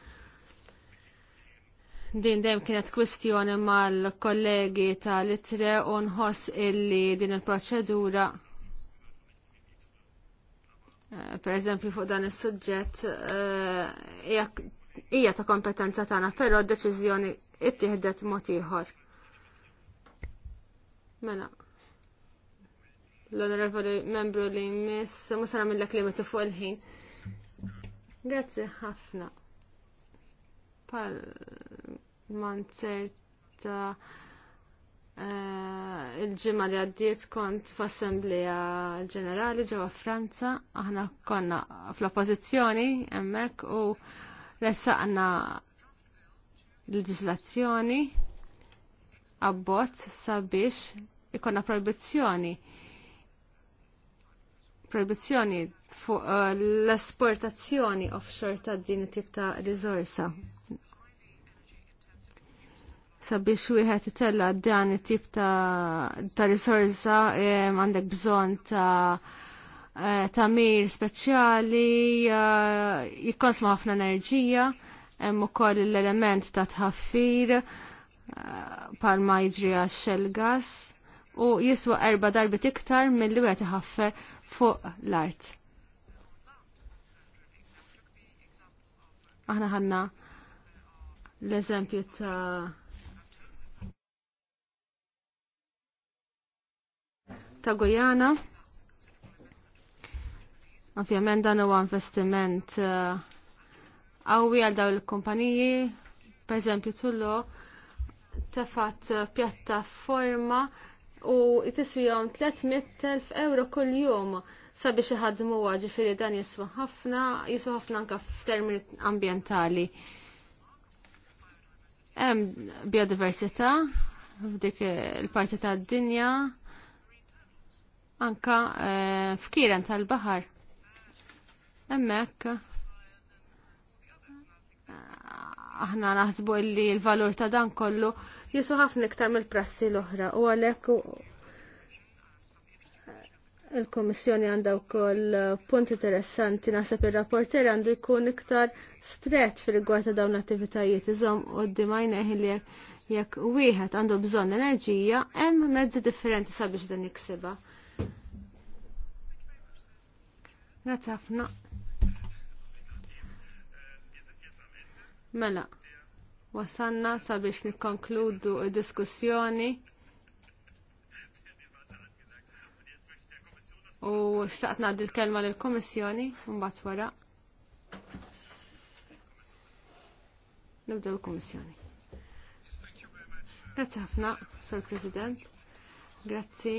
din dejjem kienet kwistjoni mal-kollegi tal-itre u nħoss illi din il-proċedura eh, per eżempju fuq dan is-suġġett eh, hija ta' kompetenza tagħna, però d-deċiżjoni ittieħdet mod ieħor. Mela. L-onorevoli membru li jmiss, musara mill-lek limitu fuq il-ħin. Grazzi ħafna pal manzerta uh, eh, il-ġimma li għaddiet kont f'assembleja ġenerali ġewwa Franza, aħna konna fl-oppożizzjoni hemmhekk u ressaqna leġislazzjoni abbozz sabiex ikonna proibizzjoni proibizzjoni fuq uh, l-esportazzjoni offshore ta' din it-tip ta' risorsa sabiex wieħed itella dan it-tip ta', ta risorsa għandek bżonn ta' eh, tamir speċjali, eh, jikkonsma ħafna enerġija, hemm ukoll l-element ta' tħaffir eh, palma jiġri għax-xell gas u jiswa erba darbit iktar milli wieħed iħaffer fuq l-art. Aħna ħanna l-eżempju ta' ta' Gojana. Ovvijament dan huwa investiment eh, qawwi għal dawn il-kumpaniji, pereżempju tullu tefat pjattaforma u jtiswihom 300.000 euro kull jum sabiex iħadmuha ġifieri dan jiswa ħafna, jiswa ħafna anke f'termini ambjentali. Hemm biodiversità f'dik il-parti tad-dinja anka uh, tal-bahar. Emmek, eh, aħna naħsbu illi l-valur ta' dan kollu jisu ħafna iktar mill-prassi l-oħra u għalhekk. il kommissjoni għandha wkoll punt interessanti naħseb ir-rapporter għandu jkun iktar stret fil-rigward ta' dawn l-attivitajiet iżomm u d li jekk wieħed għandu bżonn enerġija hemm mezzi differenti sabiex dan jiksibha. Grazzi Mela, wasanna sabiex nikkonkludu id-diskussjoni. U xtaqt ngħaddi l-kelma lill komissjoni mbagħad wara. Nibdew il komissjoni Grazzi ħafna, Sur President. Grazzi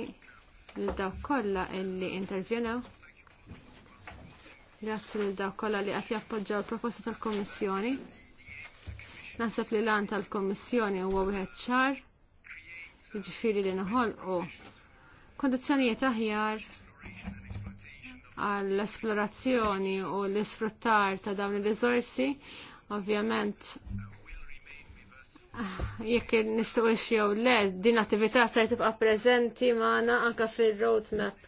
l dawk kollha illi intervjenew. Grazzi lil dawk kollha li qed jappoġġjaw il-proposta tal kummissjoni Naħseb li lan tal-Kommissjoni huwa wieħed ċar, jiġifieri li naħolqu kondizzjonijiet aħjar għall-esplorazzjoni u l-isfruttar ta' dawn ir-riżorsi, ovvjament jekk nishtuq jew le, din attività se tibqa' preżenti magħna anke fir-roadmap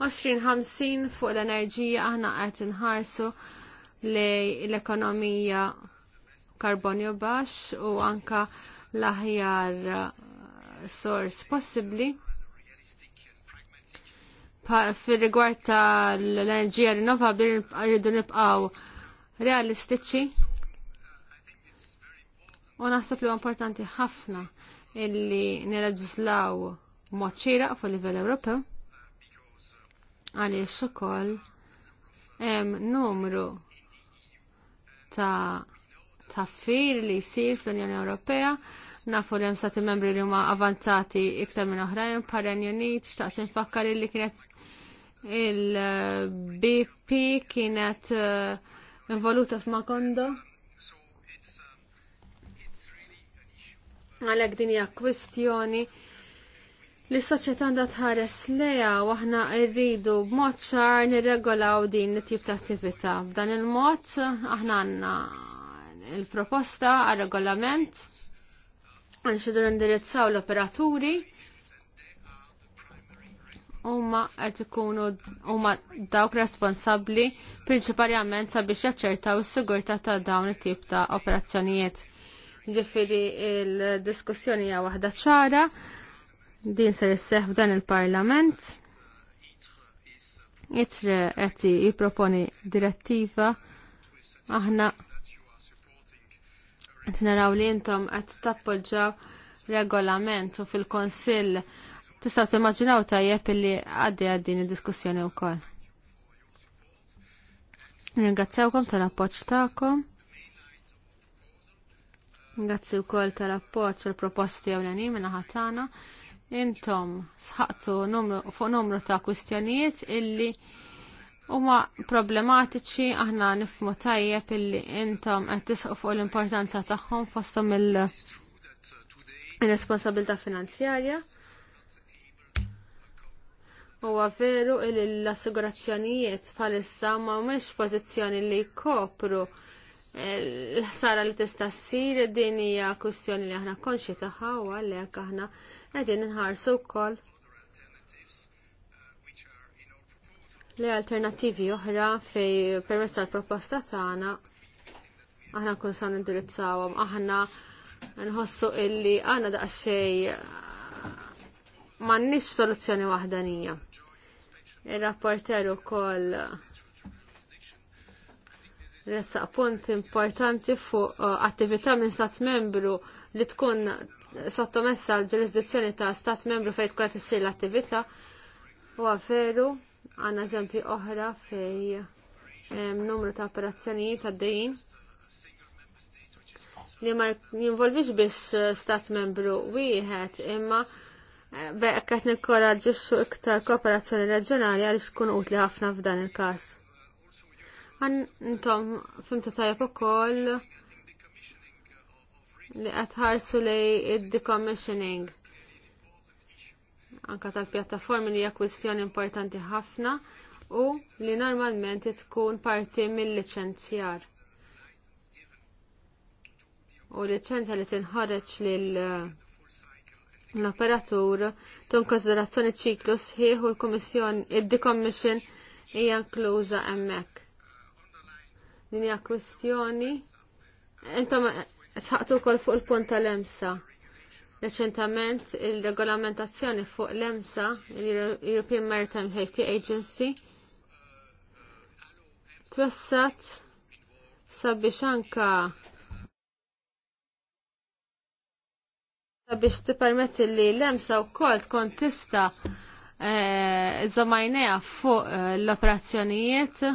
2050 fuq l-enerġija aħna qed inħarsu li l-ekonomija karbonju baxx u anka l-aħjar uh, source possibbli. fir rigward tal-enerġija rinnovabbli rridu nibqgħu realistiċi u naħseb li importanti ħafna illi nileġislaw mod xieraq fuq livell Ewropew għaliex ukoll hemm numru ta' taffir li jsir fl-Unjoni Ewropea nafu li hemm stati membri li huma avanzati iktar minn oħrajn par-Renju Unit xtaqt infakkar li kienet il-BP kienet eh, involuta f'Makondo. Għalhekk din hija kwistjoni l s għandha tħares leja u aħna rridu b'mod ċar nirregolaw din it-tip ta' attività. F'dan il-mod aħna għandna il-proposta għal regolament għan xidu indirizzaw l-operaturi huma qed ikunu huma dawk responsabbli prinċipalment sabiex jaċċertaw is-sigurtà ta' dawn it-tip ta' operazzjonijiet. Ġifieri l-diskussjoni hija waħda ċara Din ser isseħ f'dan il-Parlament. Itre qed jipproponi direttiva aħna t naraw li intom qed tappoġġaw regolament u fil-Konsill tistgħu timmaġinaw tajjeb li għaddi għaddin id-diskussjoni wkoll. Ringrazzjawkom tal-appoġġ tagħkom. Grazzi u koll tal-appoċ u proposti għaw l-għanim minna ħatana intom sħaqtu fuq numru ta' kwistjonijiet illi huma problematiċi aħna nifmu tajjeb illi intom qed tisqu fuq l-importanza tagħhom fosthom il-responsabilità finanzjarja. Huwa veru illi l-assigurazzjonijiet bħalissa ma mhumiex pożizzjoni li jkopru l-ħsara li tista' ssir din hija kwistjoni li aħna konxi tagħha u għalhekk aħna qegħdin inħarsu wkoll li alternattivi oħra fej permess tal-proposta tagħna aħna kun san nindirizzawhom aħna nħossu illi għandna daqsxejn eh, m'għandniex soluzzjoni waħdanija. Ir-rapporter ukoll ressaq punt importanti fuq eh, attività minn stat membru li tkun sottomessa għal ġurisdizzjoni ta' stat membru fejn tkun qed issir l-attività huwa veru għandna eżempji oħra fej numru ta' operazzjonijiet għaddejjin li ma jinvolvix biss stat membru wieħed imma eh, bekk qed nikkoraġġixxu iktar kooperazzjoni reġjonali għaliex tkun utli ħafna f'dan il-każ. fimtu tajjeb ukoll li qed ħarsu id-decommissioning anka tal-pjattaformi li hija kwistjoni importanti ħafna u li normalment tkun parti mill-liċenzjar. U licenzja li tinħareġ lil eh, l-operatur ton konsiderazzjoni ċiklu sħiħ u l-Komissjon id-decommission hija inkluża hemmhekk. Din hija kwistjoni intom Sħaqtu wkoll fuq il-punt tal-emsa. Reċentament il-regolamentazzjoni fuq l-EMSA, l-European Maritime Safety Agency, twessat sabiex anka sabiex tipermetti li l-EMSA wkoll tkun tista' eh, iżomajnejha fuq eh, l-operazzjonijiet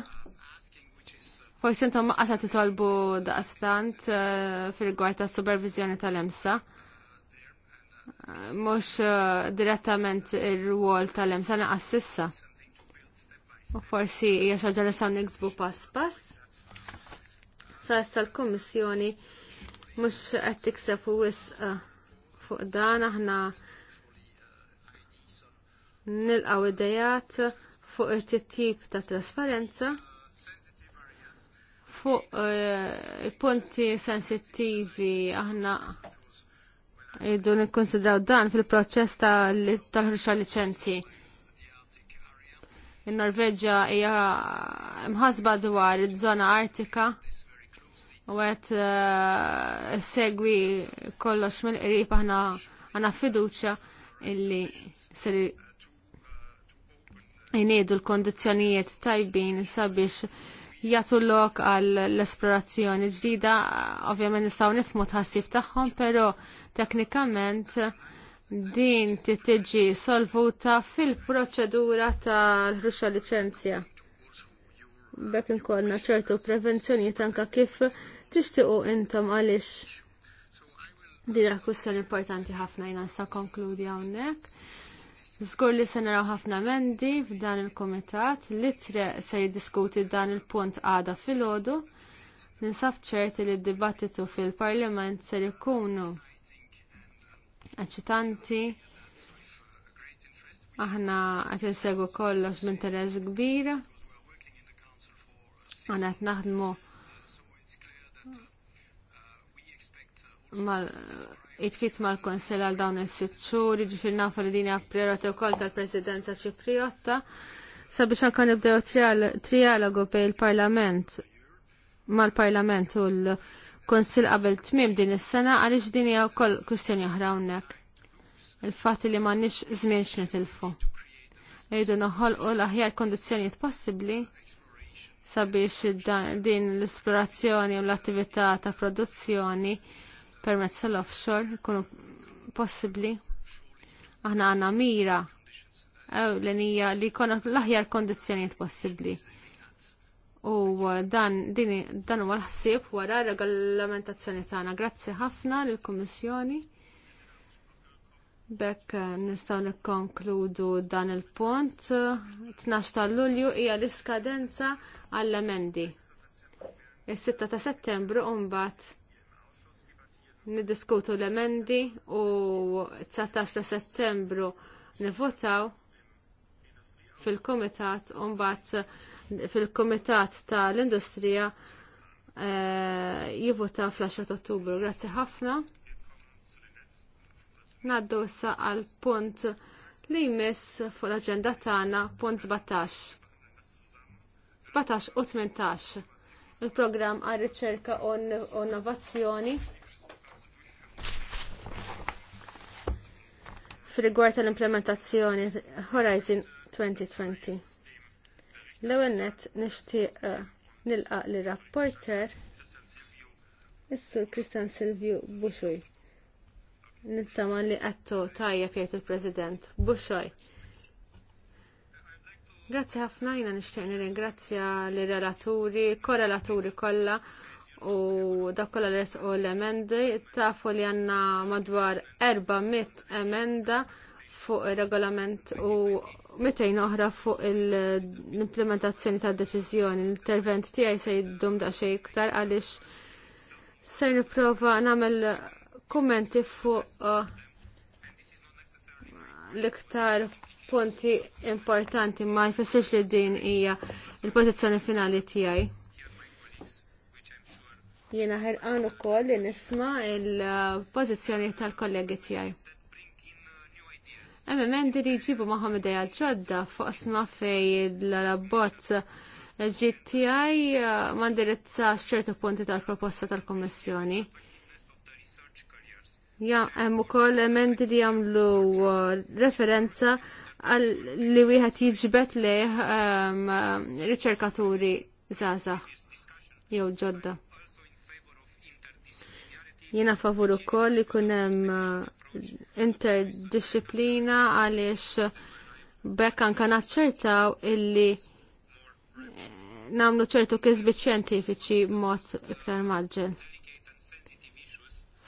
Forsi intom qasat titolbu daqstant eh, fil-gwar ta' supervizjoni tal-emsa. Eh, Mux eh, direttament ir wol tal-emsa naqas sissa. U forsi hija xi ħaġa li sa niksbu pass pass. Sa issa l-Kummissjoni mhux qed tikseb u wisq fuq dan aħna nilqgħu idejat fuq it-tip ta' trasparenza fuq il-punti sensittivi aħna jiddu nikkonsidraw dan fil-proċess tal-ħrixa liċenzji. Il-Norveġġa hija mħasba dwar iż-żona artika u għet segwi kollox mill-qrib aħna għana fiduċa illi ser jniedu l-kondizjonijiet tajbin sabiex jagħtu lok għall esplorazzjoni ġdida, ovvjament nistaw nifmu tħassib tagħhom, però teknikament din tiġi solvuta fil-proċedura tal-ħruxa liċenzja. Bek inkollna ċertu prevenzjoni tanka kif tixtiqu intom għaliex din kustan importanti ħafna jina sa konkludi hawnhekk Zgur li se naraw ħafna mendi f'dan il-komitat li tre se jiddiskuti dan il-punt għada fil-ħodu. Ninsab ċerti li d-dibattitu fil-parlament se jkunu eċitanti. Aħna qed insegwu kollox b'interess kbir. Aħna qed naħdmu mal it-fit mal konsel għal dawn is-sitt xhur, jiġifieri nafu li din hija prerogati wkoll tal-Presidenza Ċipriotta sabiex anke nibdew trialogu bejn il-Parlament mal-Parlament u l-Konsil qabel tmiem din is-sena għaliex din hija wkoll kwistjoni oħra hawnhekk. Il-fatt li m'għandniex żmien x'nitilfu. Irridu noħolqu l-aħjar kondizzjonijiet possibbli sabiex din l-esplorazzjoni u l-attività ta' produzzjoni permezz tal-offshore jkunu possibbli. Aħna għandna mira hija li jkollna l-aħjar kondizzjonijiet possibbli. U dan din dan huwa l-ħsieb wara regolamentazzjoni tagħna. Grazzi ħafna lill-Kummissjoni. Bekk eh, nistaw nikkonkludu dan il-punt. 12 ta' Lulju hija l-iskadenza għall-emendi. Is-6 ta' Settembru mbagħad niddiskutu l-emendi u 19 ta' settembru nivotaw fil-komitat u mbagħad fil-komitat tal-industrija eh, jivotaw fl-10 ottubru. Grazzi ħafna. Naddu issa għal punt li jmiss fuq l-aġenda tagħna punt 17. 17 u 18 il-programm għal riċerka u innovazzjoni fil-rigward tal-implementazzjoni Horizon 2020. L-ewwel nishtiq nixtieq eh, nilqa' li rapporter is-Sur Kristan Silvju Buxoj. Nittama li għattu tajja pjajt il-President Buxoj. Grazzi ħafna jina nixtieq nirringrazzja li relaturi korrelaturi kollha u dakolla l u l-emendi, tafu li għanna madwar 400 emenda fuq il-regolament u 200 oħra fuq l-implementazzjoni ta' deċizjoni. L-intervent tiegħi se jiddum da' xej iktar għaliex se nipprova nagħmel kummenti fuq uh, l-iktar punti importanti ma jfissirx li din hija il-pożizzjoni finali tiegħi. Jiena ħerqan ukoll li nisma' il-pożizzjoni tal-kollegi tiegħi. Emmendi li jġibu id ideja ġodda fuq sma fej l-abbozz GTI eh, mandirizza xċertu punti tal-proposta tal komissjoni Ja, hemm ukoll emendi li jagħmlu eh, referenza għal li wieħed jiġbet leh eh, riċerkaturi żgħażagħ jew ġodda. Jiena favur ukoll li jkun hemm eh, interdisciplina għaliex bekk anka naċċertaw illi eh, namlu ċertu kisbit xjentifiċi mod iktar maġġen.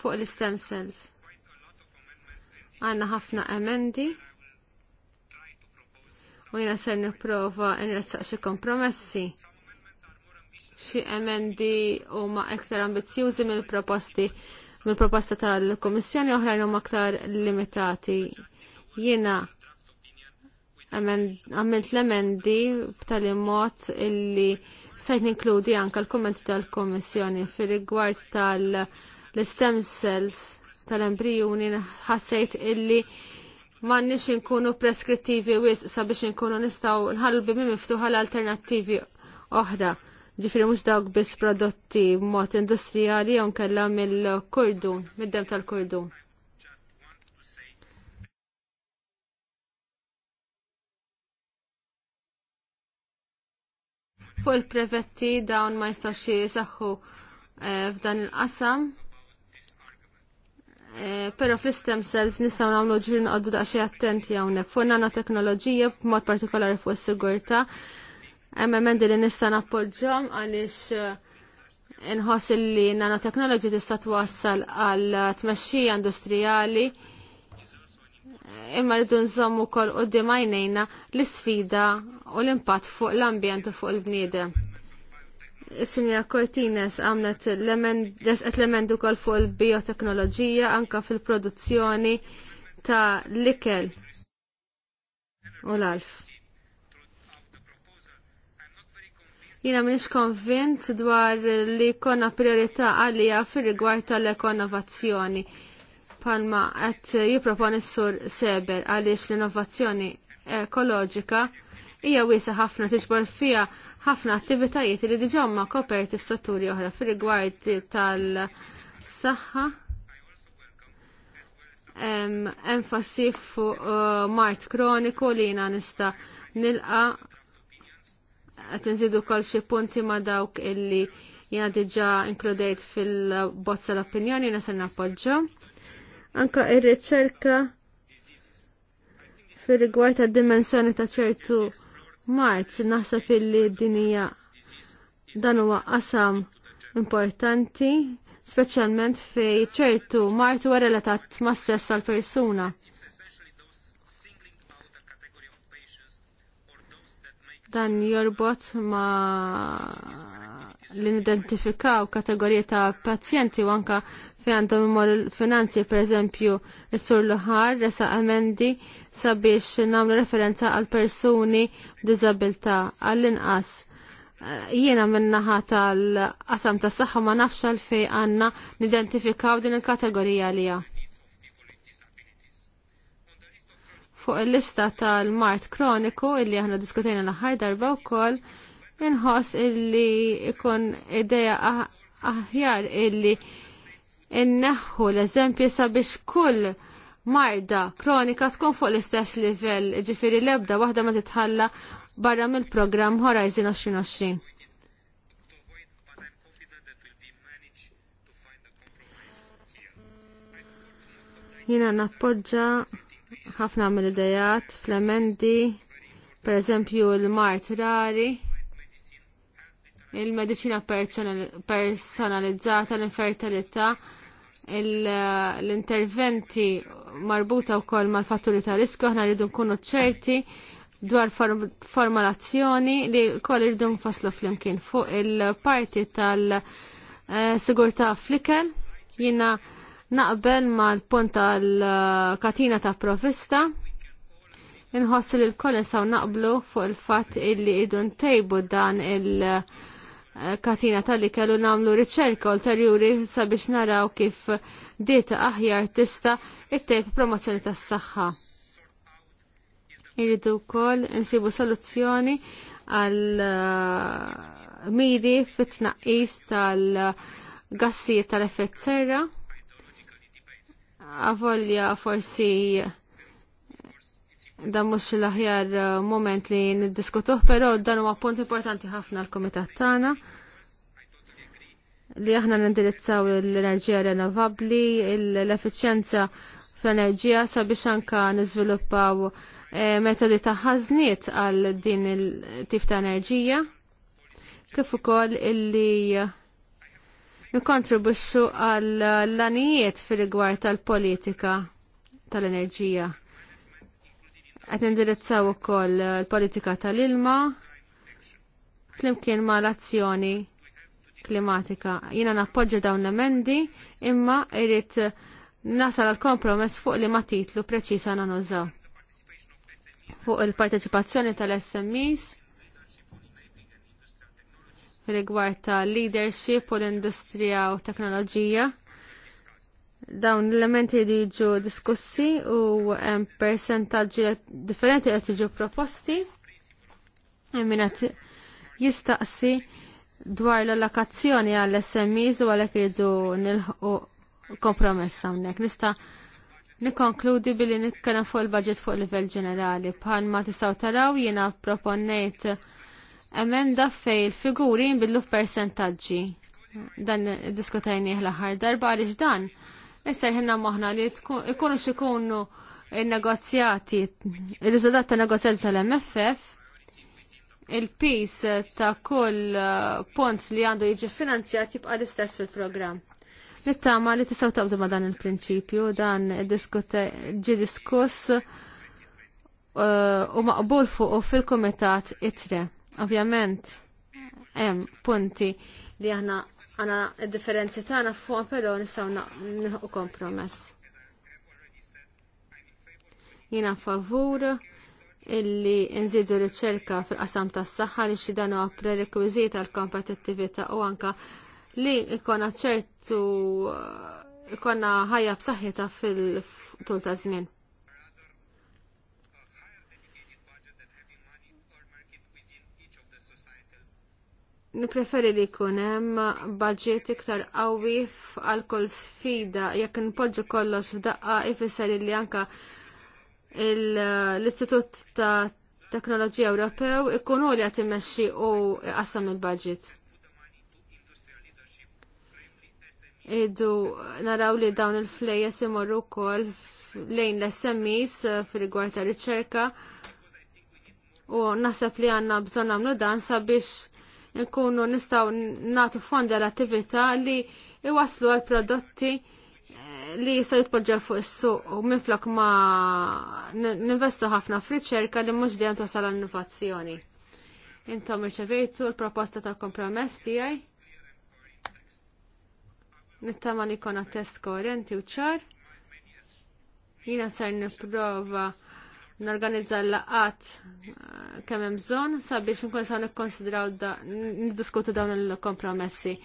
Fuq l-stem cells. Għanna ħafna emendi. U jina ser niprofa nressaq xi kompromessi xi emendi huma iktar ambizzjużi mill-proposti mill-proposta tal-Kummissjoni oħrajn huma aktar limitati. Jiena għamilt l-emendi b'tali mod illi stajt ninkludi anke l-kummenti tal-Kummissjoni fir-rigward tal-stem cells tal-embrijuni ħassejt illi m'għandniex inkunu preskrittivi wisq sabiex inkunu nistgħu nħallu bimim miftuħa l-alternattivi oħra ġifiri mux dawk biss prodotti mod industrijali jew kella mill-kurdun, mid-dem tal-kurdun. Fuq il prevetti dawn ma jistax jisaxħu eh, f'dan il-qasam. Eh, Pero fl-istem cells nistaw namlu ġirin għaddu daqxie attenti hawnhekk Fuq nano-teknoloġija b'mod partikolari fuq s-sigurta. Hemm li nista' nappoġġom għaliex eh, inħoss li nanoteknoloġi tista' twassal għal tmexxija industrijali imma rridu nżommu wkoll quddiem għajnejna l-isfida u l-impatt fuq l-ambjent u fuq il-bniedem. Is-Sinja Cortines għamlet l-emend resqet l-emendu kol fuq il-bioteknoloġija anka fil-produzzjoni ta' l-ikel u l-alf. Jina minix konvint dwar li konna priorita għalija fil-rigward tal-ekonovazzjoni. Palma għet jiproponi s-sur Seber għaliex l-innovazzjoni ekoloġika hija wiesa ħafna tiġbor fija ħafna attivitajiet li diġa ma koperti f'setturi oħra fil-rigward tal-saħħa enfasi fuq uh, mart kroniku li jina nista nilqa għatinżidu inżidu wkoll xi punti ma' dawk illi jiena diġà inkludejt fil-bozza l-opinjoni jiena ser nappoġġa. Anka ir-riċerka fir-rigward għad dimensjoni ta' ċertu Mart, naħseb illi din hija dan huwa qasam importanti, speċjalment fej ċertu mart huwa relatat mas-sess tal-persuna. Dan jorbot ma l-identifikaw kategorija ta' pazjenti u anka fejn għandhom l finanzi per eżempju s-sur l-ħar, resa emendi sabiex namlu referenza għal persuni b'dizabilta għall-inqas eh, jiena min-naħa tal-qasam tas saħħa ma nafx għalfej għanna nidentifikaw din il-kategorija li fuq il-lista tal-mart kroniku illi aħna diskutejna l-aħħar darba wkoll inħoss illi ikun ideja ah- aħjar illi inneħħu l-eżempju sabiex kull marda kronika tkun fuq l-istess livell, ġifiri lebda waħda ma titħalla barra mill-programm Horizon 2020. Jina nappoġġa ħafna mill-idejat fl-emendi, per eżempju l-mart rari, il-medicina personalizzata, l-infertilità, l-interventi marbuta u koll mal-fatturi ta' riskju, ħna rridu nkunu ċerti dwar formalazzjoni li koll rridu nfaslu fl-imkien fuq il-parti tal-sigurta eh, ikel Jina Naqbel ma l-punt tal-katina ta' provista. inħossi li l-koll saw naqblu fuq il-fat illi idun tejbu dan il- katina tal-li kellu namlu riċerka ulterjuri sabiex naraw kif dieta aħjar tista it-tejb promozzjoni tas saħħa Irridu wkoll insibu soluzzjoni għal uh, midi fit-tnaqqis tal-gassijiet tal-effett serra. Għavolja forsi dan mhux l-aħjar eh, moment li niddiskutuh, però dan huwa punt importanti ħafna l-Kumitat tagħna li aħna nindirizzaw l-enerġija rinnovabbli, l-effiċjenza fl-enerġija sabiex anka niżviluppaw eh, metodi ta' ħażniet għal din il-tip ta' enerġija kif ukoll illi nikontribuxxu għal l-anijiet fil-rigward tal-politika tal-enerġija. Qed indirizzaw ukoll l-politika tal-ilma flimkien ma l-azzjoni klimatika. Jiena nappoġġa dawn l-emendi imma irrit nasal għal kompromess fuq li ma titlu preċisa nanużaw. Fuq il-parteċipazzjoni tal-SMEs rigward ta' leadership u l-industrija u teknoloġija. Dawn l-elementi li jiġu diskussi u hemm percentaġġi differenti li jiġu proposti. Min qed jistaqsi dwar l-allokazzjoni għall smis u għalhekk iridu nilħu kompromess hawnhekk. Nista' nikkonkludi billi nitkellem fuq il-budget fuq livell ġenerali. Bħalma tistgħu taraw jiena proponnejt emenda fej il-figuri billu percentaġġi. Dan diskutajni l-aħħar darba għaliex dan. Issa ħinna maħna li ikunu xikunu il-negozjati, il-riżultat ta' negozjati tal-MFF, il-pis ta' kull uh, punt li għandu jiġi finanzjat jibqa' l-istess fil-programm. Nittama li tistaw taqbdu ma dan il-prinċipju, dan ġi diskuss uh, u maqbul fuq fil-komitat itre. Ovvjament, hemm punti li aħna għana differenzi tagħna fuq però nistgħu nħu kompromess. Jiena favur illi nżidu riċerka fil-qasam tas-saħħa li xi dan huwa prerekwiżit għall kompetittività u anke li ikona ċertu ikonna ħajja b'saħħitha fil-tul ta' żmien. Nipreferi li jkun hemm budget iktar qawwi għal kull sfida jekk inpoġġu kollox f'daqqa ifisser li anka l-Istitut ta' Teknoloġija Ewropew ikun hu li qed immexxi u qassam il-budget. Idu naraw li dawn il-flejjes imorru wkoll lejn l-SMEs firigward rigward ta' riċerka u naħseb li għandna bżonn nagħmlu dan sabiex nkunu nistaw natu fondi għal-attività li iwaslu għal-prodotti eh, li jistaw jitpoġġaw fuq is-suq u minflok ma ninvestu ħafna f'riċerka li mhux dejjem tosal innovazzjoni. Intom irċevejtu l-proposta tal-kompromess tiegħi. Nittama li jkun test koerenti u ċar. Jina ser nipprova norganizza l-laqat eh, kemm hemm bżonn sabiex nkun sa nikkonsidraw niddiskutu dawn il-kompromessi.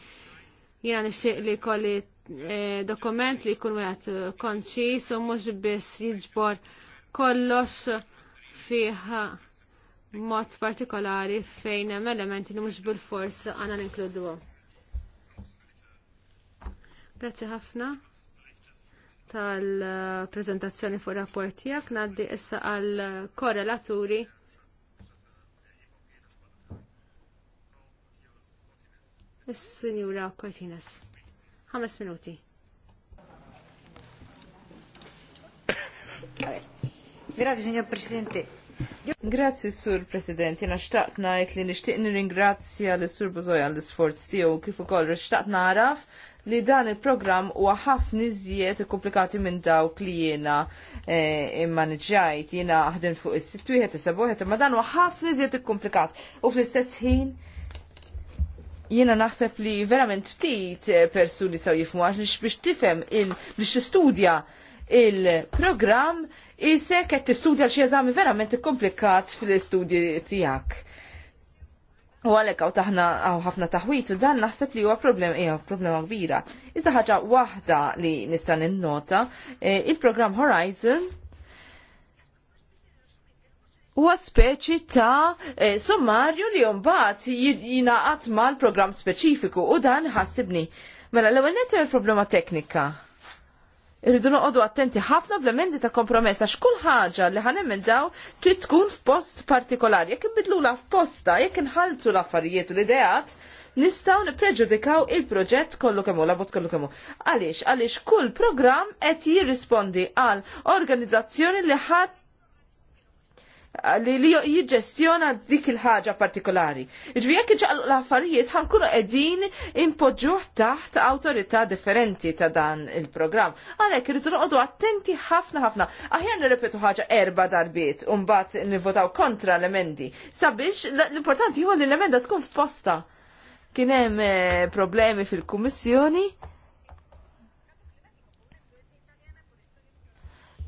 Jiena nixtieq li jkolli eh, dokument li jkun wieħed konċis u mhux biss jiġbor kollox fih mod partikolari fejn hemm elementi li mhux bil-fors għandna ninkluduhom. Grazzi ħafna tal-prezentazzjoni fuq rapport tiegħek ngħaddi issa għal korrelaturi Is-Sinjura Cortines. Ħames minuti. Grazie, signor Presidente. Grazzi, Sur President. Jena xtaqt najt li nishtiq nirringrazzja l-Sur Bozoja l-sforz tiegħu kif ukoll xtaqt naraf li dan il-programm huwa ħafna iżjed komplikati minn dawk li jiena eh, immaniġġajt jiena ħdin fuq is-sitt wieħed is-seba' imma dan huwa ħafna iżjed ikkomplikat u fl-istess ħin jiena naħseb li verament ftit persuni saw jifmu għax biex tifhem il biex tistudja il-programm isek qed tistudja xi eżami verament ikkomplikat fl-istudji tiegħek. U għalek għaw taħna għaw ħafna taħwit u dan naħseb li huwa problem eħ, problema kbira. Iżda ħaġa waħda li nista' ninnota, eh, il-programm Horizon huwa speċi ta' eh, sommarju li mbagħad jina mal-programm speċifiku u dan ħassibni. Mela l-ewwel il problema teknika. Irridu noqogħdu attenti ħafna bl-emendi ta' kompromess għax kull ħaġa li ħanemendaw trid tkun f'post partikolari. Jekk inbidlula f'posta, jekk inħaltu l-affarijiet u l-ideat, nistgħu nippreġudikaw il-proġett kollu kemm la bot kollu kemm Għaliex, għaliex kull programm qed jirrispondi għal organizzazzjoni li ħadd li li jiġġestjona dik il-ħaġa partikolari. Iġvi jekk iġaqlu l-affarijiet ħankunu qegħdin impoġġuh taħt awtorità differenti ta' dan il-programm. Għalhekk irid noqogħdu attenti ħafna ħafna. Aħjar nirrepetu ħaġa erba' darbiet u mbagħad nivvotaw kontra l-emendi. Sabiex l-importanti huwa li l-emenda tkun f'posta. Kien hemm eh, problemi fil-kummissjoni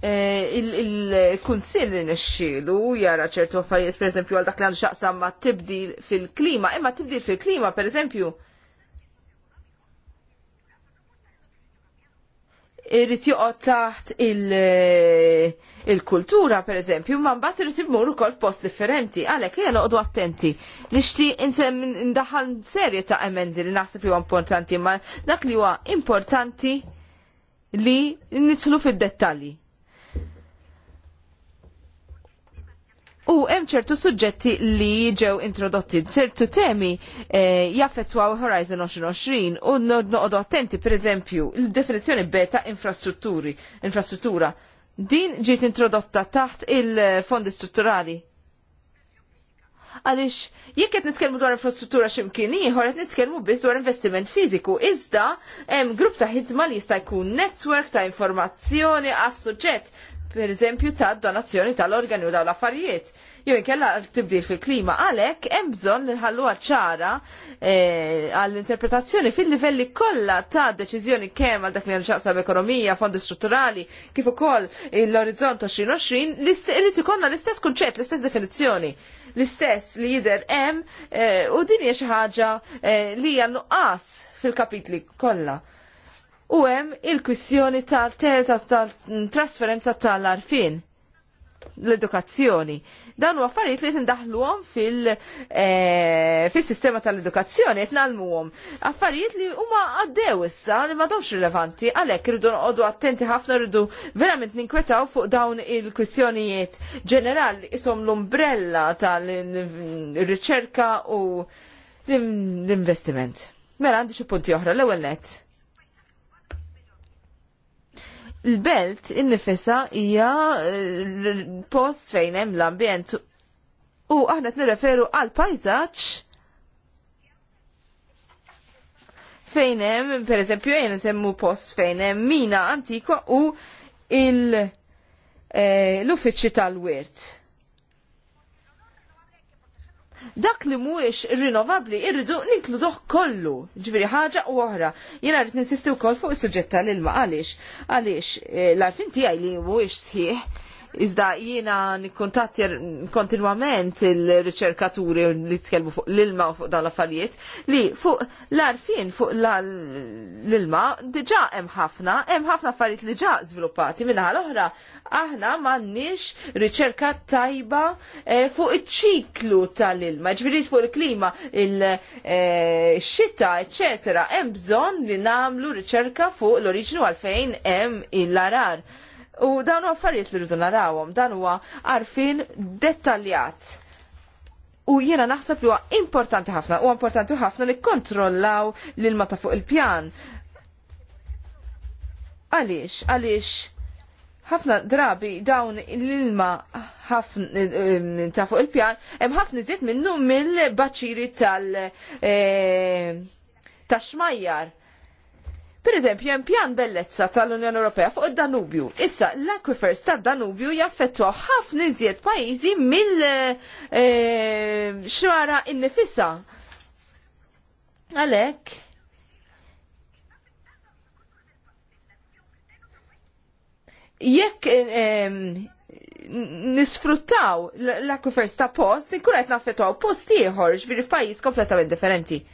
Eh, il kunsil il nixxielu jara ċertu affarijiet eżempju, għal dak li għandu xaqsam ma' tibdil fil-klima, imma tibdil fil-klima pereżempju irrit joqgħod taħt il-kultura il pereżempju, ma mbagħad irid immur ukoll post differenti, għalhekk hija noqogħdu attenti. Nixtieq indaħħal serje ta' emendi li naħseb huwa importanti, ma dak li huwa importanti li nidħlu fid-dettalji U hemm ċertu suġġetti li ġew introdotti ċertu temi eh, jaffettwaw Horizon 2020 u noqogħdu attenti pereżempju l-definizzjoni beta infrastrutturi, infrastruttura. Din ġiet introdotta taħt il-fondi strutturali. Għaliex jekk qed nitkellmu dwar infrastruttura x'imkien ieħor qed nitkellmu biss dwar investiment fiżiku, iżda hemm grupp ta' ħidma li jista' jkun netwerk ta' informazzjoni għas-suġġett per eżempju ta' donazzjoni tal-organi u daw l-affarijiet. Jew inkella tibdil fil-klima għalhekk hemm bżonn nħalluha ċara eh, għall-interpretazzjoni fil-livelli kollha ta' deċiżjoni kemm għal dak li għanċaqsa ekonomija, fondi strutturali, kif ukoll l-orizzont 2020, irid ikollna l-istess kunċett, l-istess definizzjoni l-istess li jider hemm eh, u din hija xi ħaġa eh, li hija nuqqas fil-kapitli kollha u hemm il-kwissjoni tal-trasferenza tal tal-arfin l-edukazzjoni. Dan u affarijiet li tindaħluhom fil-sistema eh, tal-edukazzjoni qed nagħlmuhom. Affarijiet li huma għaddew issa li m'għadhomx rilevanti għalhekk irridu noqogħdu attenti ħafna rridu verament ninkwetaw fuq dawn il kwissjonijiet ġenerali isom l-umbrella tal-riċerka u l-investiment. Mela għandi xi punti oħra l-ewwel nett l-belt innifisa hija eh, post fejn hemm l-ambjent u aħna qed nirreferu għal pajzaġġ fejn hemm pereżempju jien semmu post fejn hemm mina antika u eh, l-uffiċċji tal-wirt dak li mhuwiex rinnovabbli irridu ninkluduh kollu, Ġviri ħaġa u oħra. Jiena rrid ninsisti wkoll fuq is-suġġett tal-ilma għaliex għaliex eh, l-arfin tijaj li mhuwiex sħiħ Iżda jiena nikkontattja er- kontinwament il-riċerkaturi li tkellmu fuq l-ilma u fuq dan l-affarijiet li fuq l-arfin fuq l-ilma diġa hemm ħafna, hemm ħafna affarijiet li ġa żviluppati minna l-oħra. Aħna m'għandniex riċerka tajba eh, fuq iċ-ċiklu tal-ilma, ġifieri fuq il-klima, il-xita, eh, eċetera. Hemm bżonn li nagħmlu riċerka fuq l-oriġinu għalfejn hemm il-arar. il arar U dawn affarijiet li rridu narawhom, dan huwa għarfin dettaljat. U jiena naħseb li huwa importanti ħafna, u importanti ħafna li kontrollaw l-ilma ta' fuq il-pjan. Għaliex, għaliex, ħafna drabi dawn l-ilma ta' fuq il-pjan, hemm ħafna iżjed minnu mill-baċiri tal- eh, tax-xmajjar. Per eżempju, hemm pjan bellezza tal-Unjoni Ewropea fuq id-Danubju. Issa l-aquifers tad-Danubju jaffettwa ħafna iżjed pajjiżi mill eh, xwara innifissa. Għalhekk jekk nisfruttaw l-aquifers ta' post, nkun qed naffettwaw post ieħor ġviri f'pajjiż kompletament differenti.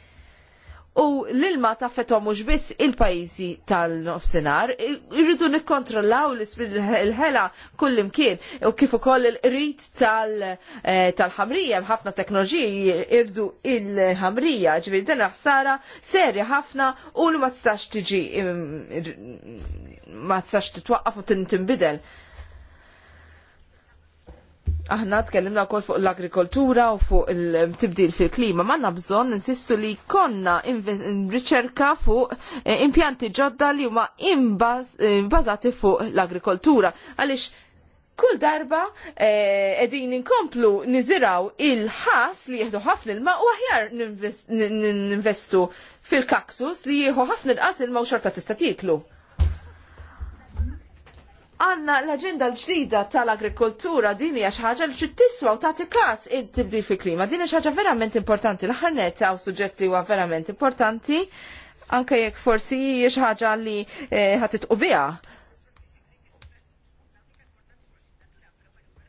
U l-ilma taffetom mhux biss il-pajjiżi tal-nofsinhar, irridu nikkontrollaw l-isbir il-ħela kullimkien u kif ukoll il-qrid eh, tal-ħamrija ħafna teknoloġiji irdu il-ħamrija, ġviri din ħsara serja ħafna u l ma stax tiġi ma tistax titwaqqaf u tinbidel. Aħna tkellimna wkoll fuq l-agrikoltura u fuq il-tibdil fil-klima, ma bżonn insistu li konna riċerka fuq eh, impjanti ġodda li huma imbażati eh, fuq l-agrikoltura. Għaliex kull darba edin eh, inkomplu niziraw il-ħas li jieħdu ħafna il-ma u aħjar ninvestu fil-kaktus li jieħu ħafna il-qas il-ma u xorta tista' tieklu għanna l-agenda l-ġdida tal-agrikoltura din hija xi ħaġa li xi tiswa u tagħti każ id-tibdil fi klima Din hija xi ħaġa verament importanti. L-aħħar net suġġetti suġġett huwa verament importanti anke jekk forsi hija xi ħaġa li eh, ħadd itqu biha.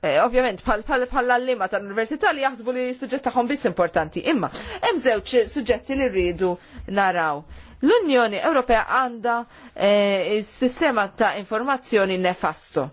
Eh, ovvjament, pal l-lima tal-Università li jaħsbu li suġġetta tagħhom biss importanti. Imma, hemm żewġ suġġetti li rridu naraw. L-Unjoni Ewropea għandha eh, sistema ta' informazzjoni nefasto.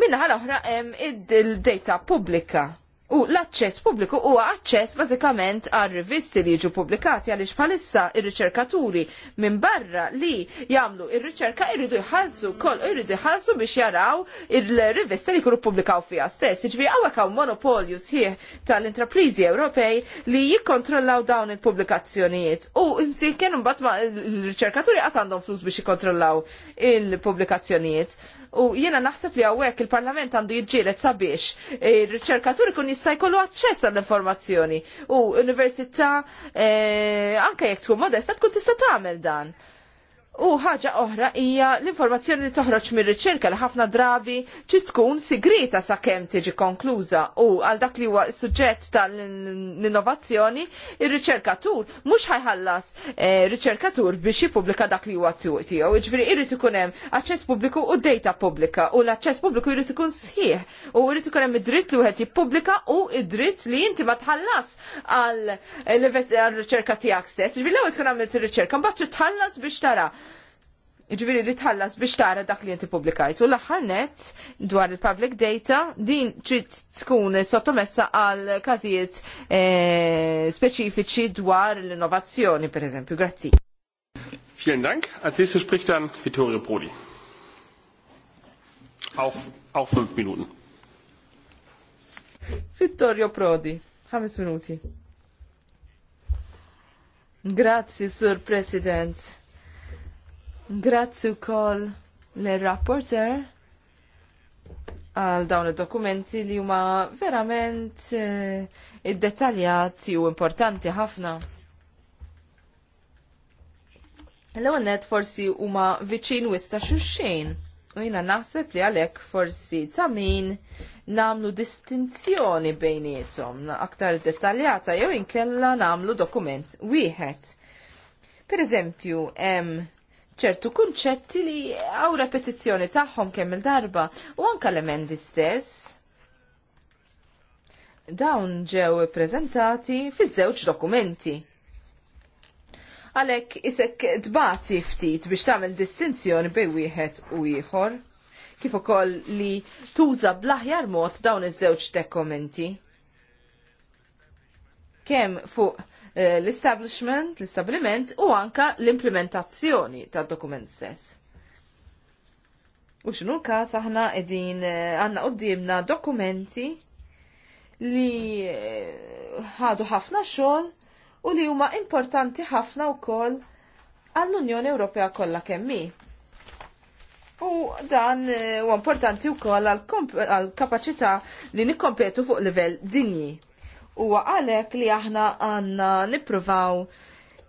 Minna ħal oħra hemm id-data pubblika U l-aċċess pubbliku huwa aċċess bażikament għal rivisti li jiġu pubblikati għaliex bħalissa ir-riċerkaturi minn barra li jagħmlu ir-riċerka jridu jħallsu wkoll irridu jħallsu biex jaraw il rivisti li jkunu pubblikaw fiha stess. Jiġri hawnhekk hawn monopolju sħiħ tal-intrapriżi Ewropej li jikkontrollaw dawn il-pubblikazzjonijiet. U msieħ ma il-riċerkaturi qas għandhom flus biex jikkontrollaw il-pubblikazzjonijiet. U jiena naħseb li hawnhekk il-Parlament għandu jiġġieled sabiex ir-riċerkaturi kun jista' jkollu aċċess għall-informazzjoni u università eh, anke jekk tkun modesta tkun tista' tagħmel dan. U ħaġa oħra hija l-informazzjoni li toħroġ mir-riċerka li ħafna drabi ġi tkun sigrita sakemm tiġi konkluża u għal dak li huwa suġġett tal-innovazzjoni, ir-riċerkatur mhux ħajħallas eh, riċerkatur biex jippubblika dak li huwa tiegħu. Jiġifieri jrid ikun hemm aċċess pubbliku u data pubblika u l-aċċess pubbliku jrid ikun sħiħ u jrid ikun hemm id-dritt li wieħed jippubblika u id-dritt li inti ma tħallas għall riċerka tiegħek stess. Jiġifieri l-ewwel tkun għamilt ir-riċerka mbagħad tħallas biex tara Iġviri li tħallas biex tara dak li jinti publikajt. U l-aħħar net dwar il-public data din trid tkun sottomessa għal każijiet eh, speċifiċi dwar l-innovazzjoni, per eżempju. Grazzi. Vielen Dank. Als nächstes spricht dann Vittorio Prodi. Auch, auch fünf Minuten. Vittorio Prodi, ħames minuti. Grazie, Sur President. Grazzi wkoll l-rapporter għal dawn id-dokumenti li huma verament eh, id-detaljati u importanti ħafna. L-ewwel forsi huma viċin wista xulxejn u jiena naħseb li għalhekk forsi ta' min nagħmlu distinzjoni bejniethom aktar dettaljata jew inkella nagħmlu dokument wieħed. Per eżempju, hemm ċertu kunċetti li għaw repetizjoni tagħhom kemm il-darba u anka l-emendi stess. Dawn ġew prezentati fiż-żewġ dokumenti. Għalek isek dbati ftit biex tagħmel distinzjoni bej wieħed u ieħor, kif ukoll li tuża bl-aħjar mod dawn iż-żewġ dokumenti. Kemm fuq Eh, l-establishment, l-establiment u anka l-implementazzjoni tad dokument stess. U xinu l-kas aħna edin eh, għanna qoddimna dokumenti li eh, ħadu ħafna xogħol u li huma importanti ħafna wkoll għall-Unjoni Ewropea kollha kemmi. U dan huwa importanti wkoll għall-kapaċità li nikkompetu fuq livell dinji. U għalek li aħna għanna nipruvaw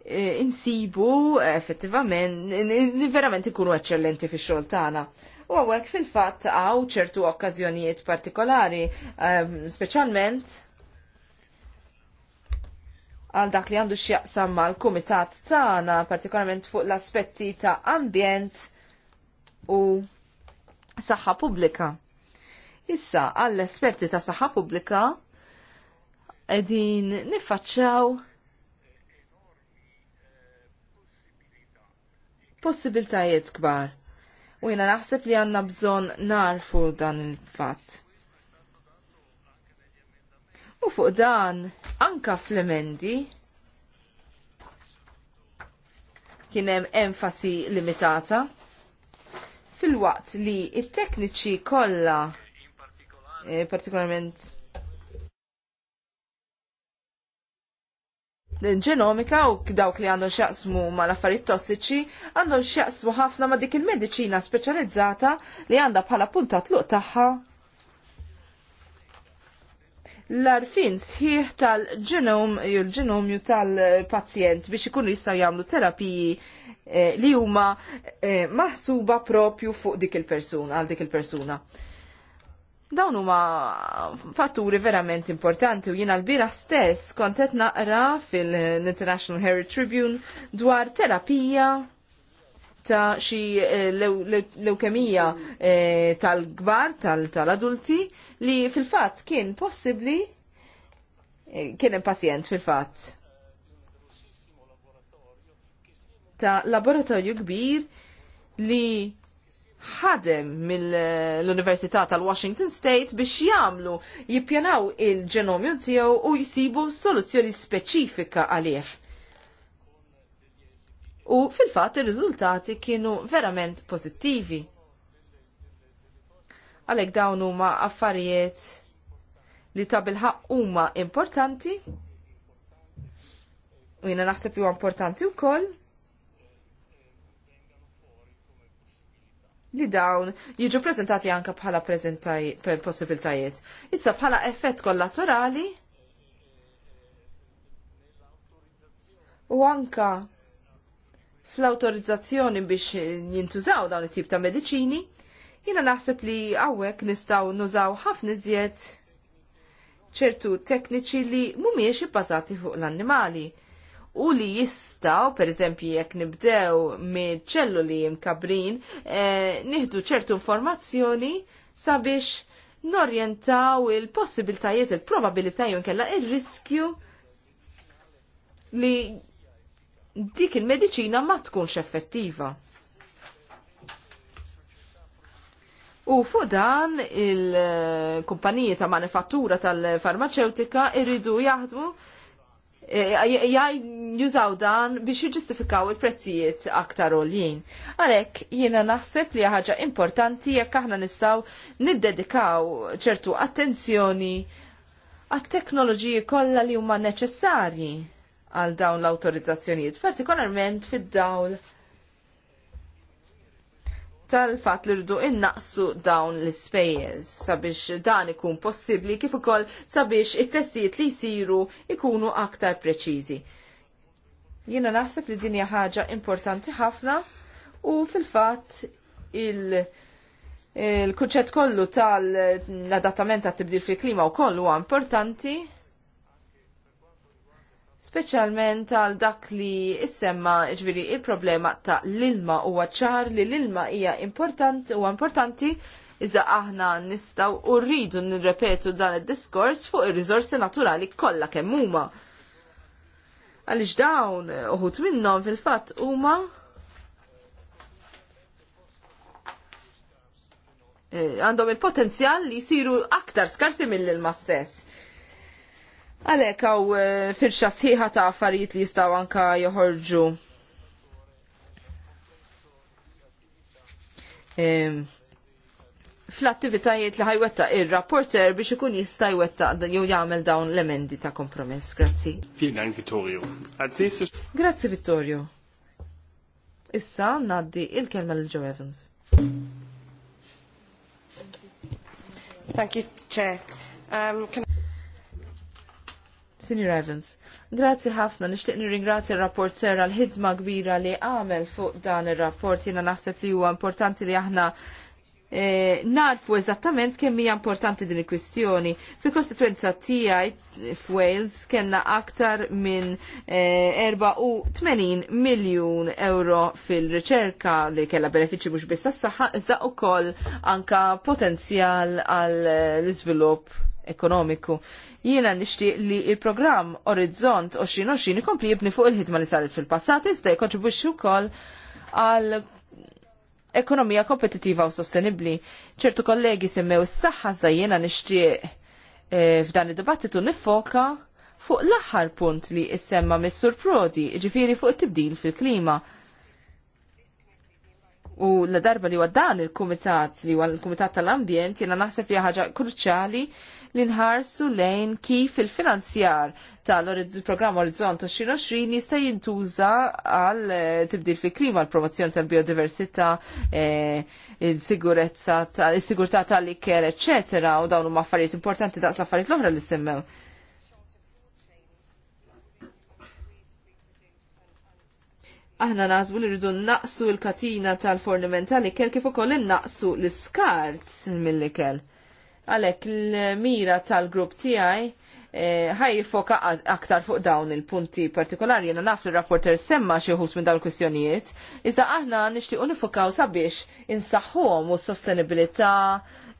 e, insibu effettivament, li verament ikunu eccellenti fi xogħol tagħna. U għawek fil-fatt għaw ċertu okkazjonijiet partikolari, specialment għal dak li għandu xjaqsam mal kumitat tagħna, partikolarment fuq l-aspetti ta' ambjent u saħħa pubblika. Issa, għall-esperti ta' saħħa pubblika edin niffaċċaw possibiltajiet kbar. U jena naħseb li għanna bżon narfu dan il-fat. U fuq dan, anka fl-emendi, kienem enfasi limitata fil-waqt li it-tekniċi kolla, eh, partikolarment ġenomika u dawk li għandhom xjaqsmu ma l-affarijiet tossiċi għandhom xjaqsmu ħafna ma dik il-mediċina speċjalizzata li għandha bħala punta tluq tagħha l-arfin sħiħ tal-ġenom jew l-ġenomju tal-pazjent biex ikunu jistgħu jagħmlu terapiji eh, li huma eh, maħsuba propju fuq dik il-persuna għal dik il-persuna. il persuna għal dik il persuna Dawn huma fatturi verament importanti u jiena l-bira stess kont qed naqra fil-International Heritage Tribune dwar terapija ta' xi eh, leukemija eh, tal-kbar tal-adulti li fil-fatt kien possibbli eh, kien hemm pazjent fil-fatt ta' laboratorju kbir li ħadem mill-Università tal-Washington State biex jagħmlu jippjanaw il-ġenomju tiegħu u jsibu soluzzjoni speċifika għalih. U fil-fatt ir-riżultati kienu verament pożittivi. Għalhekk dawn huma affarijiet li ta' bilħaq huma importanti u jiena naħseb li huwa importanti wkoll li dawn jiġu prezentati anka bħala per possibiltajiet. Issa bħala effett kollaterali u anka fl-autorizzazzjoni biex jintużaw dawn it-tip ta' mediċini, jina naħseb li għawek nistaw nużaw ħafna iżjed ċertu tekniċi li mumiex ibbażati fuq l-annimali u li jistaw, per eżempju, jekk nibdew minn ċelluli mkabrin, eh, nieħdu ċertu informazzjoni sabiex norjentaw il-possibiltajiet, il-probabilità jew kella il-riskju li dik il-medicina ma tkunx effettiva. U fuq dan il-kumpaniji ta' manifattura tal-farmaceutika irridu jaħdmu Eh, jużaw dan biex jiġġustifikaw il-prezzijiet aktar l-jien. Għalhekk jiena naħseb li ħaġa importanti jekk aħna nistgħu niddedikaw ċertu attenzjoni għat-teknoloġiji kollha li huma neċessarji għal dawn l-awtorizzazzjonijiet, partikolarment fid-dawl tal-fat li rridu innaqsu dawn l-ispejjeż sabiex dan ikun possibbli kif ukoll sabiex it-testijiet li jsiru ikunu aktar preċiżi. Jiena naħseb li din hija ħaġa importanti ħafna u fil-fatt il- il-kuċċett kollu tal-adattament tat tibdil fil-klima u kollu importanti speċjalment għal dak li issemma ġviri il-problema ta' l-ilma u ċar li l-ilma hija important u importanti iżda aħna nistaw u rridu nirrepetu dan id-diskors fuq ir rizorsi naturali kollha kemm huma. Għaliex dawn uħut minnhom fil-fatt huma eh, għandhom il-potenzjal li jisiru aktar skarsi mill-ilma stess Għalek għaw eh, firxa sħiħa ta' affarijiet li jistaw anka joħorġu. Ehm, fl-attivitajiet li ħajwetta il-rapporter biex ikun jista' jwetta jew jagħmel dawn l-emendi ta' kompromess. Grazzi. Fien Vittorio. Grazzi Vittorio. Issa naddi il-kelma lil Joe Evans. Thank you, Chair. Um, can... Senior Evans. Grazzi ħafna, nixtieq nirringrazzja l rapport serra l-ħidma kbira li għamel fuq dan ir-rapport jiena naħseb li huwa importanti li aħna E, narfu eżattament kemm hija importanti din il-kwistjoni. Fil-kostituenza tiegħi f'Wales kellna aktar minn e, 84 miljun euro fil-riċerka li kellha benefiċċji mhux biss għas-saħħa iżda wkoll anka potenzjal għall iżvilupp ekonomiku. Jiena nixtieq li il-programm Orizzont 2020 ikompli jibni fuq il-ħidma li saret fil-passat iżda jkontribwixxi wkoll għal ekonomija kompetittiva u sostenibbli. ċertu kollegi semmew is-saħħa iżda jiena nixtieq eh, f'dan id-dibattitu nifoka fuq l-aħħar punt li issemma mis-Sur Prodi, ġifieri fuq it-tibdil fil-klima. U l darba li huwa dan il-kumitat li għal l-kumitat tal-ambjent jiena naħseb li ħaġa kruċjali li nħarsu lejn kif il-finanzjar tal-programm Orizzont 2020 jista' jintuża għal eh, tibdil fi klima l-promozzjoni tal-biodiversità, eh, il-sigurezza, il-sigurtà tal-iker, eċetera, u dawn huma affarijiet importanti daqs l-affarijiet l-oħra li semmew. aħna nażbu li rridu naqsu l-katina tal-fornimentali kell kif ukoll innaqsu l-iskart mill-ikel. Għalek l-mira tal-grupp tijaj eh, ħaj foka aktar fuq dawn il-punti partikolari jena naf l rapporter semma xieħus minn dal-kwistjonijiet, iżda aħna nishtiqu nifokaw sabiex insaħħom u sostenibilità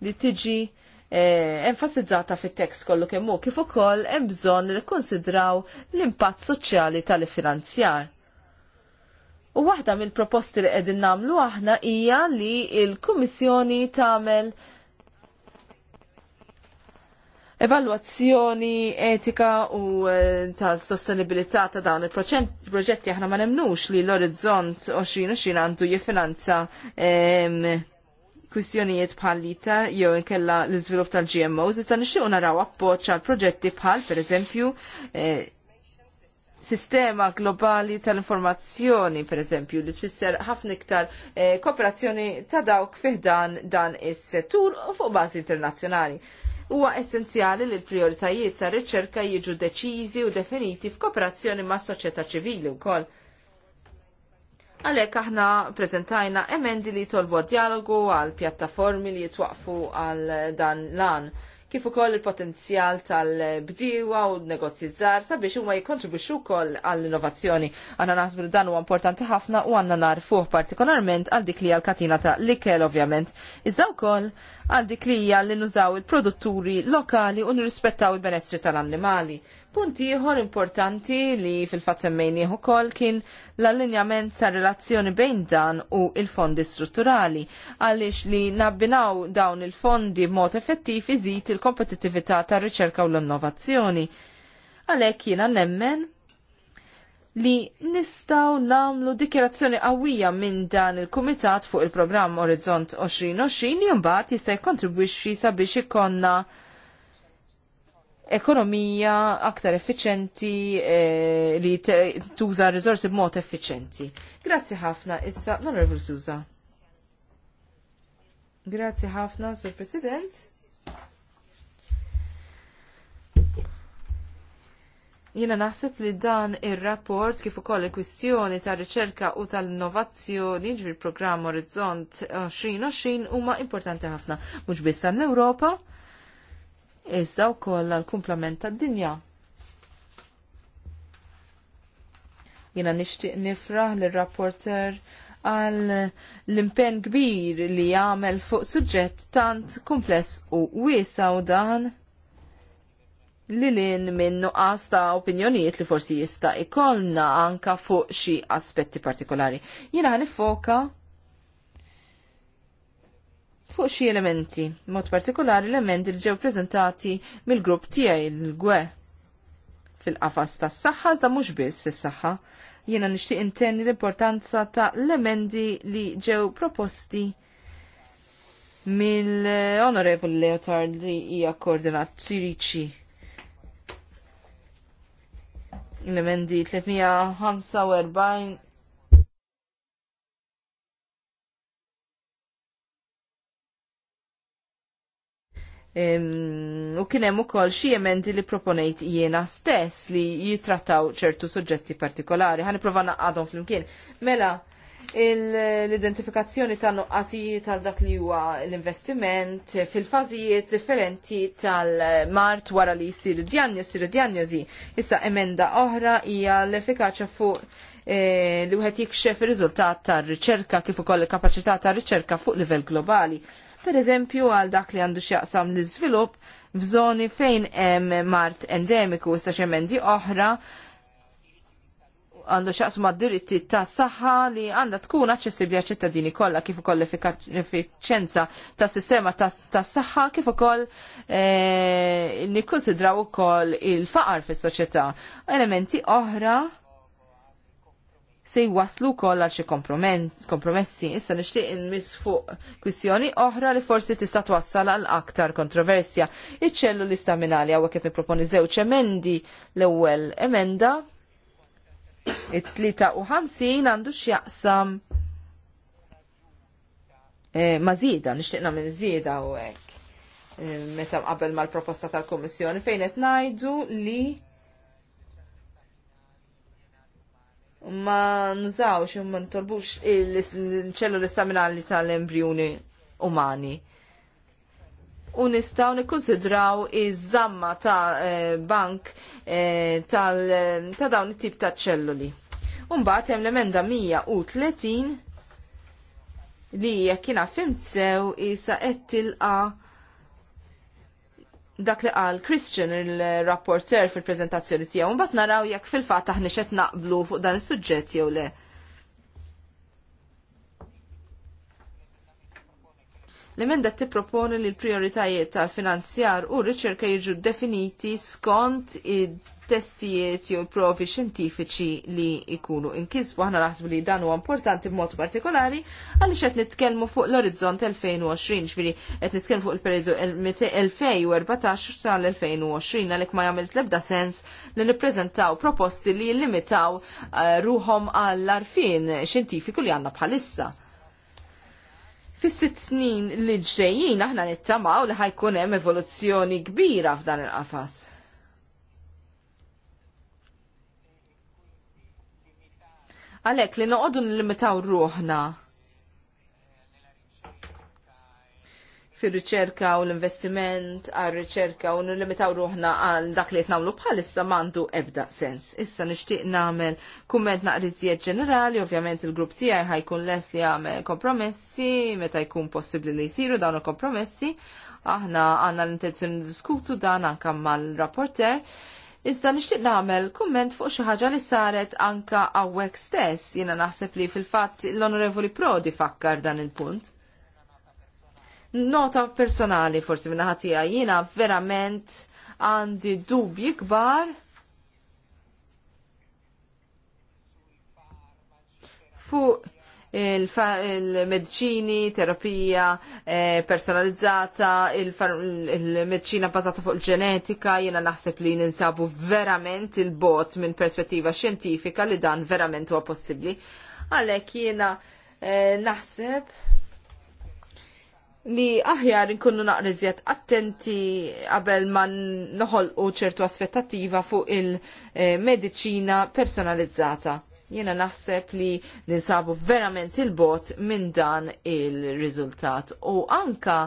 li tiġi eh, enfasizzata fit-tekst kollu kemmu kif ukoll hemm bżonn nikkonsidraw l-impatt soċjali tal-finanzjar. U waħda mill-proposti li qegħdin nagħmlu aħna hija li l-Kummissjoni tagħmel ta evalwazzjoni etika u eh, tal-sostenibilità ta' dawn il-proġetti aħna ma nemnux li l-orizzont 2020 għandu jifinanza ehm, kwistjonijiet bħal ta' jew inkella l-iżvilupp tal-GMOs, iżda nixtiequ naraw appoġġ għal proġetti bħal pereżempju eh, sistema globali tal-informazzjoni, per eżempju, li tfisser ħafna iktar eh, kooperazzjoni ta' dawk fiħdan dan is-settur u fuq bażi internazzjonali. Huwa essenzjali li l-prioritajiet ta' riċerka jiġu deċiżi u definiti f'kooperazzjoni ma' soċjetà ċivili wkoll. Għalhekk aħna preżentajna emendi li tolbu dialogu għal pjattaformi li jitwaqfu għal dan lan kif ukoll il-potenzjal tal-bdiewa u negozji żgħar sabiex huma jikkontribwixxu wkoll għall-innovazzjoni. Għandna naħsbu li dan huwa importanti ħafna u għandna narfuh partikolarment għal dik li għal katina ta' l-ikel ovvjament. Iżda wkoll għal dik li hija li nużaw il-produtturi lokali u nirrispettaw il-benessri tal-annimali. Punti ieħor importanti li fil-fatt semmejnieh ukoll kien l-allinjament sa' relazzjoni bejn dan u il-fondi strutturali għaliex li nabbinaw dawn il-fondi b'mod effettiv iżid il-kompetittività tar-riċerka u l-innovazzjoni. Għalhekk jiena nemmen li nistaw namlu dikjerazzjoni qawwija minn dan il-Kumitat fuq il-programm Orizzont 2020 li mbagħad jista' jikkontribwixxi sabiex ikonna ekonomija aktar effiċenti eh, li tuża r-riżorsi b'mod effiċenti. Grazzi ħafna issa l-Onorevol Suza. Grazzi ħafna, Sur President. Jiena naħseb li dan ir-rapport kif ukoll il-kwistjoni ta' riċerka u tal-innovazzjoni ġri programm Orizzont 2020 huma importanti ħafna mhux biss għall-Ewropa iżda wkoll għall-kumplament tad-dinja. Jiena nixtieq nifraħ lir-rapporter għal l-impenn kbir li jagħmel fuq suġġett tant kumpless u wiesa u dan li lin minn nuqqas ta' opinjonijiet li forsi jista' ikollna anka fuq xi aspetti partikolari. Jiena nifoka fuq xi elementi, mod partikolari elementi li ġew preżentati mill-grupp tiegħi l-gwe fil-qafas tas-saħħa iżda mhux biss is-saħħa. Jiena nixtieq intenni l-importanza ta' l-emendi li ġew proposti mill-Onorevoli Leotard li hija koordinatriċi l-emendi 345 u kien hemm ukoll xi emendi li proponejt jiena stess li jitrattaw ċertu suġġetti partikolari. Ħa għadhom naqgħadhom flimkien. Mela, l-identifikazzjoni ta' nuqqasijiet tal dak li huwa l-investiment fil-fażijiet differenti tal-mart wara li jsir diagnosi, diagnosi. Issa emenda oħra hija l-efikaċja fuq eh, li wieħed jikxef ir-riżultat tar-riċerka kif ukoll il-kapaċità tar-riċerka fuq livell globali. Per eżempju għal dak li għandu x'jaqsam l-iżvilupp f'żoni fejn hemm mart endemiku issa xemendi oħra għandu d diritti ta' saħħa li għandha tkun aċċessibbli għal ċittadini kollha kif ukoll l-effiċenza ta' sistema ta' saħħa kif ukoll eh, nikkunsidraw ukoll il-faqar fis-soċjetà. Elementi oħra se jwaslu wkoll għal xi kompromessi. Issa nixtieq inmiss fuq kwistjoni oħra li forsi tista' twassal għal aktar kontroversja. Iċ-ċellu li staminali għawek qed nipproponi żewġ emendi l-ewwel emenda it ħamsin għandu x'jaqsam eh, ma' zida, nishtiqna minn zida u hekk. Eh, meta qabel mal-proposta tal-Kummissjoni fejn qed ngħidu li ma nużawx u ma ntolbux il-ċelluli staminali tal-embrjuni umani u nistaw nikkonsidraw iż-żamma ta' eh, bank eh, ta' dawn it-tip ta' ċelluli. Umbagħad hemm l-emenda 130 li jekk jiena fimt sew isa qed tilqa' dak li qal Christian il-rapporter fil-preżentazzjoni tiegħu, mbagħad naraw jekk fil-fatt aħna qed naqblu fuq dan is-suġġett jew le. L-emenda tipproponi li l-prioritajiet tal-finanzjar u r-riċerka jiġu definiti skont id-testijiet jew provi xjentifiċi li jkunu inkisbu aħna naħsbu li dan huwa importanti b'mod partikolari għaliex qed nitkellmu fuq l-orizzont 2020, ġifieri qed nitkellmu fuq il-periodu 2014 sal-2020 għalhekk ma jagħmel l-ebda sens li nippreżentaw proposti li jillimitaw eh, ruhom għall-arfin xjentifiku li għandna bħalissa fis sitt snin li ġejjin aħna nittamaw li ħajkun hemm evoluzzjoni kbira f'dan il-qafas. Għalhekk li noqogħdu nlimitaw ruħna fir-riċerka u l-investiment għal riċerka u nillimitaw ruħna għal dak li jtnawlu bħalissa mandu ebda sens. Issa nixtieq nagħmel kumment naqriżijiet ġenerali, ovvjament il-grupp tiegħi ħajkun les li għamel kompromessi, meta jkun possibbli li jsiru dawn il-kompromessi, aħna għandna l-intenzjoni diskutu dan anke mal-rapporter. Iżda nixtieq nagħmel kumment fuq xi ħaġa li saret anka hawnhekk stess, jiena naħseb li fil-fatt l-Onorevoli Prodi fakkar dan il-punt Nota personali forsi minna ħatija jina verament għandi dubji kbar fuq il-medicini, il terapija eh, personalizzata, il medċina il bazata fuq il-ġenetika, jena naħseb li ninsabu verament il-bot minn perspettiva xjentifika li dan verament huwa possibbli. Għalek jena eh, naħseb li aħjar nkunu naqriżjat attenti qabel ma noħolqu ċertu aspettativa fuq il-medicina personalizzata. Jena naħseb li ninsabu verament il-bot minn dan il-riżultat u anka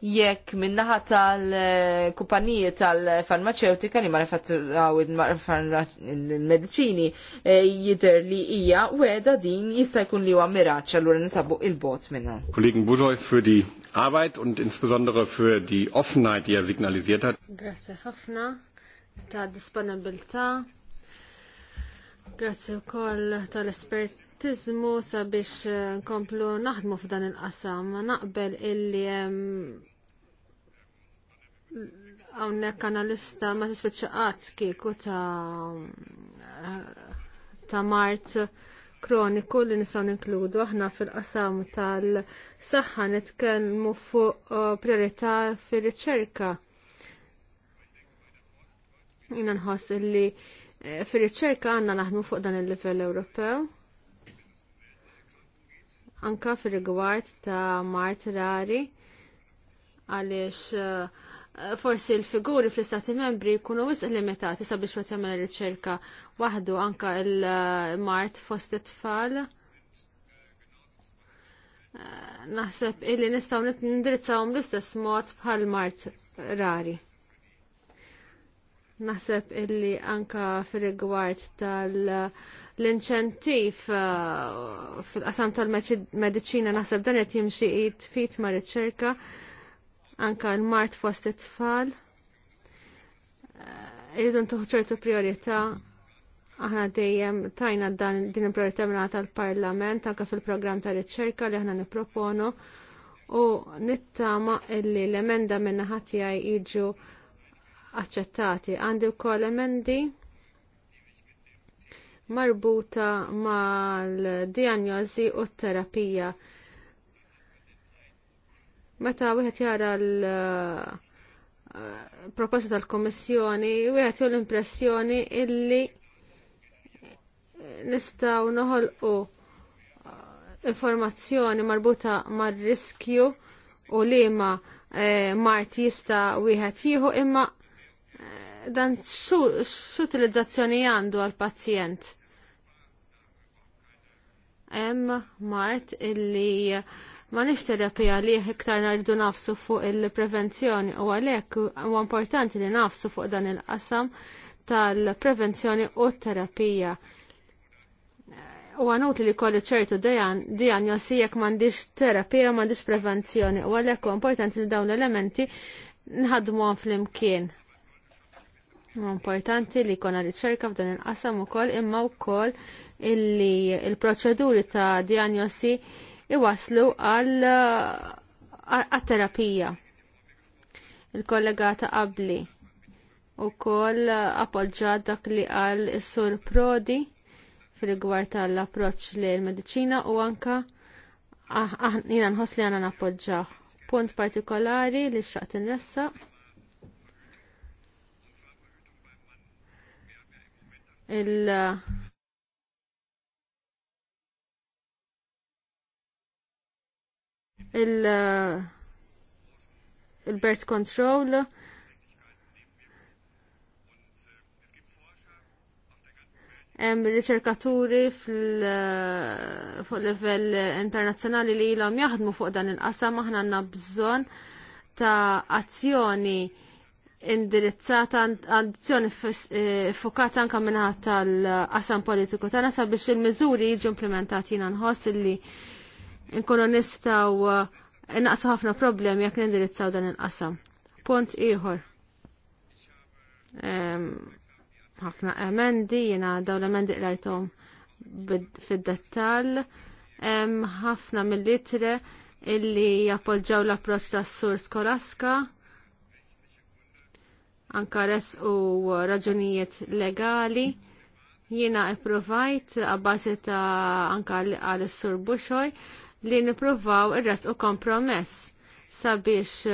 jekk minnaħa tal-kumpaniji tal-farmaceutika li manifatturaw il-medicini eh, jider li hija weda din jista' jkun li huwa miraċ allura nisabu il-bot minna. Kollegen Budoj für die Arbeit und insbesondere für die Offenheit, die er signalisiert hat. Grazie ħafna ta' disponibilità. Grazie wkoll tal-espert pragmatiżmu sabiex eh, nkomplu naħdmu f'dan il-qasam. Naqbel illi hawnhekk analista ma tispiċċaqat kieku ta' eh, ta' mart kroniku li nistgħu ninkludu aħna fil-qasam tal-saħħa nitkellmu fuq eh, priorità fir-riċerka. Jina nħoss illi fir-riċerka għandna naħdmu fuq dan il-livell Ewropew anka fir-rigward ta' mart rari għaliex eh, forsi l-figuri fl-istati membri jkunu wisq limitati sabiex wet jagħmel riċerka waħdu anka l-mart fost it-tfal. Eh, naħseb illi nistgħu nindirizzawhom l-istess mod bħal mart rari. Naħseb illi anka fir-rigward tal- uh, l-inċentiv uh, fil-qasam tal-medicina naħseb dan qed jimxi fit ma' riċerka anka l-mart fost it-tfal. Uh, irridu ntuħu ċertu priorità aħna dejjem tajna dan din il-priorità minna tal-Parlament anka fil-programm ta' riċerka li aħna nipproponu u nittama illi l-emenda minna ħatijaj jiġu aċċettati. Għandi wkoll emendi marbuta mal-dijanjosi u t-terapija. Meta wieħed jara l eh, proposta tal-Komissjoni, wieħed jew l-impressjoni illi nistgħu noħolqu eh, informazzjoni marbuta mar-riskju u liema Marti eh, mart jista wieħed jieħu imma dan x'utilizzazzjoni għandu għal pazjent Hemm mart illi ma nix terapija li iktar nardu nafsu fuq il-prevenzjoni u għalhekk huwa importanti li nafsu fuq dan il-qasam tal-prevenzjoni u t terapija. U għanut li kolli ċertu diagnosi jekk mandiġ terapija, mandiġ prevenzjoni u għalhekk huwa importanti li dawn l-elementi nħadmu għan fl-imkien Importanti li jkollna riċerka f'dan il-qasam ukoll imma wkoll illi il-proċeduri ta' diagnosi iwaslu għal terapija. Il-kollega ta' qabli koll appoġġa dak li qal is-sur Prodi fil-gwar tal-approċċ li l-medicina u anka ah, ah, jina nħoss li għana nappoġġaw. Punt partikolari li xaqt inressaq il- il- il-birth control hemm riċerkaturi fuq livell internazzjonali li ilhom jaħdmu fuq dan il-qasam aħna għandna bżonn ta' azzjoni indirizzata għandizjoni eh, fokata anka minna tal-qasam politiku tana sabiex il-mizuri jiġu implementati jina nħos illi nkunu nistaw eh, naqsa ħafna problemi jekk nindirizzaw dan il-qasam. Punt ieħor. Ħafna emendi jina daw l-emendi rajtom fid-dettal. Ħafna mill-litre illi jappoġġaw l-approċ tas-sur Skolaska anka res u raġunijiet legali. Jiena approvajt għabbasi ta' anka għal sur Bushoj li nippruvaw ir u kompromess sabiex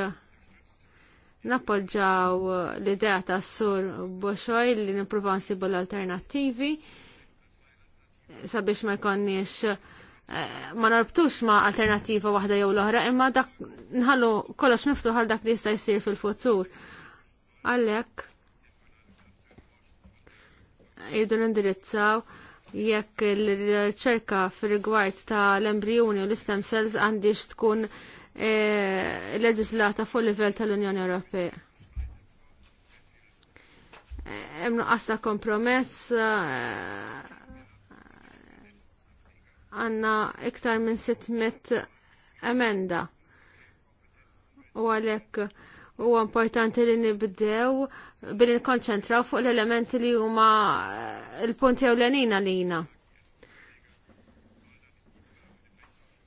nappoġġaw l-idea ta' sur Buxoj li nippruvaw nsibu l-alternattivi sabiex ma jkonniex eh, ma narbtux ma alternativa waħda jew l-oħra imma dak nħallu kollox miftuħ għal dak li jista' jsir fil-futur Għalhekk irdu nindirizzaw jekk il-ċerka fil-rigward ta' l-embrjoni u l-istem cells għandix tkun e, leġislata fuq livell tal-Unjoni Ewropea. Hemm nuqqas ta' kompromess e, għandna iktar minn 600 emenda u għalhekk u importanti li nibdew bil nkonċentraw fuq l-elementi li huma eh, l-punti ewlenina jina.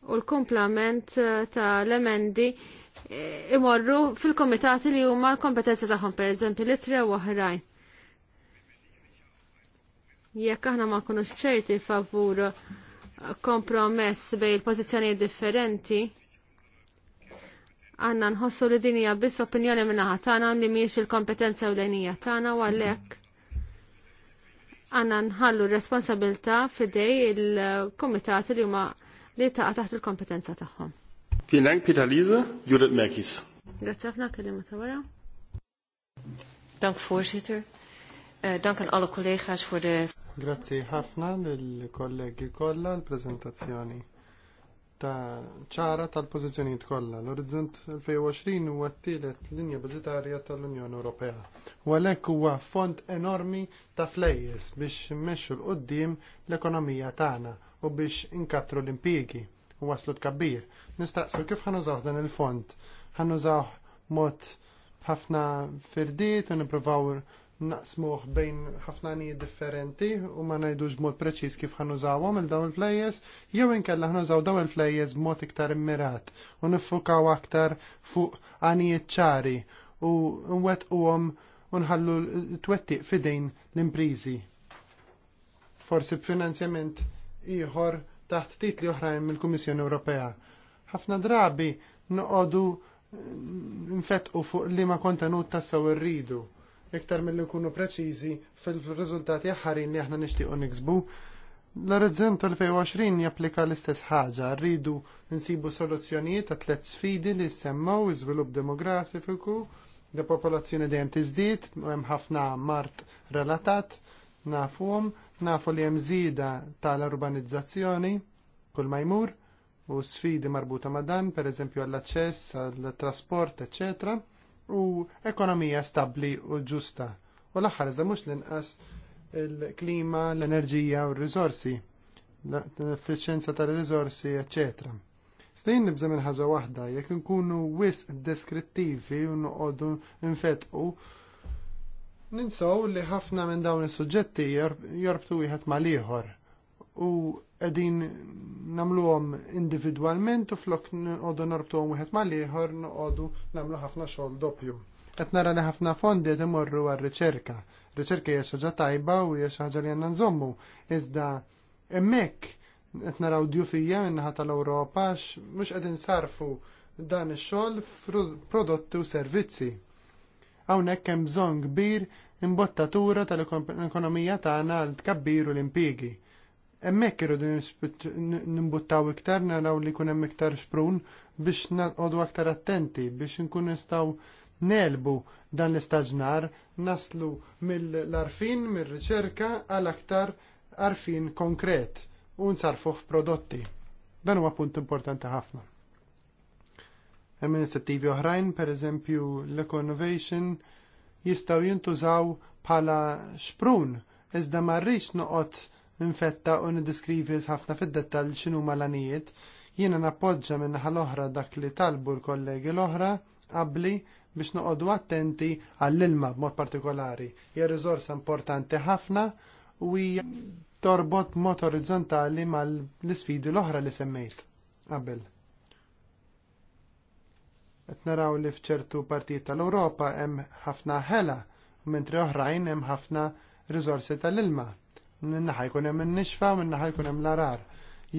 U l-komplement eh, ta' l-emendi eh, imorru fil-komitati li huma l-kompetenza tagħhom, pereżempju tre u oħrajn. Jekk aħna ma kunux ċerti favur kompromess bej il-pożizzjonijiet differenti, għanna nħossu li dinija biss opinjoni minna ħatana li miex il-kompetenza u l-enija tana u għallek għanna nħallu responsabilta fidej il-komitati li huma li taqa taħt il-kompetenza tagħhom. Fil-lang Peter Lise, Judith Merkis. Grazie għafna, kellimu Dank, voorzitter. Eh, dank aan alle collega's voor de... Grazie ħafna lill kollegi kollha l-prezentazzjoni ta' ċara tal-pożizzjonijiet kollha. L-Orizzont 2020 huwa t-tielet linja budġetarja tal-Unjoni Ewropea. U għalhekk huwa font enormi ta' flejjes biex immexxu l qudiem l-ekonomija tagħna u biex inkatru l-impjiegi u waslu tkabbir. Nistaqsu kif ħanużaw dan il-font? Ħanużaw mod ħafna firdiet u nippruvaw naqsmuh bejn ħafna nijiet differenti u ma ngħidux mod preċiż kif ħanużawhom il daw il-flejjes jew inkella ħanużaw daw il-flejjes b'mod iktar immirat u nifukaw aktar fuq għanijiet ċari u nwettquhom u nħallu twettiq fidejn l-imprizi. Forsi b-finanzjament ieħor taħt titli oħrajn mill-Kummissjoni Ewropea. Ħafna drabi noqogħdu nfetqu fuq liema kontenut tassew irridu iktar mill-li nkunu preċiżi fil-riżultati aħħarin li aħna nixtiequ niksbu. L-Orizzont 2020 japplika l-istess ħaġa, rridu nsibu soluzzjonijiet ta' tliet sfidi li semmaw iżvilupp demografiku, depopolazzjoni dejjem tiżdied, u hemm ħafna mart relatat, nafuhom, nafu li hemm żieda tal-urbanizzazzjoni kull ma jmur, u sfidi marbuta ma' dan, pereżempju għall-aċċess, għall-trasport, eċċetera u ekonomija stabbli u ġusta. U l-aħħar iżda mhux l-inqas il-klima, l-enerġija u r rizorsi l efficienza tal rizorsi eċetera. Stejn nibżem il ħaġa waħda jekk nkunu wisq deskrittivi u noqogħdu nfetqu ninsaw li ħafna minn dawn is-suġġetti jorbtu wieħed mal-ieħor u qegħdin nagħmluhom individwalment u flok noqogħdu norbtuhom wieħed mal n noqogħdu nagħmlu ħafna xogħol doppju. Qed nara li ħafna fondi qed imorru għar-riċerka. Riċerka hija xi ħaġa tajba u hija xi ħaġa li għandna nżommu. Iżda hemmhekk qed naraw djufija min-naħa tal-Ewropa għax mhux qegħdin sarfu dan ix-xogħol prodotti u servizzi. Hawnhekk hemm bżonn kbir imbottatura tal-ekonomija tagħna għal tkabbir u l-impigi. Emmek irridu nimbuttaw iktar, naraw li jkun hemm iktar sprun biex naqodu aktar attenti, biex nkun nistaw nelbu dan l-istaġnar, naslu mill-arfin, mill-riċerka għal aktar arfin konkret u nsarfu f'prodotti. Dan huwa punt importanti ħafna. Hemm inizjattivi oħrajn, pereżempju l-Econovation, jistgħu jintużaw bħala sprun, iżda ma noqgħod infetta u niddiskrivi ħafna fid-dettal x'inhu malanijiet. Jiena nappoġġa min naħa l-oħra dak li talbu l-kollegi l-oħra qabli biex noqogħdu attenti għall-ilma b'mod partikolari. Hija riżorsa importanti ħafna u hija torbot mod orizzontali mal-isfidi l-oħra li semmejt qabel. Qed naraw li f'ċertu partijiet tal-Ewropa hemm ħafna ħela, mentri oħrajn hemm ħafna riżorsi tal-ilma Minnaħa jkun hemm in-nixfa, minnaħa jkun hemm l-arar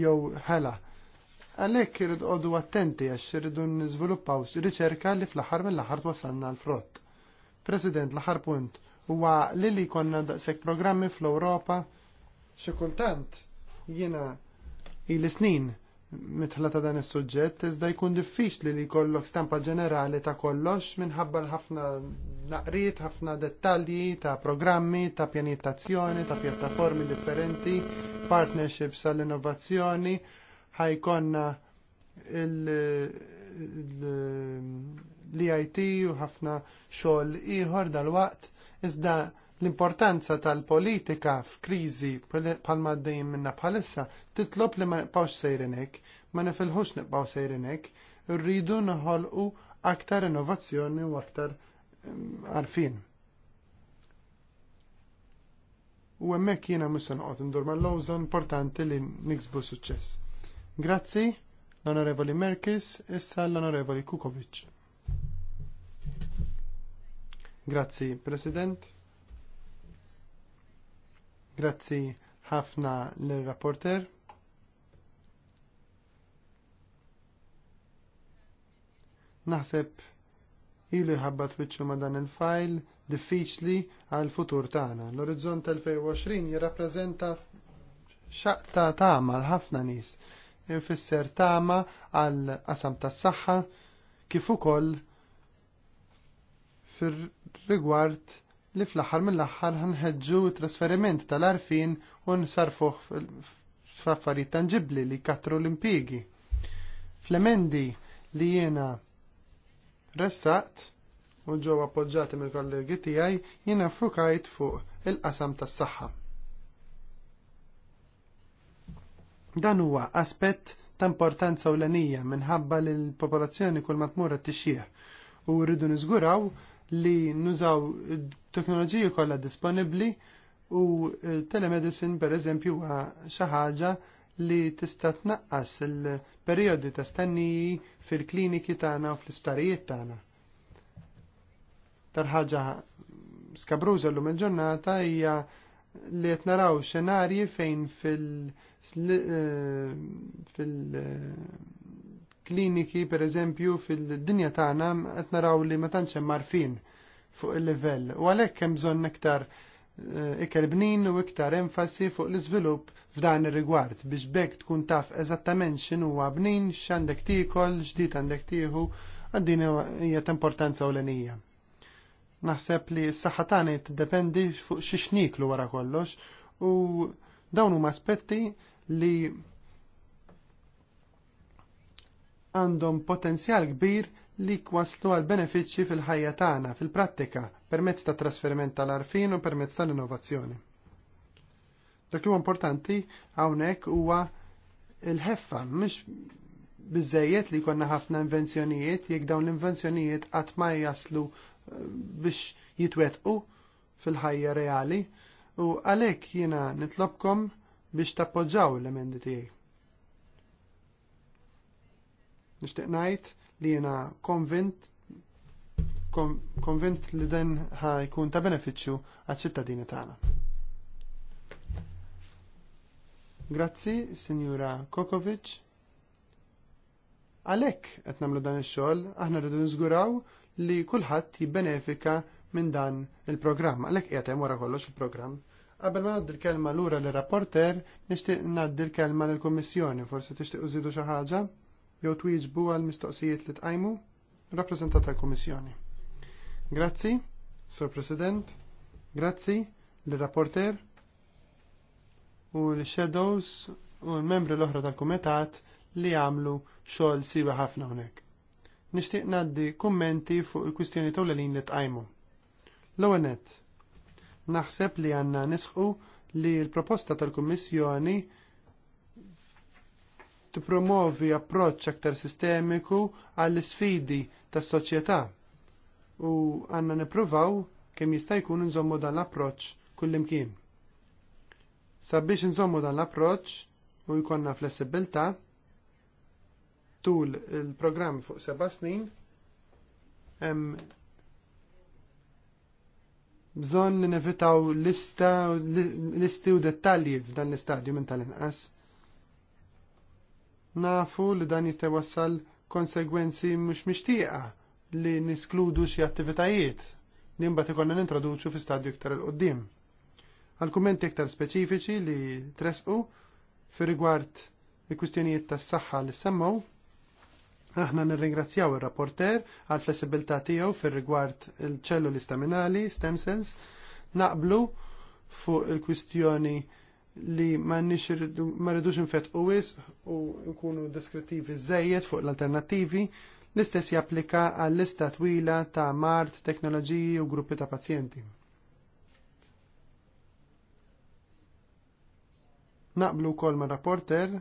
jew ħela. Għalhekk irid qogħdu attenti għax irridu niżviluppaw riċerka li fl-aħħar mill-aħħar twassalna l-frott. President l-aħħar punt huwa li li konna daqshekk programmi fl-Ewropa xi kultant jiena il-snin mitħla ta' dan is-suġġett iżda jkun diffiċli li jkollok stampa ġenerali ta' kollox minħabba l-ħafna naqriet, ħafna dettalji ta' programmi, ta' pjanitazzjoni, ta' pjattaformi differenti, partnerships għall-innovazzjoni, ħajkonna l-IT u ħafna xogħol ieħor dal-waqt iżda L-importanza tal-politika f'kriżi bħalma dejjem minna bħalissa titlob li ma nibqgħux sejrinek, ma nifilħux nibqgħu sejrinek, rridu noħolqu aktar innovazzjoni u aktar għarfien. U hemmhekk jiena mhux se noqgħod ndur mal-lowża importanti li niksbu suċċess. Grazzi, l-Onorevoli Merkis, issa l-Onorevoli Kukovic. Grazzi, President. Grazzi ħafna l-rapporter. Naħseb ilu ħabba wiċċu ma dan il-fajl diffiċli għal futur tagħna. L-orizzont tal-2020 jirrappreżenta xaqta tama għal ħafna nies. Infisser tama għal qasam tas-saħħa kif ukoll fir-rigward li fl-aħħar mill-aħħar ħanħeġġu trasferiment tal-arfin u nsarfuh f'affarijiet tangibbli li katru l-impigi. Fl-emendi li jiena ressaqt u ġew appoġġjati mill-kollegi tiegħi jiena ffukajt fuq il-qasam tas-saħħa. Dan huwa aspett ta' importanza ewlenija minħabba li l-popolazzjoni kull ma tmur tixjih u rridu niżguraw li nużaw teknoloġiji kollha disponibbli u telemedicine per eżempju huwa xi ħaġa li tista' tnaqqas il-perjodi ta' stenniji fil-kliniki tagħna u fl-isptarijiet tagħna. Tarħaġa skabruża llum il-ġurnata hija li qed naraw xenarji fejn eh, fil-kliniki, pereżempju fil-dinja tagħna qed naraw li ma tantx hemm marfin fuq il-livell u għalhekk hemm bżonn iktar eh, ikel bnin u iktar enfasi fuq l-iżvilupp f'dan ir-rigward biex bekk tkun taf eżattament x'inhuwa bnin, x'għandek tiekol, x'dit għandek tieħu, għaddin hija importanza ewlenija. Naħseb li s-saħħa tagħna tiddependi fuq xi xniklu wara kollox u dawn huma aspetti li għandhom potenzjal kbir li kwaslu għal benefiċċji fil-ħajja tagħna fil-prattika permezz ta' trasferiment tal-arfin u permezz tal-innovazzjoni. Dak li huwa importanti hawnhekk huwa il-ħeffa mhux biżejjed li jkollna ħafna invenzjonijiet jekk dawn l-invenzjonijiet qatt ma jaslu eh, biex jitwetqu fil-ħajja reali u għalhekk jiena nitlobkom biex tappoġġaw l-emendi tiegħi. Nixtieq ngħid li jena konvint konvent li dan ħa jkun ta' beneficju għal-ċittadini tagħna. Grazzi, Sinjura Kokovic. Għalek qed nagħmlu dan ix-xogħol, aħna rridu nżguraw li kulħadd jibbenefika minn dan il-programm. Għalhekk qiegħed hemm wara kollox il-programm. Qabel ma naddi l-kelma lura lir rapporter nixtieq naddi l-kelma lill-Kummissjoni, forsi tixtieq użidu xi ħaġa? jew twieġbu għal mistoqsijiet li tqajmu rappreżentat tal-Kummissjoni. Grazzi, Sur President, grazzi l-rapporter u l-shadows u l-membri l-oħra tal-Kumitat li għamlu xogħol siba ħafna hawnhekk. Nixtieq ngħaddi kummenti fuq il-kwistjoni tewlenin li tqajmu. L-ewwel nett, naħseb li għandna nisħu li l-proposta tal-Kummissjoni tippromovi approċċ aktar sistemiku għall sfidi tas-soċjetà u għandna nippruvaw kemm jista' jkun nżommu dan l-approċċ kullimkien. Sabiex nżommu dan l-approċċ u jkollna flessibilità tul il-programm fuq seba' snin hemm bżonn li nevitaw lista listi u dettalji f'dan l-istadju minn tal-inqas nafu li dan jista' wassal konsegwenzi mhux mixtieqa li niskludu xi attivitajiet li mbagħad ikollna nintroduċu fi stadju iktar il qoddim Għal kummenti iktar speċifiċi li tresqu fi rigward il-kwistjonijiet tas-saħħa li semmew, aħna nirringrazzjaw ir-rapporter għal flessibilità tiegħu fir-rigward il-ċelluli staminali, stem cells, naqblu fuq il-kwistjoni li ma rridux infettqu wisq u nkunu deskrittivi żejjed fuq l-alternattivi, l-istess japplika għall lista twila ta' mart, teknoloġiji u gruppi ta' pazjenti. Naqblu kol ma' rapporter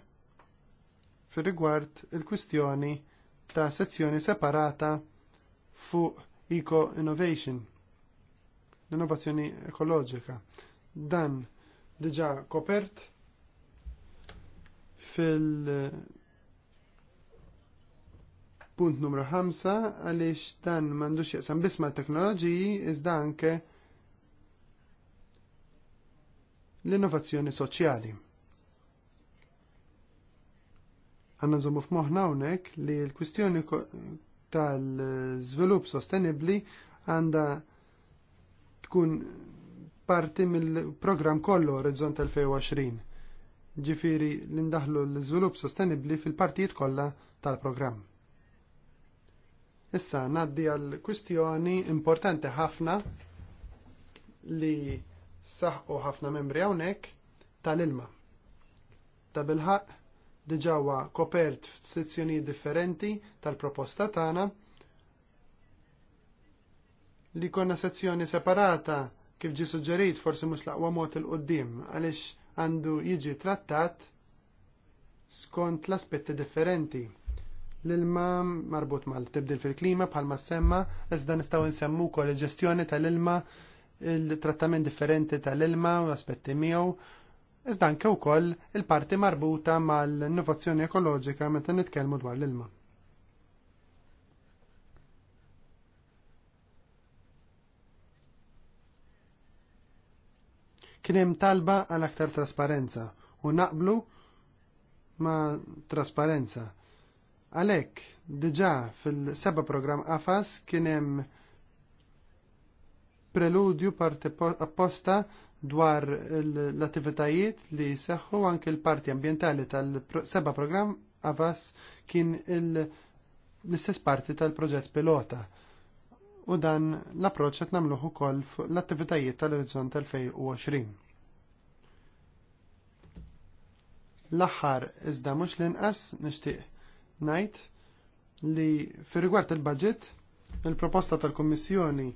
fir rigward il-kwistjoni ta' sezzjoni separata fuq Eco Innovation, l-innovazzjoni ekoloġika. Dan diġa kopert fil punt numru 5 għaliex dan m'għandux jaqsam bisma teknoloġiji iżda anke l-innovazzjoni soċjali. Għanna nżommu f'moħħna hawnhekk li l-kwistjoni tal-żvilupp sostenibbli għandha tkun parti mill-programm kollu Orizzont 2020. Ġifiri li ndaħlu l-iżvilupp sostenibli fil-partijiet kollha tal-programm. Issa ngħaddi għal kwistjoni importanti ħafna li saħqu ħafna membri hawnhekk tal-ilma. Ta' bilħaq diġawa kopert sezzjoni differenti tal-proposta tagħna li konna sezzjoni separata kif ġi suġġerit forsi mhux laqwa mod il-qoddim għaliex għandu jiġi trattat skont l-aspetti differenti. L-ilma marbut mal-tibdil fil-klima bħalma semma, iżda nistgħu nsemmu wkoll il-ġestjoni tal-ilma, il-trattament differenti tal-ilma u aspetti miegħu, iżda anke wkoll il-parti marbuta mal-innovazzjoni ekoloġika meta nitkellmu dwar l-ilma. Kien hemm talba għal aktar trasparenza u naqblu ma' trasparenza. Għalhekk diġa fil-seba programm AFAS hemm preludju parti apposta dwar l-attivitajiet li seħħu anke l-parti ambientali tal-seba programm AFAS kien l-istess parti tal-proġett pilota u dan l-approċċ qed nagħmluh ukoll fuq l-attivitajiet tal-Orizzont 2020. L-aħħar iżda mhux l-inqas nixtieq ngħid li fir-rigward il baġit il-proposta tal-Kummissjoni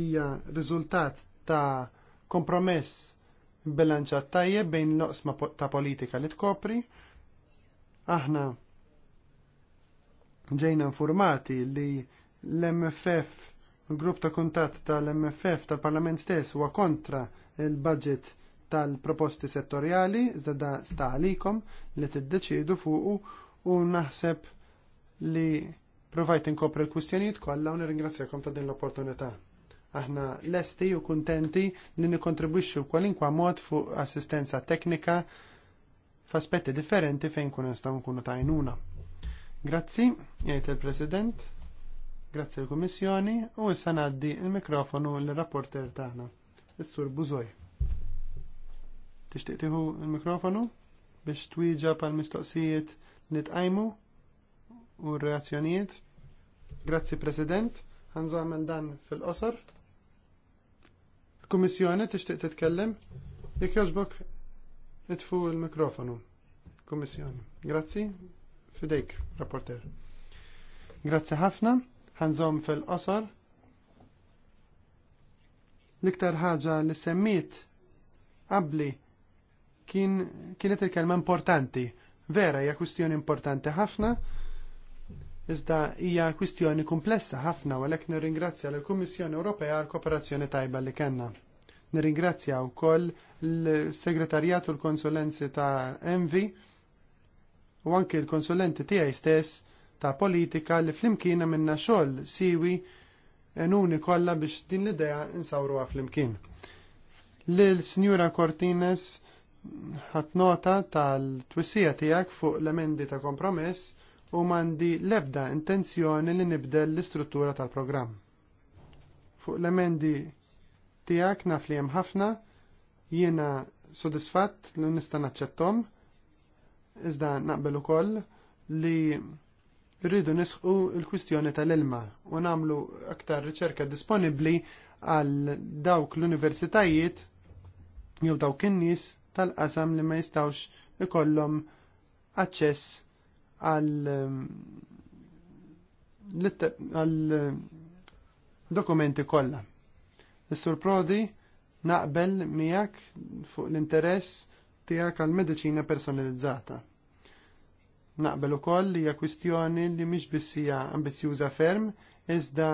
hija riżultat ta' kompromess bilanċat tajjeb bejn l-oqsma ta' politika li tkopri. Aħna ġejna informati li l-MFF il-grupp ta' kuntatt tal-MFF tal-Parlament stess huwa kontra il-budget tal-proposti settorjali, iżda da sta' għalikom li tiddeċiedu fuqu u naħseb li provajt inkopri l kustjonijiet kollha u nirringrazzjakom ta' din l-opportunità. Aħna lesti u kuntenti li nikontribwixxu kwalinkwa mod fuq assistenza teknika f'aspetti differenti fejn kun nistgħu nkunu tajnuna. Grazzi, jgħid il-President. Grazzi l-Kummissjoni u issa ngħaddi l mikrofonu l-rapporter tagħna, is-Sur Buzoj. Tixtieq tieħu l-mikrofonu biex twieġa pal mistoqsijiet nitqajmu u r-reazzjonijiet. Grazzi President, ħanżamel dan fil-qosor. Kommissjoni tixtieq titkellem? Jekk jogħġbok itfu l-mikrofonu. Kommissjoni, Grazzi. Fidejk, rapporter. Grazzi ħafna ħanżom fil-qosor. L-iktar ħaġa li semmit qabli kien, kienet il-kelma importanti. Vera, hija kwistjoni importanti ħafna, iżda hija kwistjoni komplessa ħafna u għalhekk nirringrazzja lill-Kummissjoni Ewropea għal kooperazzjoni tajba li kellna. Nirringrazzja wkoll l-Segretarjat u l-Konsulenzi ta' Envi u anke l-konsulenti tiegħi stess ta' politika li flimkien minna xogħol siwi enuni kollha biex din l-idea insawruha flimkien. Lil Sinjura Cortines ħat nota tal-twissija tiegħek fuq l-emendi ta' kompromess u mandi l-ebda intenzjoni li nibdel l-istruttura tal-programm. Fuq l-emendi tiegħek naf li hemm ħafna jiena sodisfatt li nista' naċċettom iżda naqbel ukoll li rridu nisħu l-kwistjoni tal-ilma u namlu aktar riċerka disponibli għal dawk l-universitajiet jew dawk in-nies tal-qasam li ma jistawx ikollhom aċċess għal um, um, dokumenti kollha. Is-Sur Prodi naqbel miegħek fuq l-interess tiegħek għal mediċina personalizzata Naqbel ukoll li hija kwistjoni li mhix bissija ambizjuża ferm, iżda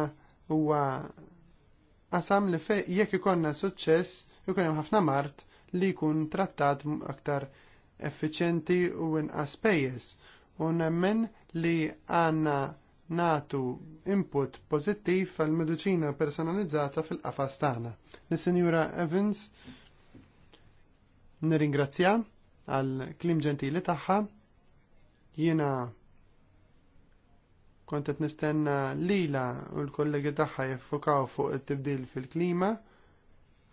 huwa qasam li fej jekk ikonna suċċess ikun hemm ħafna mart li jkun trattat aktar effiċenti u inqas pejjeż. U nemmen li għandna natu input pożittiv għal mediċina personalizzata fil-qafas tagħna. nis sinjura Evans nirringrazzja għal klim ġentili tagħha Jiena kont qed nistenna lila u l-kollegi tagħha jiffukaw fuq it-tibdil fil-klima,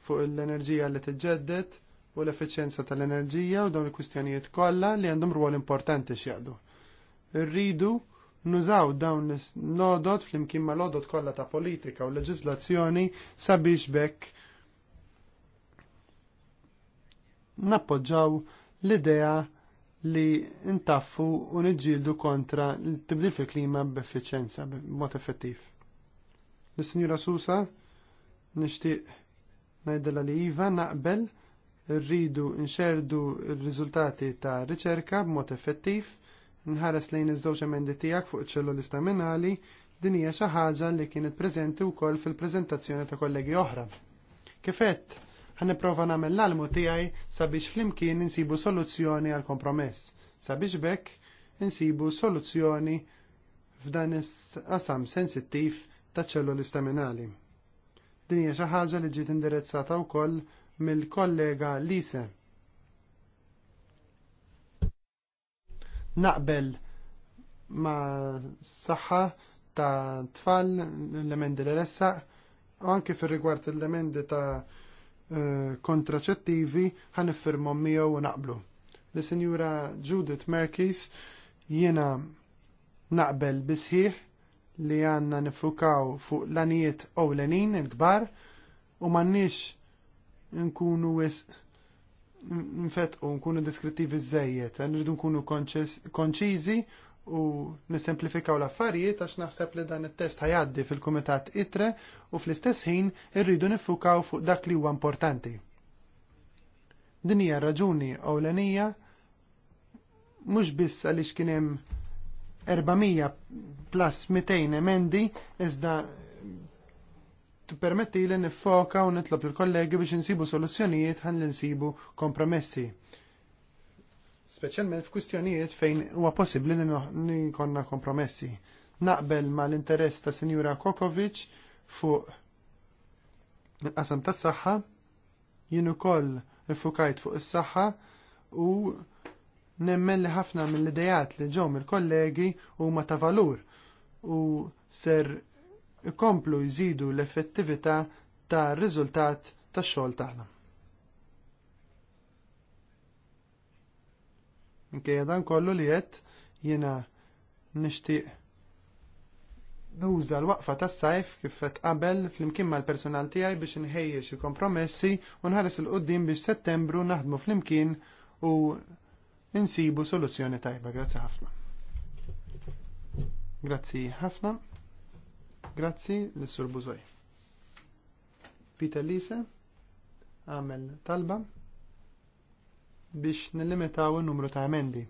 fuq l-enerġija li tiġġedded u l-effiċjenza tal-enerġija u dawn il-kwistjonijiet kollha li għandhom rwol importanti x'jaqdu. Irridu nużaw dawn l-odot flimkien ma l-odot kollha ta' politika u leġislazzjoni sabiex bekk nappoġġaw l-idea li ntaffu u niġġieldu kontra tibdil fil-klima b'effiċenza, b'mod effettiv. L-Sinjura Susa, nixtieq ngħidilha li Iva naqbel rridu nxerdu r-riżultati ta' riċerka b'mod effettiv, nħares lejn iż-żewġ emendi tiegħek fuq iċ-ċelluli staminali, din hija xi ħaġa li kienet preżenti wkoll fil-preżentazzjoni ta' kollegi oħra. Kif Kifett, ħaniprofa nagħmel l-almu tiegħi sabiex flimkien insibu soluzzjoni għal kompromess. Sabiex bekk insibu soluzzjoni f'dan is-qasam sensittiv taċ ċelluli staminali. Din hija xi ħaġa li ġiet indirizzata wkoll mill-kollega Lise. Naqbel ma' saħħa ta' tfal, l-emendi l-ressaq, u anke fir rigward l-emendi ta' Eh, kontraċettivi iffirmom miegħu u naqblu. Li Sinjura Judith Merkis jiena naqbel bisħiħ li għanna nifukaw fuq l-anijiet ewlenin il-kbar u m'għandniex nkunu wis nfetqu nkunu deskrittivi żejjed, rridu nkunu konċiżi u nisimplifikaw l-affarijiet għax naħseb li dan it-test ħajaddi fil-Kumitat ITRE u fl-istess ħin irridu nifukaw fuq dak li huwa importanti. Din hija raġuni ewlenija mhux biss għaliex kien hemm 400 plus 200 emendi iżda tippermetti li nifoka u nitlob il-kollegi biex insibu soluzzjonijiet ħan l nsibu kompromessi. Speċjalment f'kwistjonijiet fejn huwa possibbli li nkonna kompromessi. Naqbel mal-interess ta' Sinjura Kokovic fuq il-qasam tas saħħa jien ukoll ifukajt fuq is-saħħa u nemmen li ħafna mill-idejat li ġew mill-kollegi huma ta' valur u ser ikomplu jżidu l-effettività tar riżultat tax-xogħol tagħna. Inkejja dan kollu li qed jiena nixtieq nuża l-waqfa tas sajf kif qed qabel flimkien mal-personal tiegħi biex inħejjex xi kompromessi u nħares il qudiem biex Settembru naħdmu flimkien u insibu soluzzjoni tajba. Grazzi ħafna. Grazzi ħafna. Grazzi l sur Buzoj. Peter Lise għamel talba biex nillimitaw in-numru ta' emendi.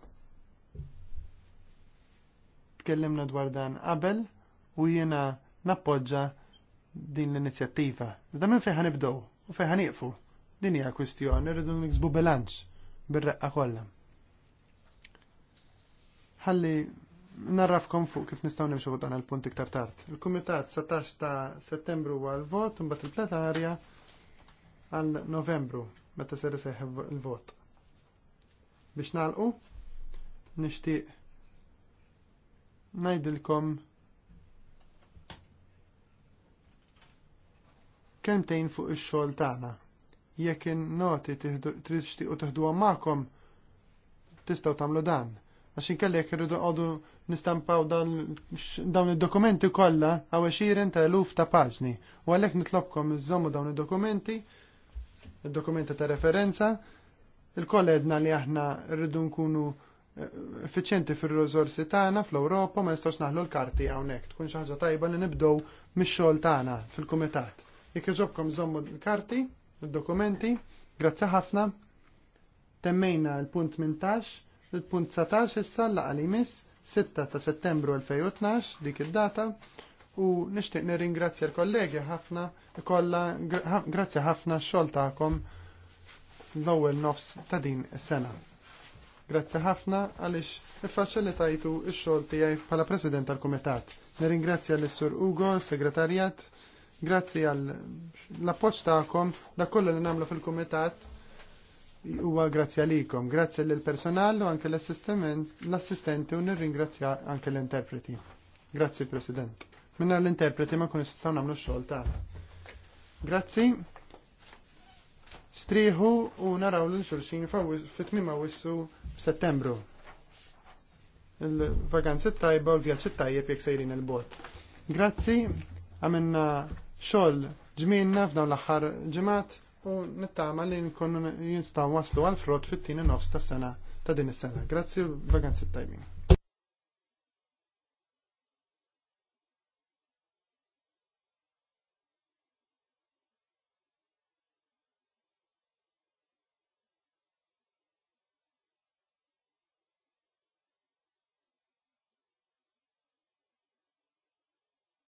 Tkellimna dwar dan qabel u jiena nappoġġa din l-inizjattiva. Iżda minn fejn ħanibdew u fejħan ħaniqfu. Din hija kwistjoni rridu niksbu bilanċ bir-reqqa kollha. Ħalli narrafkom fuq kif nistgħu nimxu fuq dan il-punt iktar tard. Il-Kumitat 17 ta' Settembru huwa l-vot imbagħad il-pletarja għal Novembru meta se jseħħ il-vot. Biex nalqu, nixtieq ngħidilkom kelmtejn fuq ix-xogħol tagħna. Jekk in-noti tixtiequ teħduha magħkom, tistgħu tagħmlu dan. Għax inkelli jekk irridu qogħdu nistampaw dawn id-dokumenti kollha għaw xiren ta' eluf ta' paġni. U għalhekk nitlobkom iżommu dawn id-dokumenti, id-dokumenti ta' referenza il-kolledna li aħna rridu nkunu eh, effiċenti fil-rizorsi tagħna fl-Ewropa ma nistax naħlu l-karti hawnhekk. Tkun xi ħaġa tajba li nibdew mix-xogħol tagħna fil-kumitat. Jekk iġobkom żommu l-karti, id-dokumenti, grazzi ħafna. Temmejna l-punt 18, il-punt 19 issa laqa li miss 6 ta' settembru 2012 dik id-data u nixtieq nirringrazzja l-kollegi ħafna kollha grazzi ħafna x-xogħol tagħkom l ewwel nofs ta' din is-sena. Grazzi ħafna għaliex iffaċilitajtu x-xogħol tiegħi bħala President tal-Kumitat. Nirringrazzja lis sur Ugo, segretarjat, grazzi għall l-appoġġ tagħkom dak kollu li nagħmlu fil-Kumitat huwa grazzi għalikom, grazzi l-personal u anke l-assistenti u nirringrazzja anke l-interpreti. Grazzi President. Minna l-interpreti ma kun istaw x-xogħol ta' Grazzi. Striħu u naraw l-xulxin fit-tmima wissu f'Settembru. Il-vaganzi tajba u l-vjaċċi tajjeb jek sejrin il-bot. Grazzi, għamenna xogħol ġminna f'dawn l-aħħar ġimgħat u nittama li nkun jinstaw waslu għal-frott fit tini nofs tas-sena ta' din is-sena. Grazzi u vaganzi tajbin.